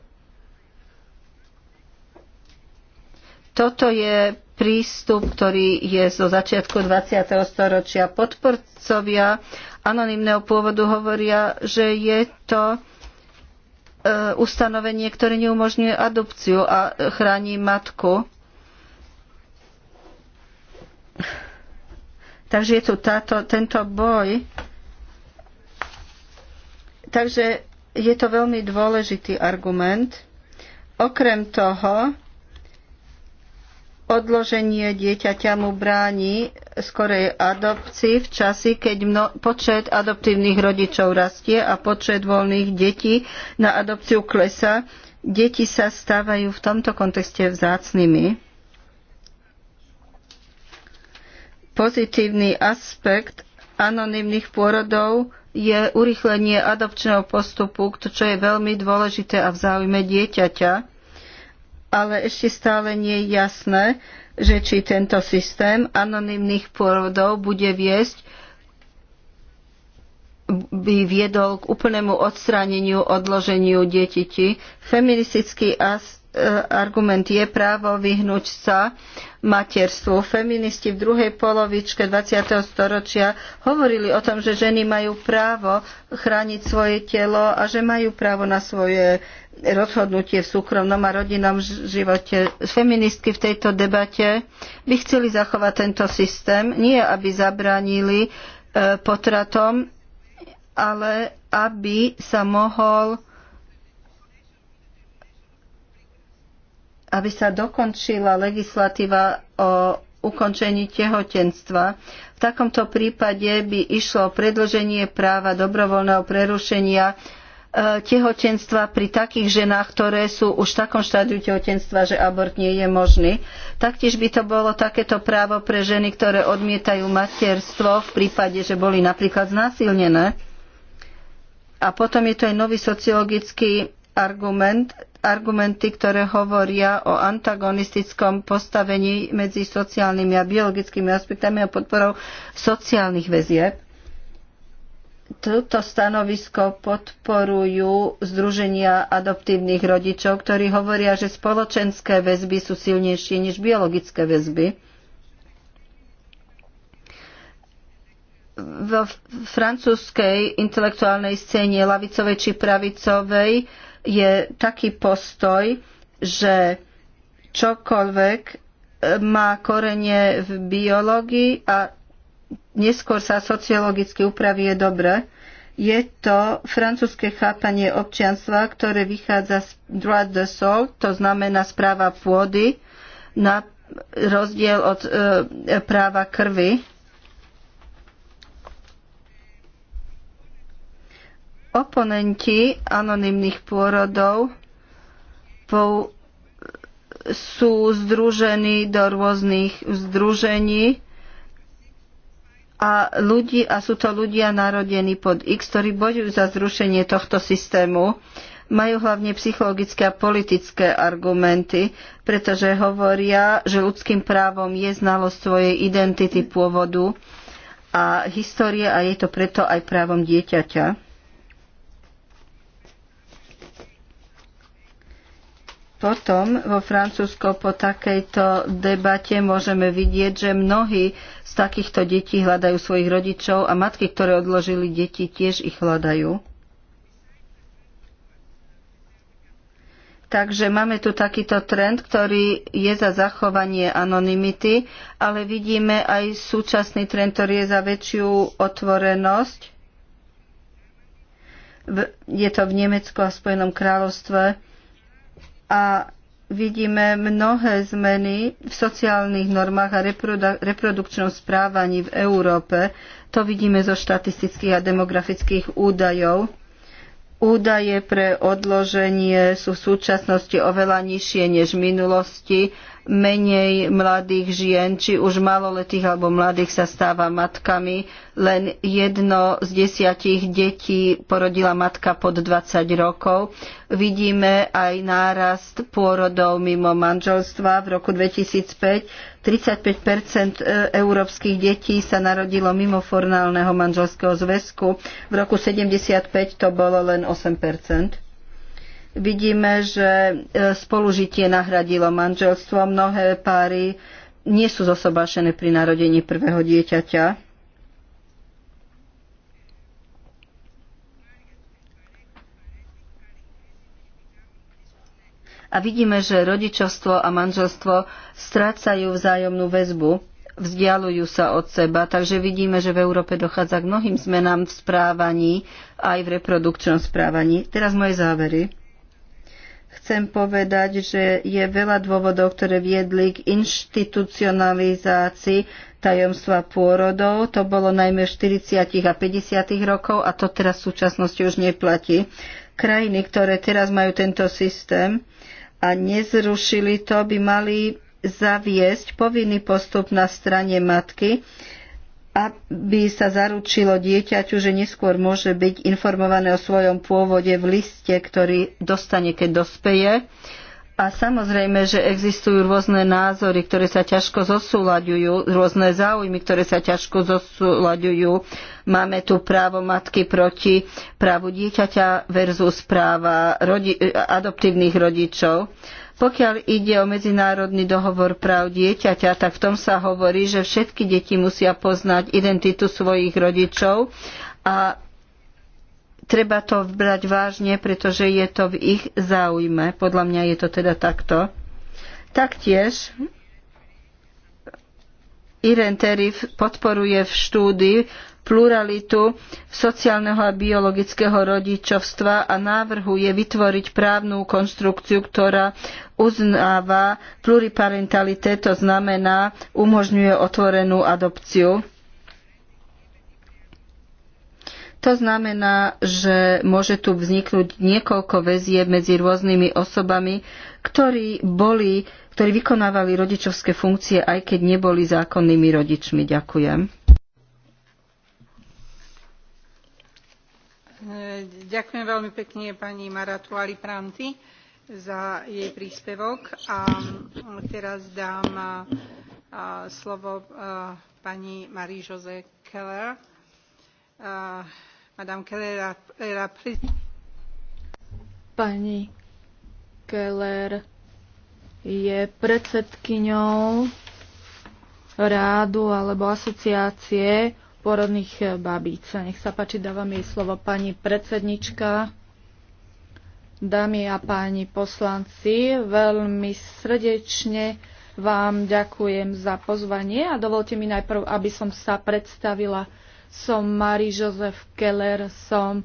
[SPEAKER 5] toto je prístup, ktorý je zo začiatku 20. storočia. Podporcovia anonimného pôvodu hovoria, že je to e, ustanovenie, ktoré neumožňuje adopciu a chráni matku. Takže je tu táto, tento boj. Takže je to veľmi dôležitý argument. Okrem toho, Odloženie dieťaťa mu bráni skorej adopcii v časi, keď mno- počet adoptívnych rodičov rastie a počet voľných detí na adopciu klesa. Deti sa stávajú v tomto kontexte vzácnými. pozitívny aspekt anonimných pôrodov je urýchlenie adopčného postupu, čo je veľmi dôležité a v záujme dieťaťa ale ešte stále nie je jasné, že či tento systém anonymných pôrodov bude viesť by viedol k úplnému odstráneniu, odloženiu detiti. Feministický e, argument je právo vyhnúť sa materstvu. Feministi v druhej polovičke 20. storočia hovorili o tom, že ženy majú právo chrániť svoje telo a že majú právo na svoje rozhodnutie v súkromnom a rodinnom živote. Feministky v tejto debate by chceli zachovať tento systém, nie aby zabránili e, potratom, ale aby sa mohol aby sa dokončila legislatíva o ukončení tehotenstva. V takomto prípade by išlo o predlženie práva dobrovoľného prerušenia Eh, tehotenstva pri takých ženách, ktoré sú už v takom štádiu tehotenstva, že abort nie je možný. Taktiež by to bolo takéto právo pre ženy, ktoré odmietajú materstvo v prípade, že boli napríklad znásilnené. A potom je to aj nový sociologický argument, argumenty, ktoré hovoria o antagonistickom postavení medzi sociálnymi a biologickými aspektami a podporou sociálnych väzieb. Toto stanovisko podporujú Združenia adoptívnych rodičov, ktorí hovoria, že spoločenské väzby sú silnejšie než biologické väzby. V francúzskej intelektuálnej scéne lavicovej či pravicovej je taký postoj, že čokoľvek má korenie v biológii a neskôr sa sociologicky upraví, je dobré. Je to francúzske chápanie občianstva, ktoré vychádza z droit de sol, to znamená správa pôdy, na rozdiel od e, práva krvi. Oponenti anonimných pôrodov sú združení do rôznych združení a, ľudí, a sú to ľudia narodení pod X, ktorí bojujú za zrušenie tohto systému. Majú hlavne psychologické a politické argumenty, pretože hovoria, že ľudským právom je znalosť svojej identity pôvodu a histórie a je to preto aj právom dieťaťa. Potom vo Francúzsko po takejto debate môžeme vidieť, že mnohí z takýchto detí hľadajú svojich rodičov a matky, ktoré odložili deti, tiež ich hľadajú. Takže máme tu takýto trend, ktorý je za zachovanie anonymity, ale vidíme aj súčasný trend, ktorý je za väčšiu otvorenosť. Je to v Nemecku a Spojenom kráľovstve a vidíme mnohé zmeny v sociálnych normách a reprodu- reprodukčnom správaní v Európe. To vidíme zo štatistických a demografických údajov. Údaje pre odloženie sú v súčasnosti oveľa nižšie než v minulosti menej mladých žien, či už maloletých alebo mladých sa stáva matkami. Len jedno z desiatich detí porodila matka pod 20 rokov. Vidíme aj nárast pôrodov mimo manželstva. V roku 2005 35 e, európskych detí sa narodilo mimo formálneho manželského zväzku. V roku 75 to bolo len 8 Vidíme, že e, spolužitie nahradilo manželstvo. Mnohé páry nie sú zosobášené pri narodení prvého dieťaťa. a vidíme, že rodičovstvo a manželstvo strácajú vzájomnú väzbu, vzdialujú sa od seba, takže vidíme, že v Európe dochádza k mnohým zmenám v správaní aj v reprodukčnom správaní. Teraz moje závery chcem povedať, že je veľa dôvodov, ktoré viedli k inštitucionalizácii tajomstva pôrodov. To bolo najmä v 40. a 50. rokov a to teraz v súčasnosti už neplatí. Krajiny, ktoré teraz majú tento systém a nezrušili to, by mali zaviesť povinný postup na strane matky, aby sa zaručilo dieťaťu, že neskôr môže byť informované o svojom pôvode v liste, ktorý dostane, keď dospeje. A samozrejme, že existujú rôzne názory, ktoré sa ťažko zosúľaďujú, rôzne záujmy, ktoré sa ťažko zosúľaďujú. Máme tu právo matky proti právu dieťaťa versus práva rodi- adoptívnych rodičov. Pokiaľ ide o Medzinárodný dohovor práv dieťaťa, tak v tom sa hovorí, že všetky deti musia poznať identitu svojich rodičov a treba to brať vážne, pretože je to v ich záujme. Podľa mňa je to teda takto. Taktiež Irene Terif podporuje v štúdii pluralitu sociálneho a biologického rodičovstva a návrhu je vytvoriť právnu konštrukciu, ktorá uznáva pluriparentalité, to znamená umožňuje otvorenú adopciu. To znamená, že môže tu vzniknúť niekoľko väzieb medzi rôznymi osobami, ktorí, boli, ktorí vykonávali rodičovské funkcie, aj keď neboli zákonnými rodičmi. Ďakujem.
[SPEAKER 1] ďakujem veľmi pekne pani maratu pranti za jej príspevok a teraz dám slovo pani marie jose keller.
[SPEAKER 3] pani keller je predsedkyňou rádu alebo asociácie porodných eh, babíc. Nech sa páči, dávam jej slovo pani predsednička, dámy a páni poslanci. Veľmi srdečne vám ďakujem za pozvanie a dovolte mi najprv, aby som sa predstavila. Som Marie Josef Keller, som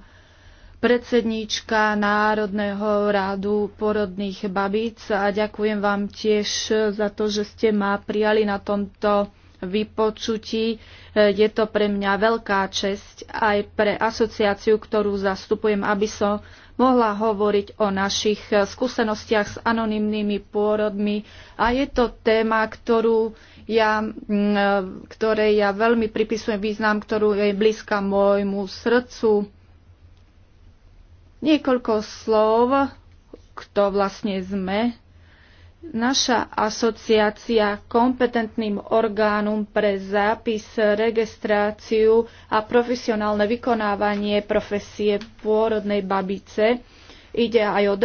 [SPEAKER 3] predsedníčka Národného rádu porodných babíc a ďakujem vám tiež za to, že ste ma prijali na tomto vypočutí. Eh, je to pre mňa veľká česť aj pre asociáciu, ktorú zastupujem, aby som mohla hovoriť o našich eh, skúsenostiach s anonymnými pôrodmi. A je to téma, ktorú ja, mm, eh, ktorej ja veľmi pripisujem význam, ktorú je blízka môjmu srdcu. Niekoľko slov, kto vlastne sme Naša asociácia kompetentným orgánom pre zápis, registráciu a profesionálne vykonávanie profesie pôrodnej babice ide aj o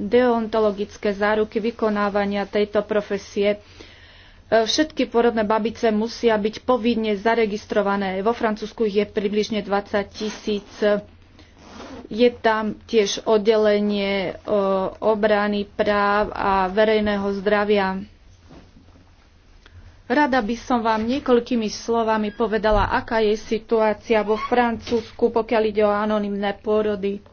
[SPEAKER 3] deontologické záruky vykonávania tejto profesie. E, všetky porodné babice musia byť povinne zaregistrované. Vo Francúzsku ich je približne 20 tisíc je tam tiež oddelenie e, obrany práv a verejného zdravia. Rada by som vám niekoľkými slovami povedala, aká je situácia vo Francúzsku, pokiaľ ide o anonimné pôrody.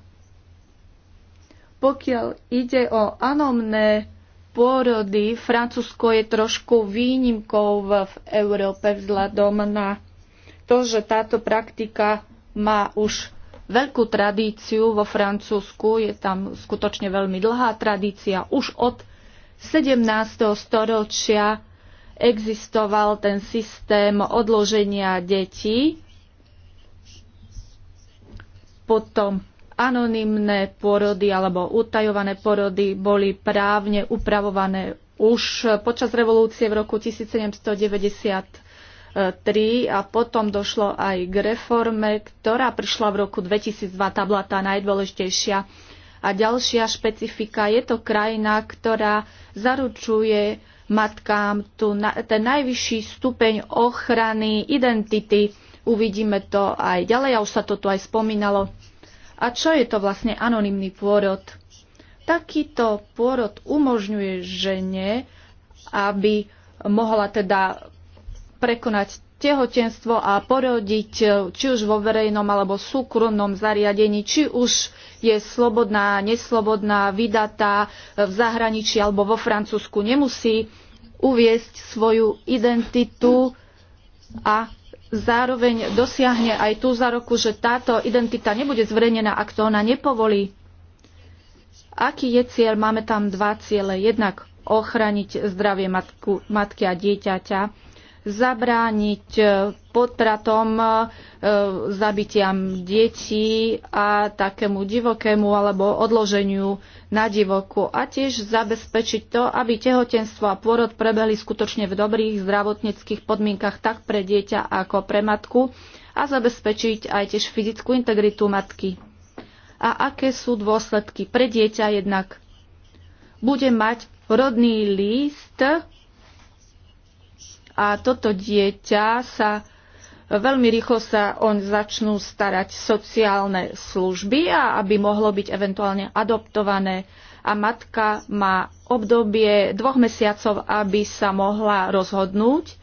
[SPEAKER 3] Pokiaľ ide o anonimné pôrody, Francúzsko je trošku výnimkou v, v Európe vzhľadom na to, že táto praktika má už veľkú tradíciu vo Francúzsku. Je tam skutočne veľmi dlhá tradícia. Už od 17. storočia existoval ten systém odloženia detí, potom anonymné porody alebo utajované porody boli právne upravované už počas revolúcie v roku 1790 3 a potom došlo aj k reforme, ktorá prišla v roku 2002, tá bola tá najdôležitejšia. A ďalšia špecifika je to krajina, ktorá zaručuje matkám tu na, ten najvyšší stupeň ochrany identity. Uvidíme to aj ďalej, a už sa to tu aj spomínalo. A čo je to vlastne anonymný pôrod? Takýto pôrod umožňuje žene, aby mohla teda prekonať tehotenstvo a porodiť, e, či už vo verejnom alebo súkromnom zariadení, či už je slobodná, neslobodná, vydatá e, v zahraničí alebo vo Francúzsku, nemusí uviesť svoju identitu a zároveň dosiahne aj tú za roku, že táto identita nebude zverejnená, ak to ona nepovolí. Aký je cieľ? Máme tam dva ciele. Jednak ochrániť zdravie matku, matky a dieťaťa zabrániť e, potratom, e, zabitiam detí a takému divokému alebo odloženiu na divoku. A tiež zabezpečiť to, aby tehotenstvo a pôrod prebehli skutočne v dobrých zdravotníckých podmienkach tak pre dieťa ako pre matku a zabezpečiť aj tiež fyzickú integritu matky. A aké sú dôsledky pre dieťa jednak? Bude mať rodný list, a toto dieťa sa veľmi rýchlo sa on začnú starať sociálne služby a aby mohlo byť eventuálne adoptované. A matka má obdobie dvoch mesiacov, aby sa mohla rozhodnúť.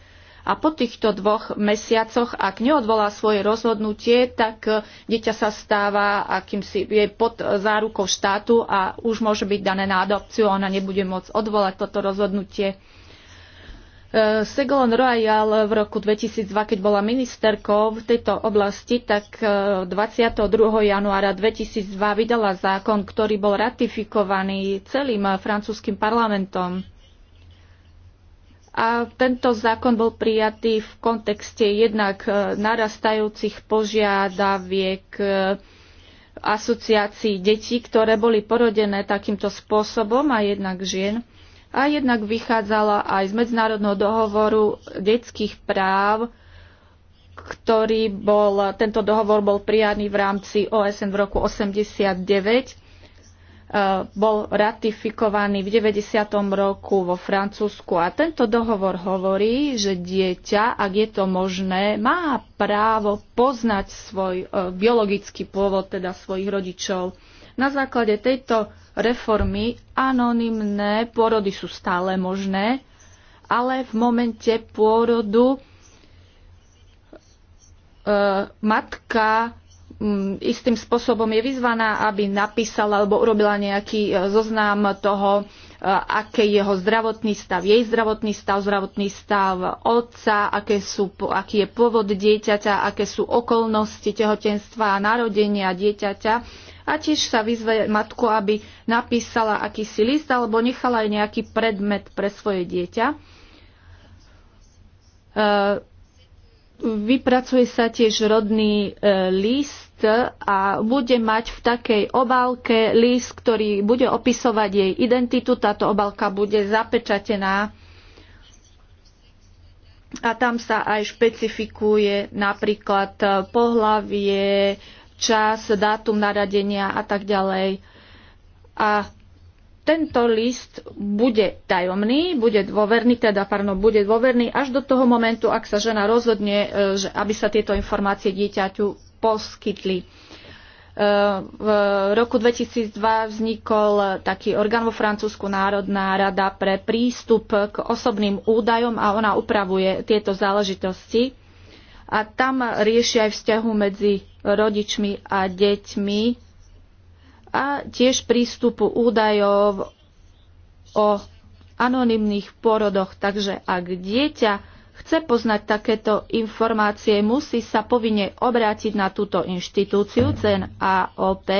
[SPEAKER 3] A po týchto dvoch mesiacoch, ak neodvolá svoje rozhodnutie, tak dieťa sa stáva akýmsi, je pod zárukou štátu a už môže byť dané na adopciu. Ona nebude môcť odvolať toto rozhodnutie. Eh, Segolon Royal v roku 2002, keď bola ministerkou v tejto oblasti, tak 22. Eh, januára 2002 vydala zákon, ktorý bol ratifikovaný celým eh, francúzským parlamentom. A tento zákon bol prijatý v kontexte jednak narastajúcich požiadaviek asociácií detí, ktoré boli porodené takýmto spôsobom a jednak žien a jednak vychádzala aj z medzinárodného dohovoru detských práv, ktorý bol, tento dohovor bol prijatý v rámci OSN v roku 89, e, bol ratifikovaný v 90. roku vo Francúzsku a tento dohovor hovorí, že dieťa, ak je to možné, má právo poznať svoj e, biologický pôvod, teda svojich rodičov. Na základe tejto reformy. Anonymné pôrody sú stále možné, ale v momente pôrodu e, matka m, istým spôsobom je vyzvaná, aby napísala alebo urobila nejaký e, zoznam toho, e, aké je jeho zdravotný stav, jej zdravotný stav, zdravotný stav otca, aké sú, aký je pôvod dieťaťa, aké sú okolnosti tehotenstva a narodenia dieťaťa a tiež sa vyzve matku, aby napísala akýsi list alebo nechala aj nejaký predmet pre svoje dieťa. E, vypracuje sa tiež rodný e, list a bude mať v takej obálke list, ktorý bude opisovať jej identitu. Táto obálka bude zapečatená a tam sa aj špecifikuje napríklad pohlavie, čas, dátum naradenia a tak ďalej. A tento list bude tajomný, bude dôverný, teda pardon, bude dôverný až do toho momentu, ak sa žena rozhodne, e, že aby sa tieto informácie dieťaťu poskytli. E, v roku 2002 vznikol taký orgán vo Francúzsku Národná rada pre prístup k osobným údajom a ona upravuje tieto záležitosti a tam rieši aj vzťahu medzi rodičmi a deťmi a tiež prístupu údajov o anonimných porodoch. Takže ak dieťa chce poznať takéto informácie, musí sa povinne obrátiť na túto inštitúciu CNAOP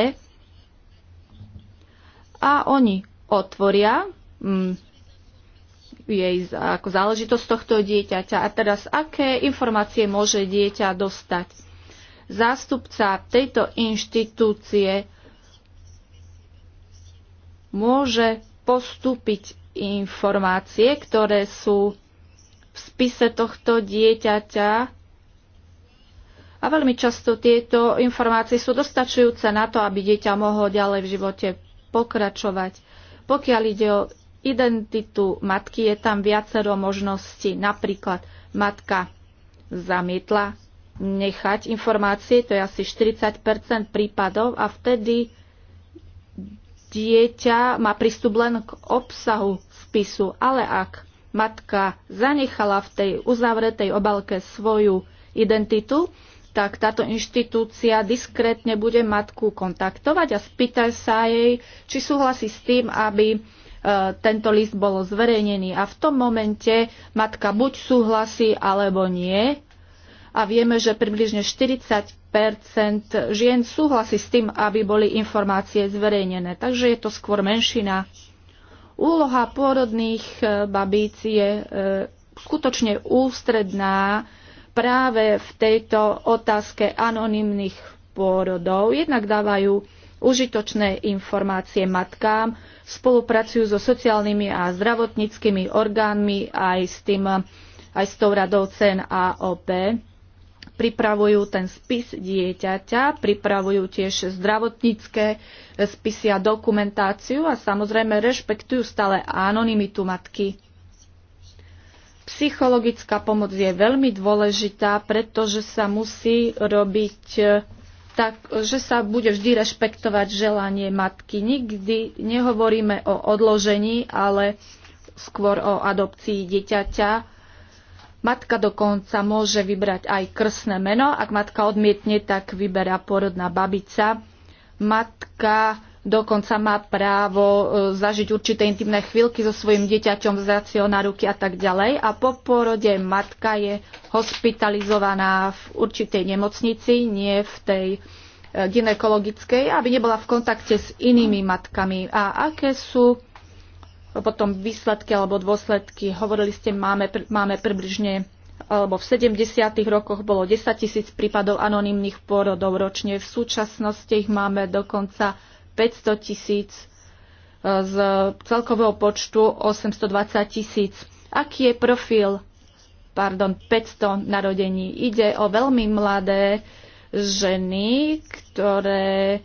[SPEAKER 3] a oni otvoria mm, jej ako záležitosť tohto dieťaťa. A teraz, aké informácie môže dieťa dostať? Zástupca tejto inštitúcie môže postúpiť informácie, ktoré sú v spise tohto dieťaťa. A veľmi často tieto informácie sú dostačujúce na to, aby dieťa mohlo ďalej v živote pokračovať. Pokiaľ ide o identitu matky je tam viacero možností. Napríklad matka zamietla nechať informácie, to je asi 40 prípadov a vtedy dieťa má prístup len k obsahu spisu, ale ak matka zanechala v tej uzavretej obalke svoju identitu, tak táto inštitúcia diskrétne bude matku kontaktovať a spýta sa jej, či súhlasí s tým, aby E, tento list bol zverejnený a v tom momente matka buď súhlasí alebo nie. A vieme, že približne 40 žien súhlasí s tým, aby boli informácie zverejnené. Takže je to skôr menšina. Úloha pôrodných e, babíc je e, skutočne ústredná práve v tejto otázke anonimných pôrodov. Jednak dávajú užitočné informácie matkám, spolupracujú so sociálnymi a zdravotníckými orgánmi aj s, tým, aj s tou radou cen AOP. Pripravujú ten spis dieťaťa, pripravujú tiež zdravotnícke spisy a dokumentáciu a samozrejme rešpektujú stále anonymitu matky. Psychologická pomoc je veľmi dôležitá, pretože sa musí robiť tak, že sa bude vždy rešpektovať želanie matky. Nikdy nehovoríme o odložení, ale skôr o adopcii dieťaťa. Matka dokonca môže vybrať aj krsné meno. Ak matka odmietne, tak vyberá porodná babica. Matka dokonca má právo e, zažiť určité intimné chvíľky so svojim dieťaťom, vzdať si ho na ruky a tak ďalej. A po porode matka je hospitalizovaná v určitej nemocnici, nie v tej e, ginekologickej, aby nebola v kontakte s inými matkami. A aké sú e, potom výsledky alebo dôsledky? Hovorili ste, máme, máme približne alebo v 70. rokoch bolo 10 tisíc prípadov anonimných pôrodov ročne. V súčasnosti ich máme dokonca 500 tisíc e, z celkového počtu 820 tisíc. Aký je profil pardon, 500 narodení? Ide o veľmi mladé ženy, ktoré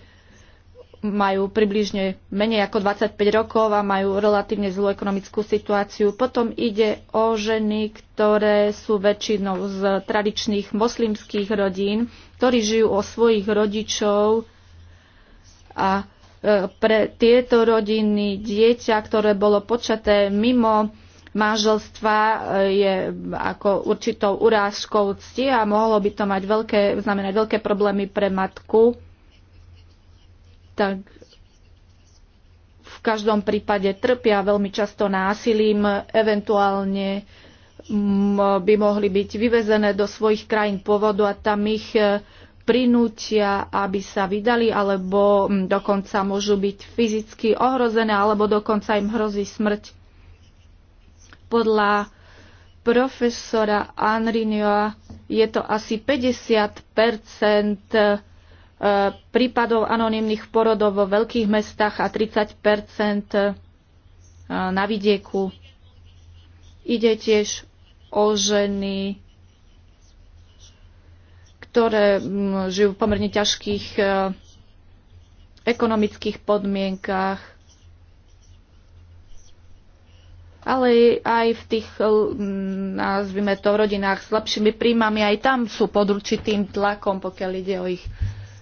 [SPEAKER 3] majú približne menej ako 25 rokov a majú relatívne zlú ekonomickú situáciu. Potom ide o ženy, ktoré sú väčšinou z tradičných moslimských rodín, ktorí žijú o svojich rodičov a pre tieto rodiny dieťa, ktoré bolo počaté mimo manželstva je ako určitou urážkou cti a mohlo by to mať veľké, znamenať veľké problémy pre matku. Tak v každom prípade trpia veľmi často násilím, eventuálne by mohli byť vyvezené do svojich krajín pôvodu a tam ich prinútia, aby sa vydali, alebo mm, dokonca môžu byť fyzicky ohrozené, alebo dokonca im hrozí smrť. Podľa profesora Anrinioa je to asi 50 e, prípadov anonimných porodov vo veľkých mestách a 30 e, na vidieku. Ide tiež o ženy ktoré mm, žijú v pomerne ťažkých e, ekonomických podmienkách, ale aj v tých, e, nazvime to, rodinách s lepšími príjmami, aj tam sú pod určitým tlakom, pokiaľ ide o ich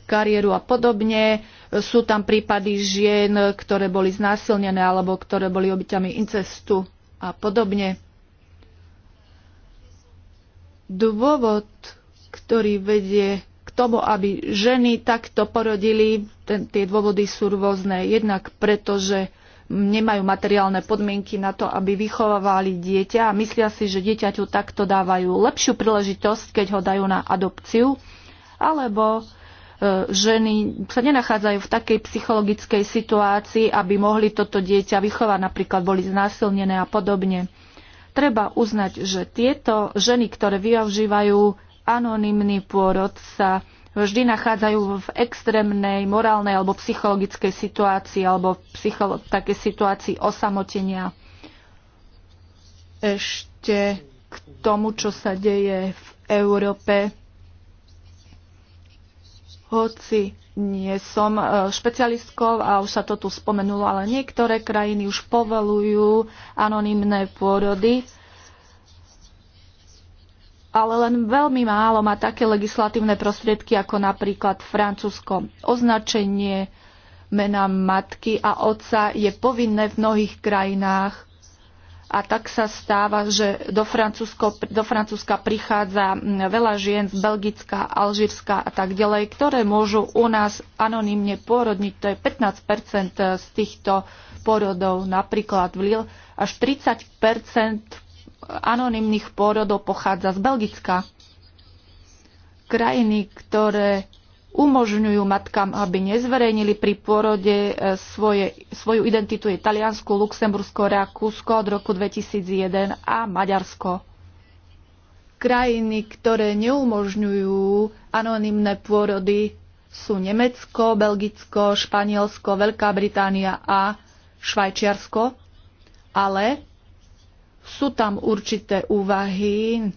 [SPEAKER 3] kariéru a podobne. Sú tam prípady žien, ktoré boli znásilnené alebo ktoré boli obyťami incestu a podobne. Dôvod, ktorý vedie k tomu, aby ženy takto porodili. Ten, tie dôvody sú rôzne. Jednak preto, že nemajú materiálne podmienky na to, aby vychovávali dieťa a myslia si, že dieťaťu takto dávajú lepšiu príležitosť, keď ho dajú na adopciu, alebo e, ženy sa nenachádzajú v takej psychologickej situácii, aby mohli toto dieťa vychovať, napríklad boli znásilnené a podobne. Treba uznať, že tieto ženy, ktoré využívajú anonimný pôrod sa vždy nachádzajú v extrémnej morálnej alebo psychologickej situácii alebo v psycholo- také situácii osamotenia. Ešte k tomu, čo sa deje v Európe. Hoci nie som e, špecialistkou a už sa to tu spomenulo, ale niektoré krajiny už povolujú anonimné pôrody ale len veľmi málo má také legislatívne prostriedky ako napríklad Francúzsko. Označenie mena matky a otca je povinné v mnohých krajinách a tak sa stáva, že do, Francúzsko, do Francúzska prichádza veľa žien z Belgická, Alžírska a tak ďalej, ktoré môžu u nás anonymne porodniť. To je 15 z týchto porodov napríklad v Lille, až 30 anonimných pôrodov pochádza z Belgicka. Krajiny, ktoré umožňujú matkám, aby nezverejnili pri pôrode e, svoje, svoju identitu je Taliansko, Luxembursko, Rakúsko od roku 2001 a Maďarsko. Krajiny, ktoré neumožňujú anonimné pôrody sú Nemecko, Belgicko, Španielsko, Veľká Británia a Švajčiarsko, ale sú tam určité úvahy,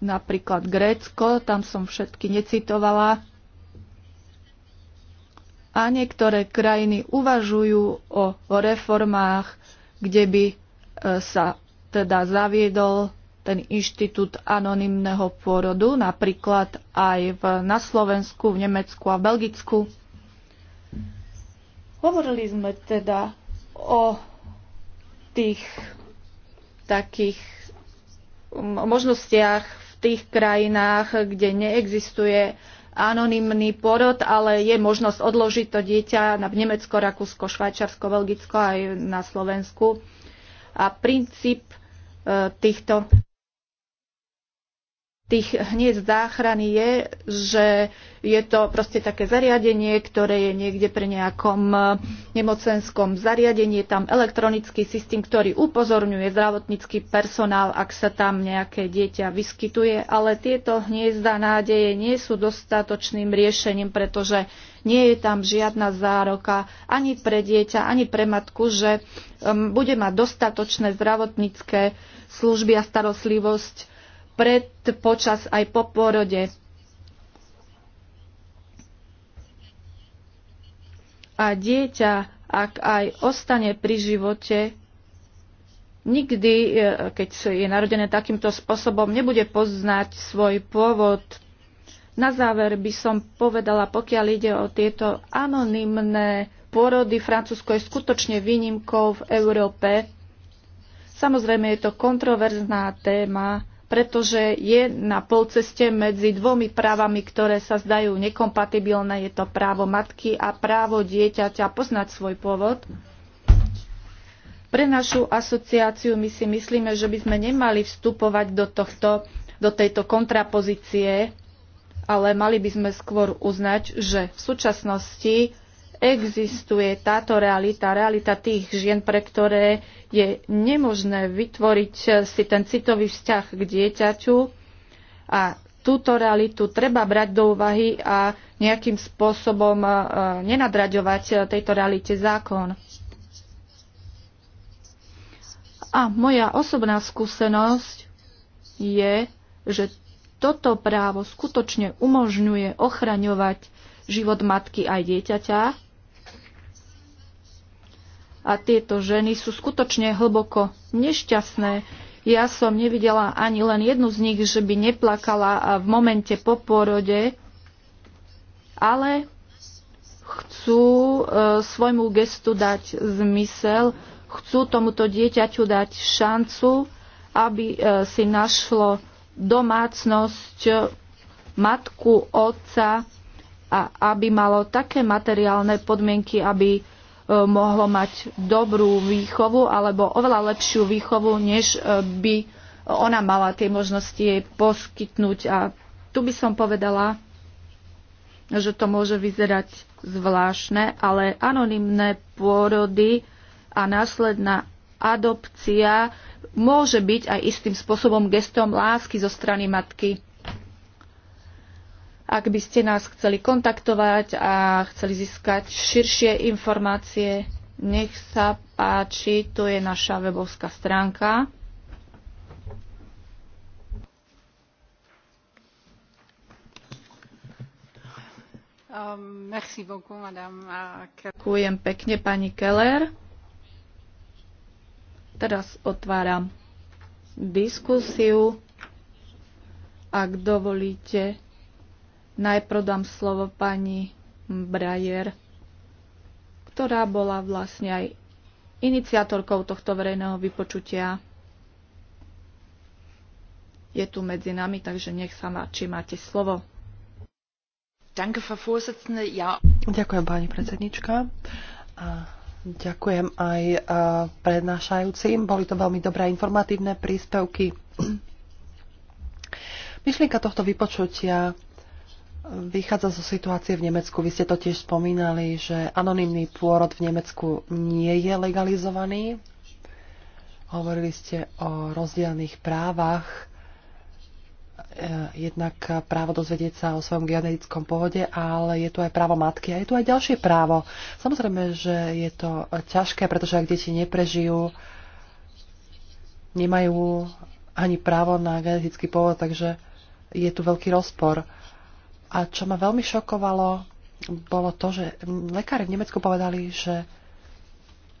[SPEAKER 3] napríklad Grécko, tam som všetky necitovala. A niektoré krajiny uvažujú o reformách, kde by e, sa teda zaviedol ten inštitút anonymného pôrodu, napríklad aj v, na Slovensku, v Nemecku a v Belgicku. Hovorili sme teda o tých takých možnostiach v tých krajinách, kde neexistuje anonymný porod, ale je možnosť odložiť to dieťa na Nemecko, Rakúsko, Švajčarsko, Belgicko aj na Slovensku. A princíp e, týchto tých hniezd záchrany je, že je to proste také zariadenie, ktoré je niekde pri nejakom eh, nemocenskom zariadení, je tam elektronický systém, ktorý upozorňuje zdravotnícky personál, ak sa tam nejaké dieťa vyskytuje, ale tieto hniezda nádeje nie sú dostatočným riešením, pretože nie je tam žiadna zároka ani pre dieťa, ani pre matku, že bude mať dostatočné zdravotnícke služby a starostlivosť pred, počas aj po porode. A dieťa, ak aj ostane pri živote, nikdy, e, keď je narodené takýmto spôsobom, nebude poznať svoj pôvod. Na záver by som povedala, pokiaľ ide o tieto anonymné pôrody, Francúzsko je skutočne výnimkou v Európe. Samozrejme je to kontroverzná téma, pretože je na polceste medzi dvomi právami, ktoré sa zdajú nekompatibilné. Je to právo matky a právo dieťaťa poznať svoj pôvod. Pre našu asociáciu my si myslíme, že by sme nemali vstupovať do, tohto, do tejto kontrapozície, ale mali by sme skôr uznať, že v súčasnosti existuje táto realita, realita tých žien, pre ktoré je nemožné vytvoriť si ten citový vzťah k dieťaťu a túto realitu treba brať do úvahy a nejakým spôsobom e, nenadraďovať e, tejto realite zákon. A moja osobná skúsenosť je, že toto právo skutočne umožňuje ochraňovať život matky aj dieťaťa a tieto ženy sú skutočne hlboko nešťastné. Ja som nevidela ani len jednu z nich, že by neplakala v momente po porode, ale chcú e, svojmu gestu dať zmysel, chcú tomuto dieťaťu dať šancu, aby e, si našlo domácnosť, matku, otca a aby malo také materiálne podmienky, aby E, mohlo mať dobrú výchovu alebo oveľa lepšiu výchovu, než e, by ona mala tie možnosti jej poskytnúť. A tu by som povedala, že to môže vyzerať zvláštne, ale anonimné pôrody a následná adopcia môže byť aj istým spôsobom gestom lásky zo strany matky. Ak by ste nás chceli kontaktovať a chceli získať širšie informácie, nech sa páči, to je naša webovská stránka.
[SPEAKER 1] Um, uh, Ďakujem
[SPEAKER 3] pekne, pani Keller. Teraz otváram diskusiu. Ak dovolíte, Najprv dám slovo pani Brajer, ktorá bola vlastne aj iniciatorkou tohto verejného vypočutia. Je tu medzi nami, takže nech sa má, či máte slovo.
[SPEAKER 6] Ďakujem, pani predsednička. A ďakujem aj prednášajúcim. Boli to veľmi dobré informatívne príspevky. Myšlienka tohto vypočutia vychádza zo situácie v Nemecku. Vy ste to tiež spomínali, že anonymný pôrod v Nemecku nie je legalizovaný. Hovorili ste o rozdielných právach. E, jednak právo dozvedieť sa o svojom genetickom pôvode, ale je tu aj právo matky a je tu aj ďalšie právo. Samozrejme, že je to ťažké, pretože ak deti neprežijú, nemajú ani právo na genetický pôvod, takže je tu veľký rozpor. A čo ma veľmi šokovalo, bolo to, že lekári v Nemecku povedali, že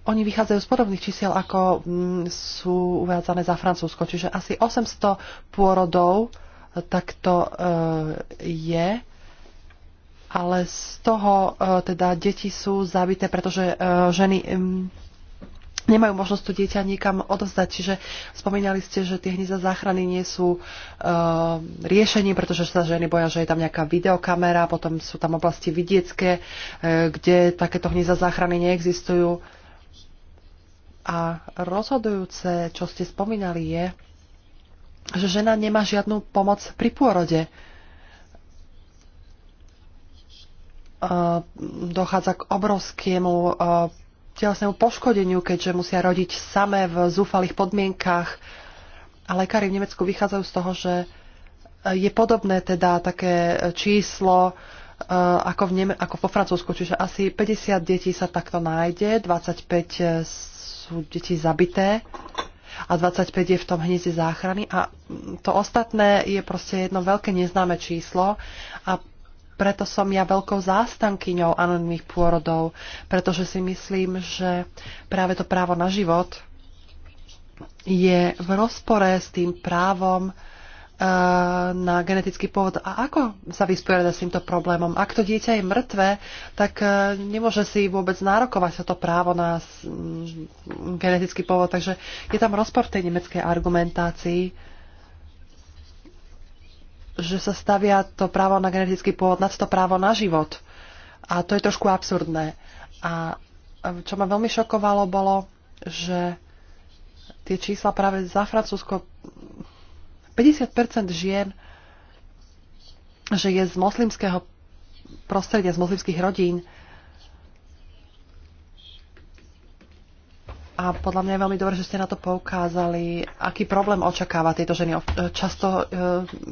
[SPEAKER 6] oni vychádzajú z podobných čísiel, ako mm, sú uvádzané za Francúzsko. Čiže asi 800 pôrodov e, takto e, je, ale z toho e, teda deti sú zabité, pretože ženy mm, nemajú možnosť to dieťa niekam odovzdať. Čiže spomínali ste, že tie hnízda záchrany nie sú uh, riešením, pretože sa ženy boja, že je tam nejaká videokamera, potom sú tam oblasti vidiecké, uh, kde takéto hnízda záchrany neexistujú. A rozhodujúce, čo ste spomínali, je, že žena nemá žiadnu pomoc pri pôrode. Eh, dochádza k obrovskému telesnému poškodeniu, keďže musia rodiť samé v zúfalých podmienkách. A lekári v Nemecku vychádzajú z toho, že e, je podobné teda také e, číslo e, ako, v Neme- ako po Francúzsku, čiže asi 50 detí sa takto nájde, 25 sú deti zabité a 25 je v tom hniezde záchrany a to ostatné je proste jedno veľké neznáme číslo a preto som ja veľkou zástankyňou anonimných pôrodov, pretože si myslím, že práve to právo na život je v rozpore s tým právom e, na genetický pôvod. A ako sa vysporiadať s týmto problémom? Ak to dieťa je mŕtve, tak e, nemôže si vôbec nárokovať sa to právo na mm, genetický pôvod. Takže je tam rozpor v tej nemeckej argumentácii že sa stavia to právo na genetický pôvod nad to právo na život. A to je trošku absurdné. A čo ma veľmi šokovalo, bolo, že tie čísla práve za Francúzsko 50% žien, že je z moslimského prostredia, z moslimských rodín, A podľa mňa je veľmi dobré, že ste na to poukázali, aký problém očakáva tieto ženy. E, často e,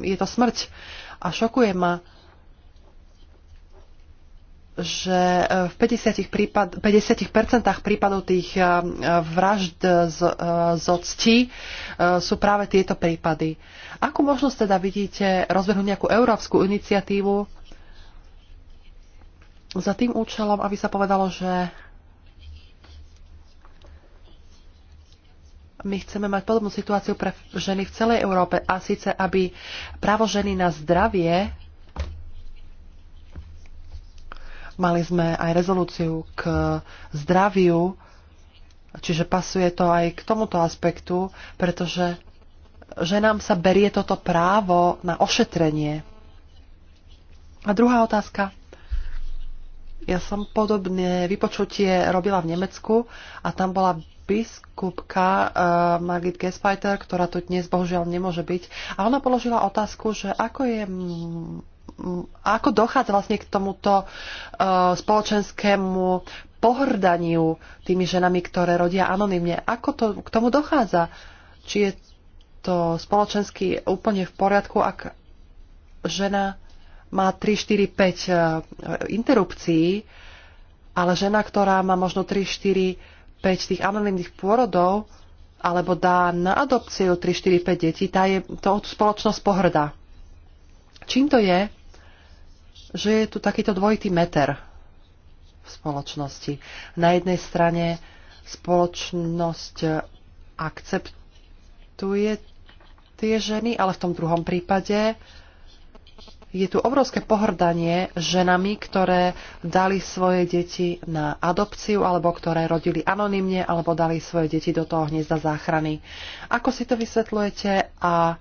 [SPEAKER 6] je to smrť. A šokuje ma, že e, v 50%, prípad, 50 prípadov tých vražd z, z octí sú práve tieto prípady. Akú možnosť teda vidíte rozbehnúť nejakú európsku iniciatívu za tým účelom, aby sa povedalo, že my chceme mať podobnú situáciu pre ženy v celej Európe a síce, aby právo ženy na zdravie mali sme aj rezolúciu k zdraviu, čiže pasuje to aj k tomuto aspektu, pretože ženám sa berie toto právo na ošetrenie. A druhá otázka. Ja som podobné vypočutie robila v Nemecku a tam bola biskupka eh, Margit Gespajter, ktorá tu dnes bohužiaľ nemôže byť. A ona položila otázku, že ako je mm, mm, ako dochádza vlastne k tomuto eh, spoločenskému pohrdaniu tými ženami, ktoré rodia anonymne. Ako to k tomu dochádza? Či je to spoločensky úplne v poriadku, ak žena má 3, 4, 5 interrupcií, ale žena, ktorá má možno 3, 4 tých anonimných pôrodov alebo dá na adopciu 3, 4, 5 detí, tá je to spoločnosť pohrdá. Čím to je, že je tu takýto dvojitý meter v spoločnosti. Na jednej strane spoločnosť akceptuje tie ženy, ale v tom druhom prípade je tu obrovské pohrdanie ženami, ktoré dali svoje deti na adopciu, alebo ktoré rodili anonymne, alebo dali svoje deti do toho hniezda záchrany. Ako si to vysvetľujete a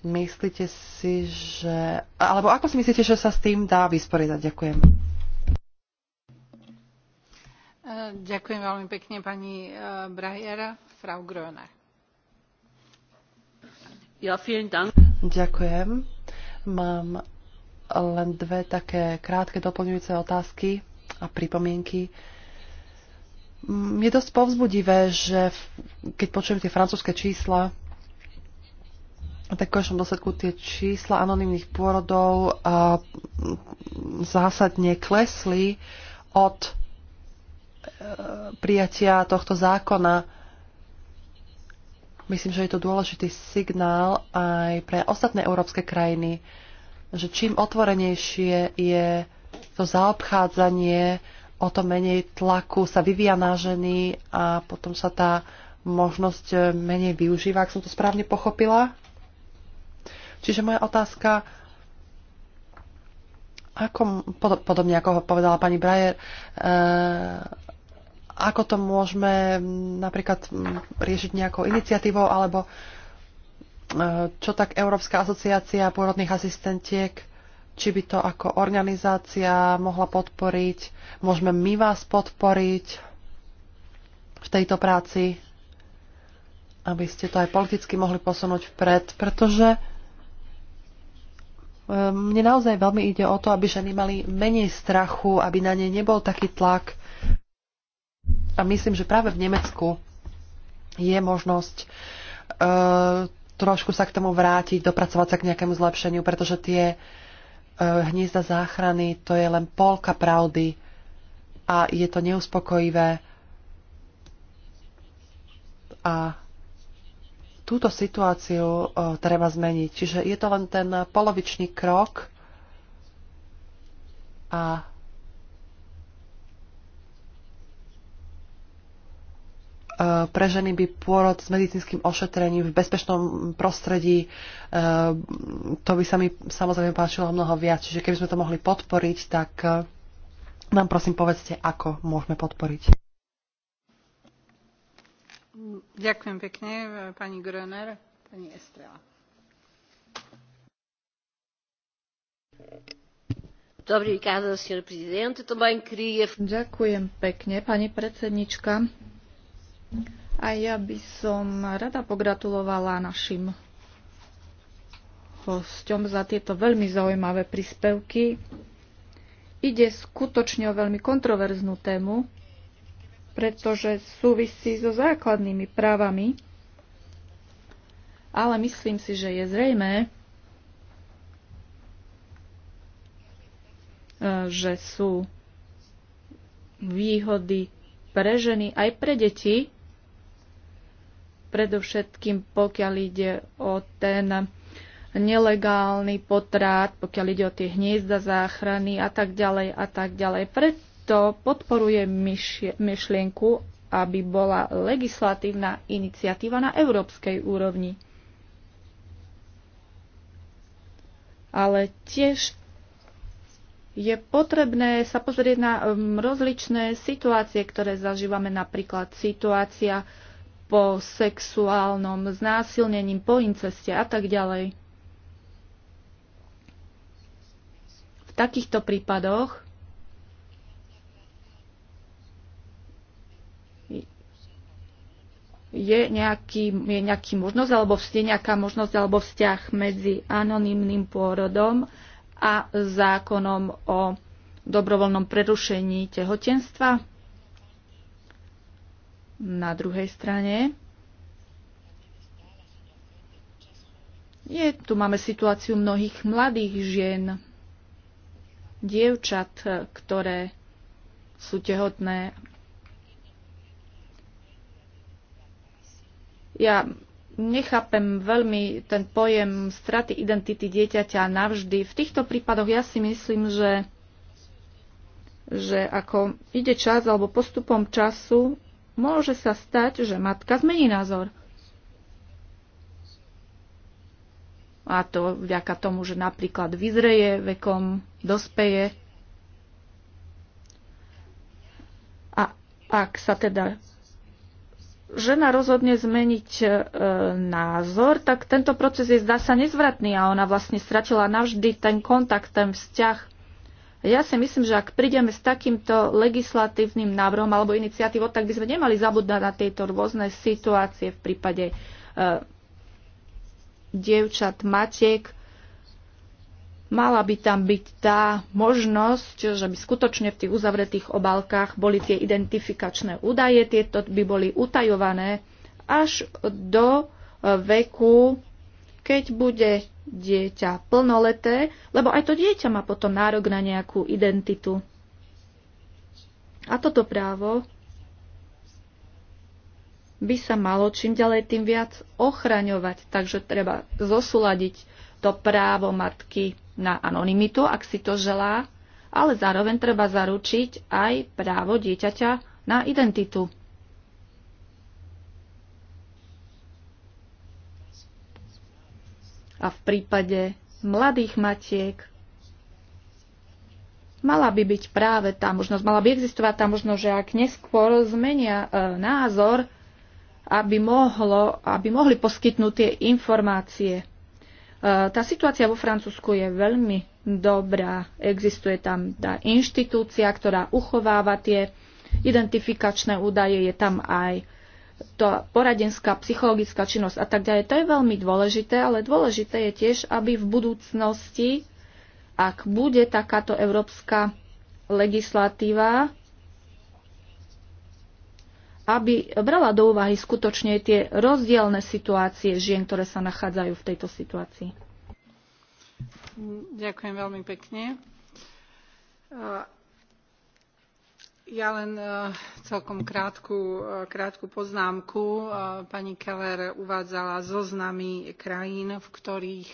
[SPEAKER 6] myslíte si, že... Alebo ako si myslíte, že sa s tým dá vysporiadať? Ďakujem.
[SPEAKER 1] Eh, ďakujem veľmi pekne pani eh, Brahiera, Frau Gröner. Ja, vielen Dank.
[SPEAKER 6] Ďakujem Mám len dve také krátke doplňujúce otázky a pripomienky. Mm, je dosť povzbudivé, že keď počujem tie francúzske čísla, tak v konečnom dôsledku tie čísla anonimných pôrodov a mm, zásadne klesli od e, prijatia tohto zákona Myslím, že je to dôležitý signál aj pre ostatné európske krajiny, že čím otvorenejšie je to zaobchádzanie, o to menej tlaku sa vyvíja na ženy a potom sa tá možnosť e, menej využíva, ak som to správne pochopila. Čiže moja otázka, ako, podobne ako ho povedala pani Brajer, e, ako to môžeme napríklad riešiť nejakou iniciatívou, alebo e, čo tak Európska asociácia pôrodných asistentiek, či by to ako organizácia mohla podporiť, môžeme my vás podporiť v tejto práci, aby ste to aj politicky mohli posunúť vpred, pretože e, mne naozaj veľmi ide o to, aby ženy mali menej strachu, aby na ne nebol taký tlak, a myslím, že práve v Nemecku je možnosť e, trošku sa k tomu vrátiť, dopracovať sa k nejakému zlepšeniu, pretože tie e, hniezda záchrany, to je len polka pravdy a je to neuspokojivé. A túto situáciu e, treba zmeniť. Čiže je to len ten polovičný krok a E, pre ženy by pôrod s medicínskym ošetrením v bezpečnom prostredí, e, to by sa mi samozrejme páčilo mnoho viac. Čiže keby sme to mohli podporiť, tak e, nám prosím povedzte, ako môžeme podporiť.
[SPEAKER 1] Ďakujem pekne, pani Gröner, pani Estrela.
[SPEAKER 2] Ďakujem
[SPEAKER 3] pekne, pani predsednička. A ja by som rada pogratulovala našim hosťom za tieto veľmi zaujímavé príspevky. Ide skutočne o veľmi kontroverznú tému, pretože súvisí so základnými právami, ale myslím si, že je zrejmé, že sú výhody pre ženy aj pre deti, predovšetkým pokiaľ ide o ten nelegálny potrat, pokiaľ ide o tie hniezda záchrany a tak ďalej a tak ďalej. Preto podporuje myšlienku, aby bola legislatívna iniciatíva na európskej úrovni. Ale tiež je potrebné sa pozrieť na mm, rozličné situácie, ktoré zažívame, napríklad situácia po sexuálnom znásilnením, po inceste a tak ďalej. V takýchto prípadoch je, nejaký, je nejaký možnosť, alebo je nejaká možnosť alebo vzťah medzi anonymným pôrodom a zákonom o dobrovoľnom prerušení tehotenstva. Na druhej strane je, tu máme situáciu mnohých mladých žien, dievčat, ktoré sú tehotné. Ja nechápem veľmi ten pojem straty identity dieťaťa navždy. V týchto prípadoch ja si myslím, že, že ako ide čas alebo postupom času Môže sa stať, že matka zmení názor. A to vďaka tomu, že napríklad vyzreje vekom, dospeje. A ak sa teda žena rozhodne zmeniť e, názor, tak tento proces je zdá sa nezvratný a ona vlastne stratila navždy ten kontakt, ten vzťah ja si myslím, že ak prídeme s takýmto legislatívnym návrhom alebo iniciatívou, tak by sme nemali zabúdať na tieto rôzne situácie v prípade uh, dievčat, matiek. Mala by tam byť tá možnosť, že by skutočne v tých uzavretých obálkach boli tie identifikačné údaje, tieto by boli utajované až do e, veku keď bude dieťa plnoleté, lebo aj to dieťa má potom nárok na nejakú identitu. A toto právo by sa malo čím ďalej tým viac ochraňovať, takže treba zosúladiť to právo matky na anonymitu, ak si to želá, ale zároveň treba zaručiť aj právo dieťaťa na identitu. a v prípade mladých matiek mala by byť práve tá možnosť, mala by existovať tá možnosť, že ak neskôr zmenia e, názor, aby, mohlo, aby mohli poskytnúť tie informácie. E, tá situácia vo Francúzsku je veľmi dobrá. Existuje tam tá inštitúcia, ktorá uchováva tie identifikačné údaje, je tam aj tá poradenská, psychologická činnosť a tak ďalej, to je veľmi dôležité, ale dôležité je tiež, aby v budúcnosti, ak bude takáto európska legislatíva, aby brala do úvahy skutočne tie rozdielne situácie žien, ktoré sa nachádzajú v tejto situácii.
[SPEAKER 1] Ďakujem veľmi pekne ja len e, celkom krátku, e, poznámku. E, pani Keller uvádzala zoznamy krajín, v ktorých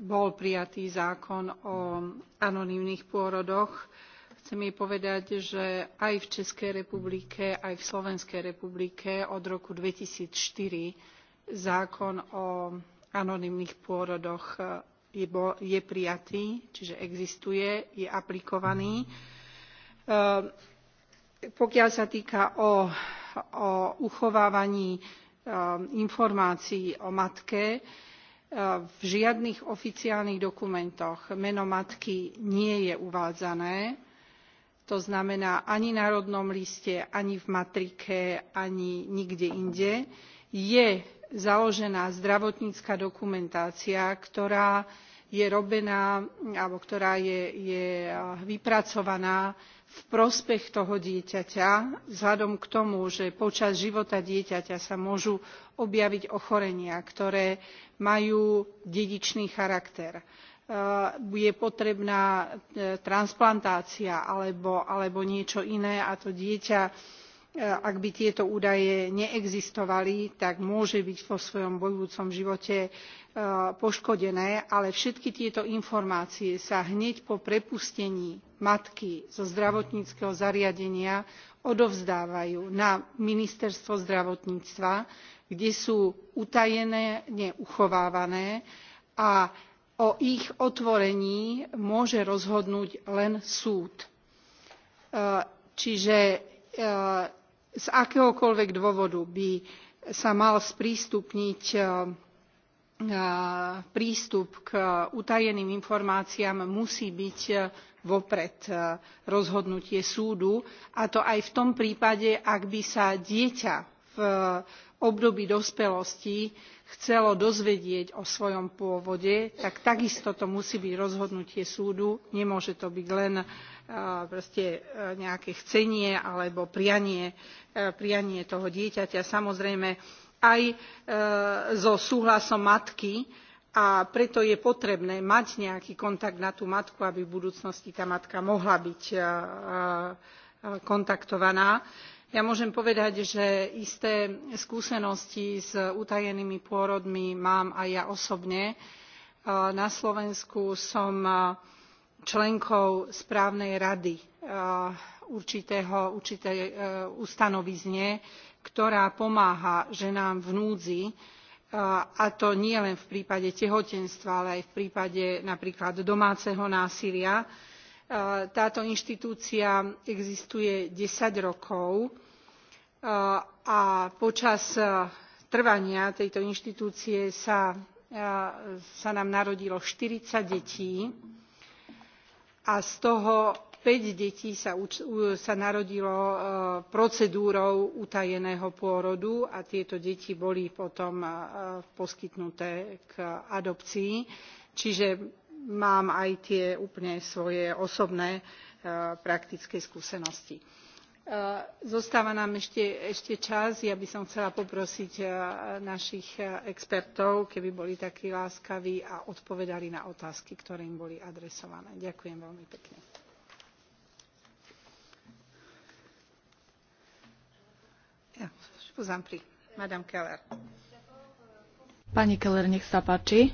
[SPEAKER 1] bol prijatý zákon o anonymných pôrodoch. Chcem jej povedať, že aj v Českej republike, aj v Slovenskej republike od roku 2004 zákon o anonymných pôrodoch je, prijatý, čiže existuje, je aplikovaný. Ehm, pokiaľ sa týka o, uchovávaní ehm, informácií o matke ehm, v žiadnych oficiálnych dokumentoch meno matky nie je uvádzané to znamená ani v národnom liste ani v matrike ani nikde inde je založená zdravotnícka dokumentácia ktorá je robená alebo ktorá je vypracovaná v prospech toho dieťaťa vzhľadom k tomu že počas života dieťaťa sa môžu objaviť ochorenia ktoré majú dedičný charakter uh, je potrebná e, transplantácia alebo, alebo niečo iné a to dieťa E, ak by tieto údaje neexistovali tak môže byť vo svojom budúcom živote e, poškodené ale všetky tieto informácie sa hneď po prepustení matky zo zdravotníckeho zariadenia odovzdávajú na ministerstvo zdravotníctva kde sú utajene uchovávané a o ich otvorení môže rozhodnúť len súd. E, čiže z akéhokoľvek dôvodu by sa mal sprístupniť eh, prístup k utajeným informáciám musí byť eh, vopred eh, rozhodnutie súdu a to aj v tom prípade ak by sa dieťa v období dospelosti chcelo dozvedieť o svojom pôvode tak takisto to musí byť rozhodnutie súdu nemôže to byť len proste e, nejaké chcenie alebo prianie, e, prianie toho dieťaťa samozrejme aj e, so súhlasom matky a preto je potrebné mať nejaký kontakt na tú matku aby v budúcnosti tá matka mohla byť kontaktovaná. ja môžem povedať že isté skúsenosti s utajenými pôrodmi mám aj ja osobne. na slovensku som členkou správnej rady eh, určitého, určité eh, ustanovizne ktorá pomáha ženám v núdzi eh, a to nielen v prípade tehotenstva ale aj v prípade napríklad domáceho násilia. táto inštitúcia existuje ten rokov a počas trvania tejto inštitúcie sa, sa nám narodilo forty detí a z toho päť detí sa, sa narodilo e, procedúrou utajeného pôrodu a tieto deti boli potom e, poskytnuté k adopcii čiže mám aj tie úplne svoje osobné e, praktické skúsenosti Eh, zostáva nám ešte, čas ja by som chcela poprosiť eh, našich eh, expertov keby boli takí láskaví a odpovedali na otázky ktoré im boli adresované. ďakujem veľmi pekne.
[SPEAKER 3] pani keller nech sa páči.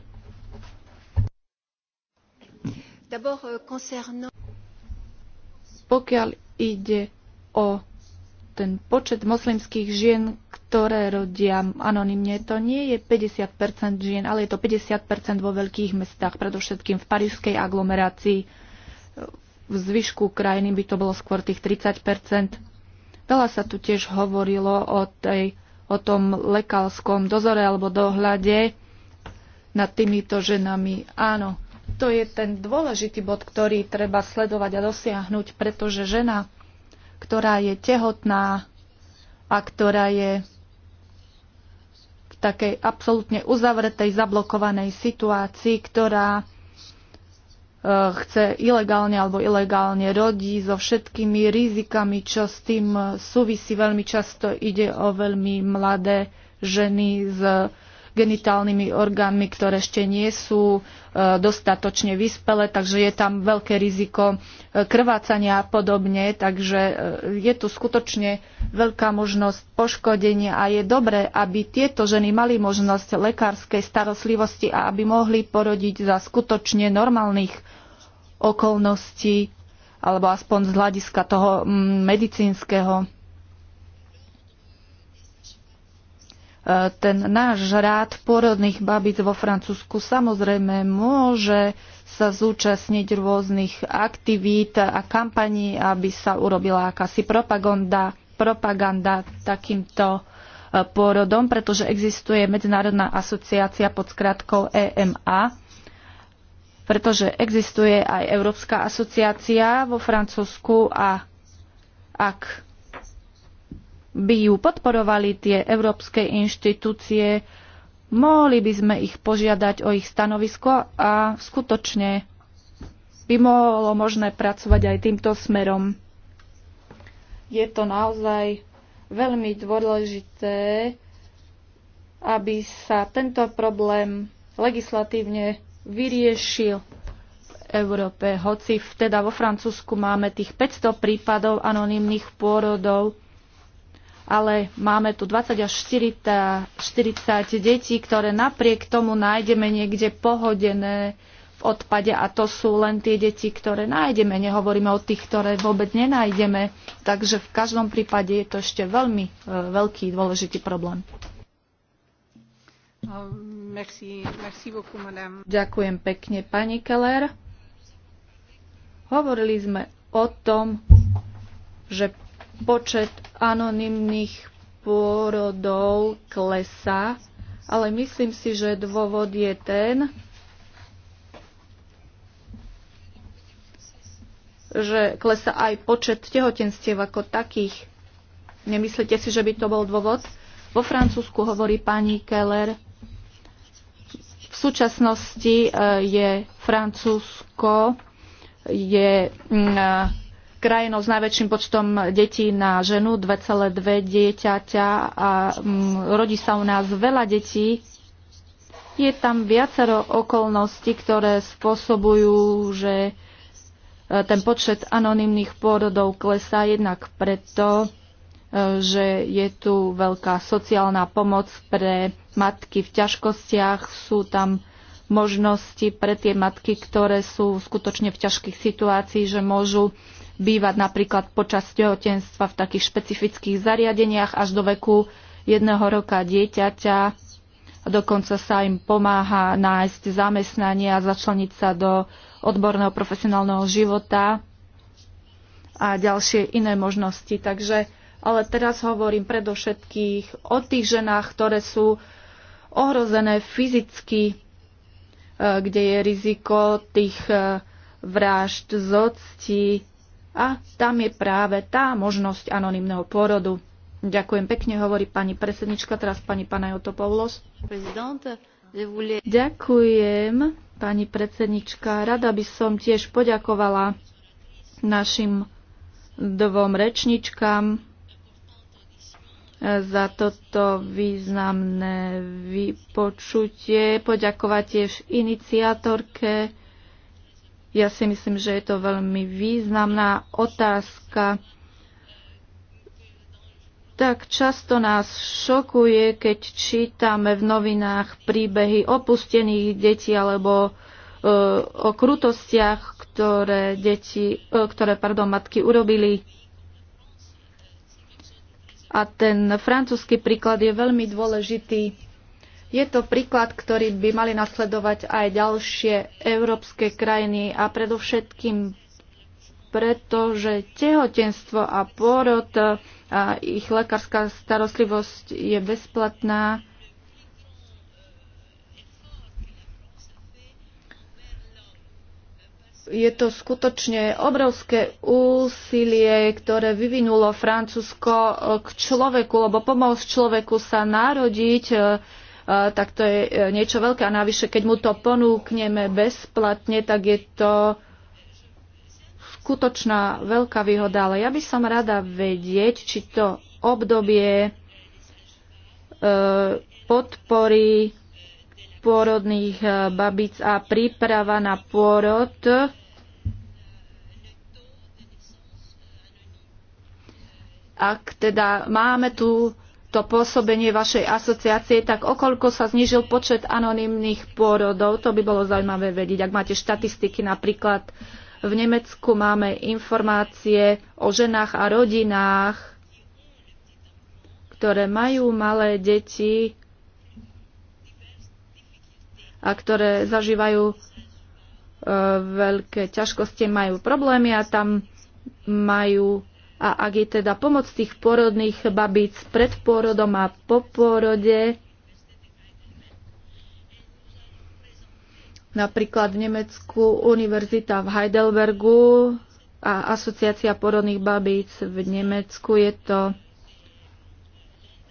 [SPEAKER 5] Euh,
[SPEAKER 3] pokiaľ ide o ten počet moslimských žien, ktoré rodia anonymne, to nie je 50 žien, ale je to 50 vo veľkých mestách, predovšetkým v parížskej aglomerácii. V zvyšku krajiny by to bolo skôr tých 30 Veľa sa tu tiež hovorilo o, tej, o tom lekalskom dozore alebo dohľade nad týmito ženami. Áno, to je ten dôležitý bod, ktorý treba sledovať a dosiahnuť, pretože žena ktorá je tehotná a ktorá je v takej absolútne uzavretej, zablokovanej situácii, ktorá e, chce ilegálne alebo ilegálne rodí so všetkými rizikami, čo s tým súvisí. Veľmi často ide o veľmi mladé ženy s genitálnymi orgánmi, ktoré ešte nie sú e, dostatočne vyspelé, takže je tam veľké riziko e, krvácania a podobne, takže e, je tu skutočne veľká možnosť poškodenia a je dobré, aby tieto ženy mali možnosť lekárskej starostlivosti a aby mohli porodiť za skutočne normálnych okolností alebo aspoň z hľadiska toho medicínskeho. ten náš rád porodných babíc vo Francúzsku samozrejme môže sa zúčastniť rôznych aktivít a kampaní, aby sa urobila akási propaganda, propaganda takýmto e, porodom, pretože existuje Medzinárodná asociácia pod skratkou EMA, pretože existuje aj Európska asociácia vo Francúzsku a ak by ju podporovali tie európske inštitúcie, mohli by sme ich požiadať o ich stanovisko a skutočne by mohlo možné pracovať aj týmto smerom. Je to naozaj veľmi dôležité, aby sa tento problém legislatívne vyriešil v Európe. Hoci teda vo Francúzsku máme tých 500 prípadov anonimných pôrodov, ale máme tu 20 až 40, detí, ktoré napriek tomu nájdeme niekde pohodené v odpade a to sú len tie deti, ktoré nájdeme. Nehovoríme o tých, ktoré vôbec nenájdeme. Takže v každom prípade je to ešte veľmi e, veľký dôležitý problém.
[SPEAKER 1] Oh, merci, merci beaucoup, madame.
[SPEAKER 3] Ďakujem pekne, pani Keller. Hovorili sme o tom, že počet anonimných pôrodov klesá, ale myslím si, že dôvod je ten, že klesá aj počet tehotenstiev ako takých. Nemyslíte si, že by to bol dôvod? Vo Francúzsku hovorí pani Keller. V súčasnosti eh, je Francúzsko je mm, krajinou s najväčším počtom detí na ženu, 2,2 dieťaťa a mm, rodí sa u nás veľa detí. Je tam viacero okolností, ktoré spôsobujú, že e, ten počet anonimných pôrodov klesá jednak preto, e, že je tu veľká sociálna pomoc pre matky v ťažkostiach, sú tam možnosti pre tie matky, ktoré sú skutočne v ťažkých situácií, že môžu bývať napríklad počas tehotenstva v takých špecifických zariadeniach až do veku jedného roka dieťaťa. Dokonca sa im pomáha nájsť zamestnanie a začleniť sa do odborného profesionálneho života a ďalšie iné možnosti. Takže, ale teraz hovorím predovšetkých o tých ženách, ktoré sú ohrozené fyzicky, e, kde je riziko tých e, vražd zocti, a tam je práve tá možnosť anonymného pôrodu. Ďakujem pekne, hovorí pani predsednička, teraz pani Jotopoulos. Ďakujem, pani predsednička. Rada by som tiež poďakovala našim dvom rečničkám eh, za toto významné vypočutie. Poďakovať tiež iniciatorke ja si myslím, že je to veľmi významná otázka. Tak často nás šokuje, keď čítame v novinách príbehy opustených detí alebo e, o krutostiach, ktoré, deti, e, ktoré pardon, matky urobili. A ten francúzsky príklad je veľmi dôležitý. Je to príklad, ktorý by mali nasledovať aj ďalšie európske krajiny a predovšetkým preto, že tehotenstvo a pôrod a ich lekárska starostlivosť je bezplatná. je to skutočne obrovské úsilie, ktoré vyvinulo Francúzsko k človeku, lebo pomôcť človeku sa narodiť tak to je e, niečo veľké. A navyše, keď mu to ponúkneme bezplatne, tak je to skutočná veľká výhoda. Ale ja by som rada vedieť, či to obdobie e, podpory pôrodných e, babic a príprava na pôrod ak teda máme tu to pôsobenie vašej asociácie, tak okolko sa znížil počet anonimných pôrodov? To by bolo zaujímavé vedieť. Ak máte štatistiky napríklad v Nemecku máme informácie o ženách a rodinách, ktoré majú malé deti a ktoré zažívajú e, veľké ťažkosti, majú problémy a tam majú a ak je teda pomoc tých porodných babíc pred pôrodom a po pôrode, napríklad v Nemecku univerzita v Heidelbergu a asociácia porodných babíc v Nemecku je to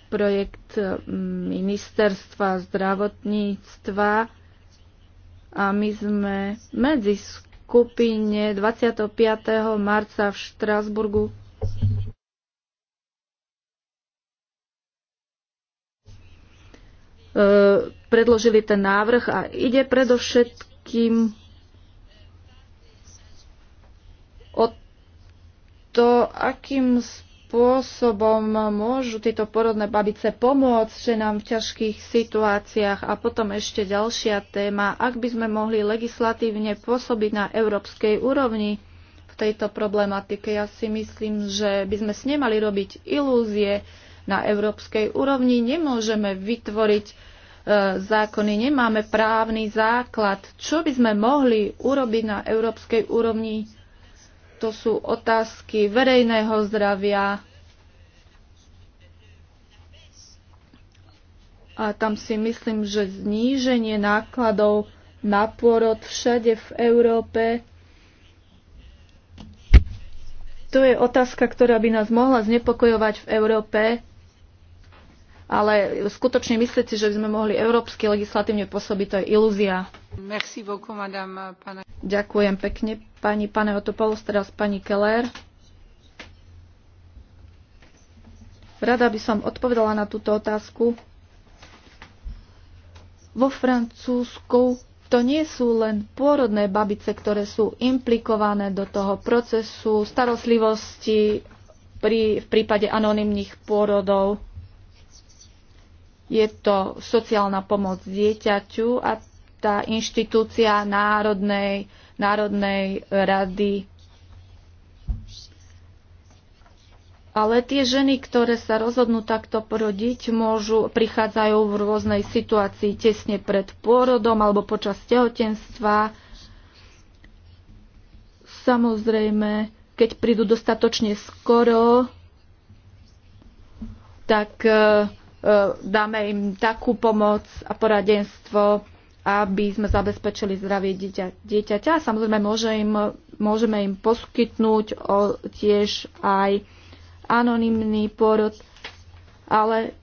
[SPEAKER 3] projekt mm, ministerstva zdravotníctva a my sme medzi skupine 25. marca v Štrásburgu E, predložili ten návrh a ide predovšetkým o to, akým spôsobom môžu tieto porodné babice pomôcť ženám v ťažkých situáciách. A potom ešte ďalšia téma, ak by sme mohli legislatívne pôsobiť na európskej úrovni tejto problematike. Ja si myslím, že by sme s nemali robiť ilúzie na európskej úrovni. Nemôžeme vytvoriť e, zákony, nemáme právny základ. Čo by sme mohli urobiť na európskej úrovni? To sú otázky verejného zdravia. A tam si myslím, že zníženie nákladov na pôrod všade v Európe to je otázka, ktorá by nás mohla znepokojovať v Európe, ale skutočne myslíte, že by sme mohli európsky legislatívne pôsobiť, to je ilúzia.
[SPEAKER 1] Merci beaucoup, madame, pana...
[SPEAKER 3] Ďakujem pekne, pani pane Otopoulos, teraz pani Keller. Rada by som odpovedala na túto otázku. Vo Francúzsku to nie sú len pôrodné babice, ktoré sú implikované do toho procesu starostlivosti pri, v prípade anonimných pôrodov. Je to sociálna pomoc dieťaťu a tá inštitúcia Národnej, Národnej rady Ale tie ženy, ktoré sa rozhodnú takto porodiť, môžu, prichádzajú v rôznej situácii tesne pred pôrodom alebo počas tehotenstva. Samozrejme, keď prídu dostatočne skoro, tak e, e, dáme im takú pomoc a poradenstvo, aby sme zabezpečili zdravie dieťa, dieťaťa. Samozrejme, môže im, môžeme im poskytnúť o, tiež aj anonimný porod, ale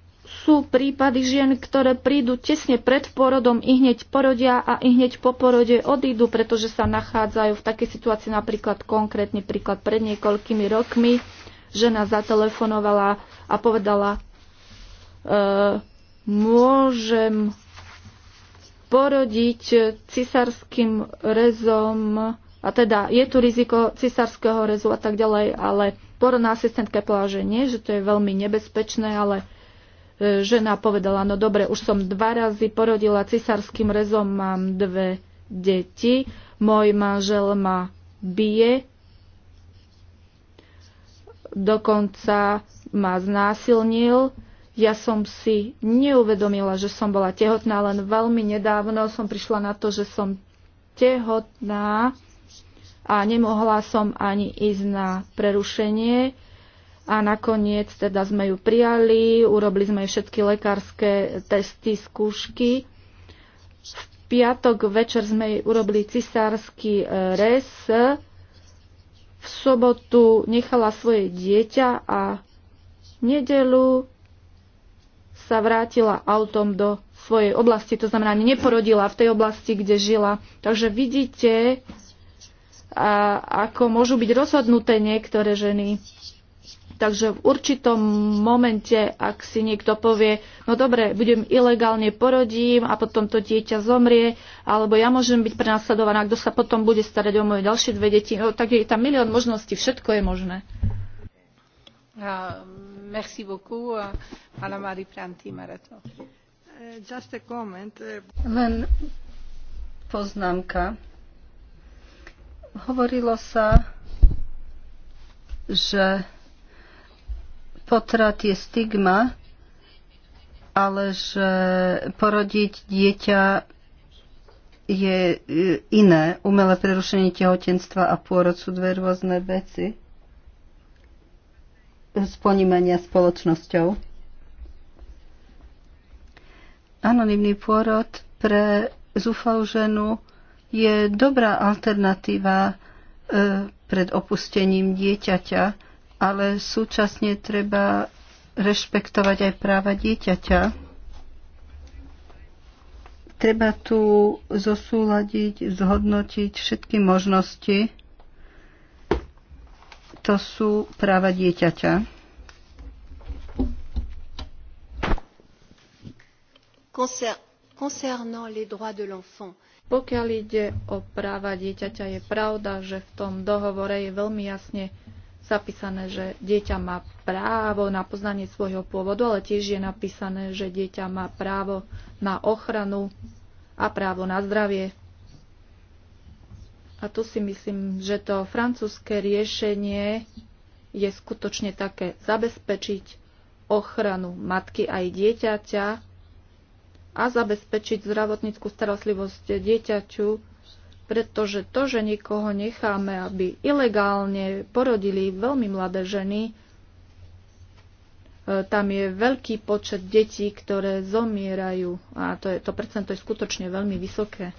[SPEAKER 3] sú prípady žien, ktoré prídu tesne pred porodom, i hneď porodia a i hneď po porode odídu, pretože sa nachádzajú v takej situácii, napríklad konkrétny príklad pred niekoľkými rokmi, žena zatelefonovala a povedala, e, môžem porodiť cisárským rezom a teda je tu riziko cisárskeho rezu a tak ďalej, ale porodná asistentka povedala, že nie, že to je veľmi nebezpečné, ale e, žena povedala, no dobre, už som dva razy porodila cisárským rezom, mám dve deti, môj manžel ma bije, dokonca ma znásilnil, ja som si neuvedomila, že som bola tehotná, len veľmi nedávno som prišla na to, že som tehotná a nemohla som ani ísť na prerušenie. A nakoniec teda sme ju prijali, urobili sme všetky lekárske testy, skúšky. V piatok večer sme jej urobili cisársky e, res. V sobotu nechala svoje dieťa a v nedelu sa vrátila autom do svojej oblasti, to znamená, neporodila v tej oblasti, kde žila. Takže vidíte, a ako môžu byť rozhodnuté niektoré ženy. Takže v určitom momente, ak si niekto povie, no dobre, budem ilegálne porodím a potom to dieťa zomrie, alebo ja môžem byť prenasledovaná, kto sa potom bude starať o moje ďalšie dve deti, no, tak je tam milión možností, všetko je možné.
[SPEAKER 1] Uh, merci beaucoup, uh, Anna Marie Pranti, Marato. Uh, eh, just a comment. Eh. Len
[SPEAKER 5] poznámka Hovorilo sa, že potrat je stigma, ale že porodiť dieťa je e, iné. Umelé prerušenie tehotenstva a pôrod sú dve rôzne veci z ponímania spoločnosťou. Anonymný pôrod pre zúfalú ženu je dobrá alternatíva e, pred opustením dieťaťa, ale súčasne treba rešpektovať aj práva dieťaťa. Treba tu zosúľadiť, zhodnotiť všetky možnosti. To sú práva dieťaťa.
[SPEAKER 3] Concernant les droits de l'enfant, pokiaľ ide o práva dieťaťa, je pravda, že v tom dohovore je veľmi jasne zapísané, že dieťa má právo na poznanie svojho pôvodu, ale tiež je napísané, že dieťa má právo na ochranu a právo na zdravie. A tu si myslím, že to francúzske riešenie je skutočne také zabezpečiť ochranu matky aj dieťaťa a zabezpečiť zdravotníckú starostlivosť dieťaťu, pretože to, že niekoho necháme, aby ilegálne porodili veľmi mladé ženy, e, tam je veľký počet detí, ktoré zomierajú a to, je, to percento je skutočne veľmi vysoké.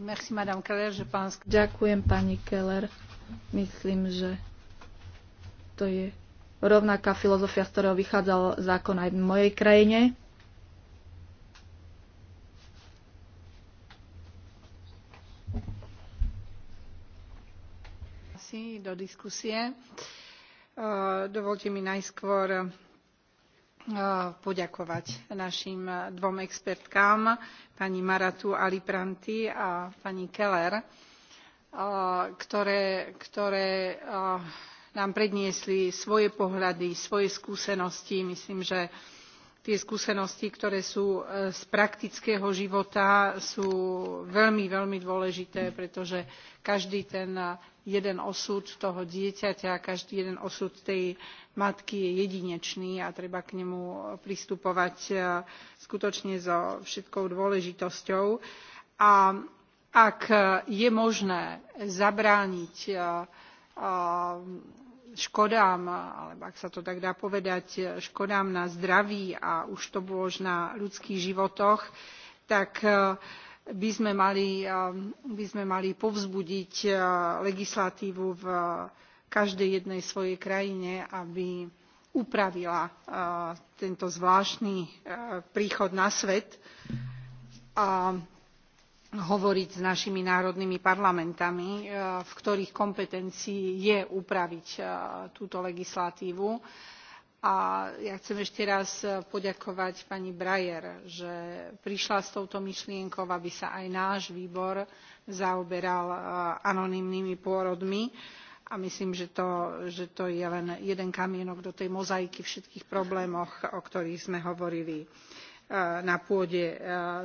[SPEAKER 1] Merci, Madame Keller, je pense...
[SPEAKER 3] Ďakujem, pani Keller. Myslím, že to je rovnaká filozofia, z ktorého vychádzal zákon aj v mojej krajine.
[SPEAKER 1] do diskusie. E, dovolte mi najskôr e, poďakovať našim dvom expertkám, pani Maratu Alipranti a pani Keller, e, ktoré, ktoré nám predniesli svoje pohľady svoje skúsenosti myslím že tie skúsenosti ktoré sú e, z praktického života sú veľmi veľmi dôležité pretože každý ten jeden osud toho dieťaťa každý jeden osud tej matky je jedinečný a treba k nemu pristupovať e, skutočne so všetkou dôležitosťou a ak je možné zabrániť e, škodám, alebo ak sa to tak dá povedať, škodám na zdraví a už to bolo už na ľudských životoch, tak e, by sme mali, e, by sme mali povzbudiť e, legislatívu v každej jednej svojej krajine, aby upravila tento zvláštny príchod na svet. A hovoriť s našimi národnými parlamentami e, v ktorých kompetencii je upraviť e, túto legislatívu a ja chcem ešte raz poďakovať pani breyer že prišla s touto myšlienkou aby sa aj náš výbor zaoberal e, anonymnými pôrodmi a myslím že to, že to je len jeden kamienok do tej mozaiky všetkých problémov o ktorých sme hovorili na pôde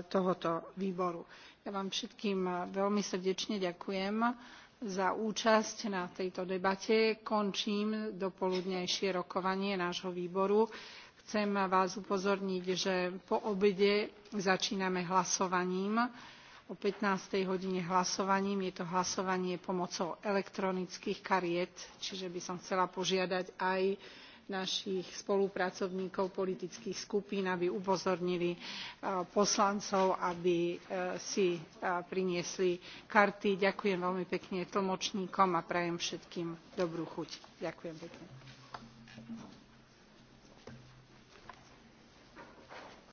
[SPEAKER 1] tohto výboru. Ja vám všetkým eh, veľmi srdečne ďakujem za účasť na tejto debate. Končím dopoludnejšie rokovanie nášho výboru. Chcem vás upozorniť, že po obede začíname hlasovaním. O 15. hodine hlasovaním je to hlasovanie pomocou elektronických kariet, čiže by som chcela požiadať aj našich spolupracovníkov politických skupín aby upozornili e, poslancov aby e, si e, priniesli karty. ďakujem veľmi pekne tlmočníkom a prajem všetkým dobrú chuť. ďakujem pekne.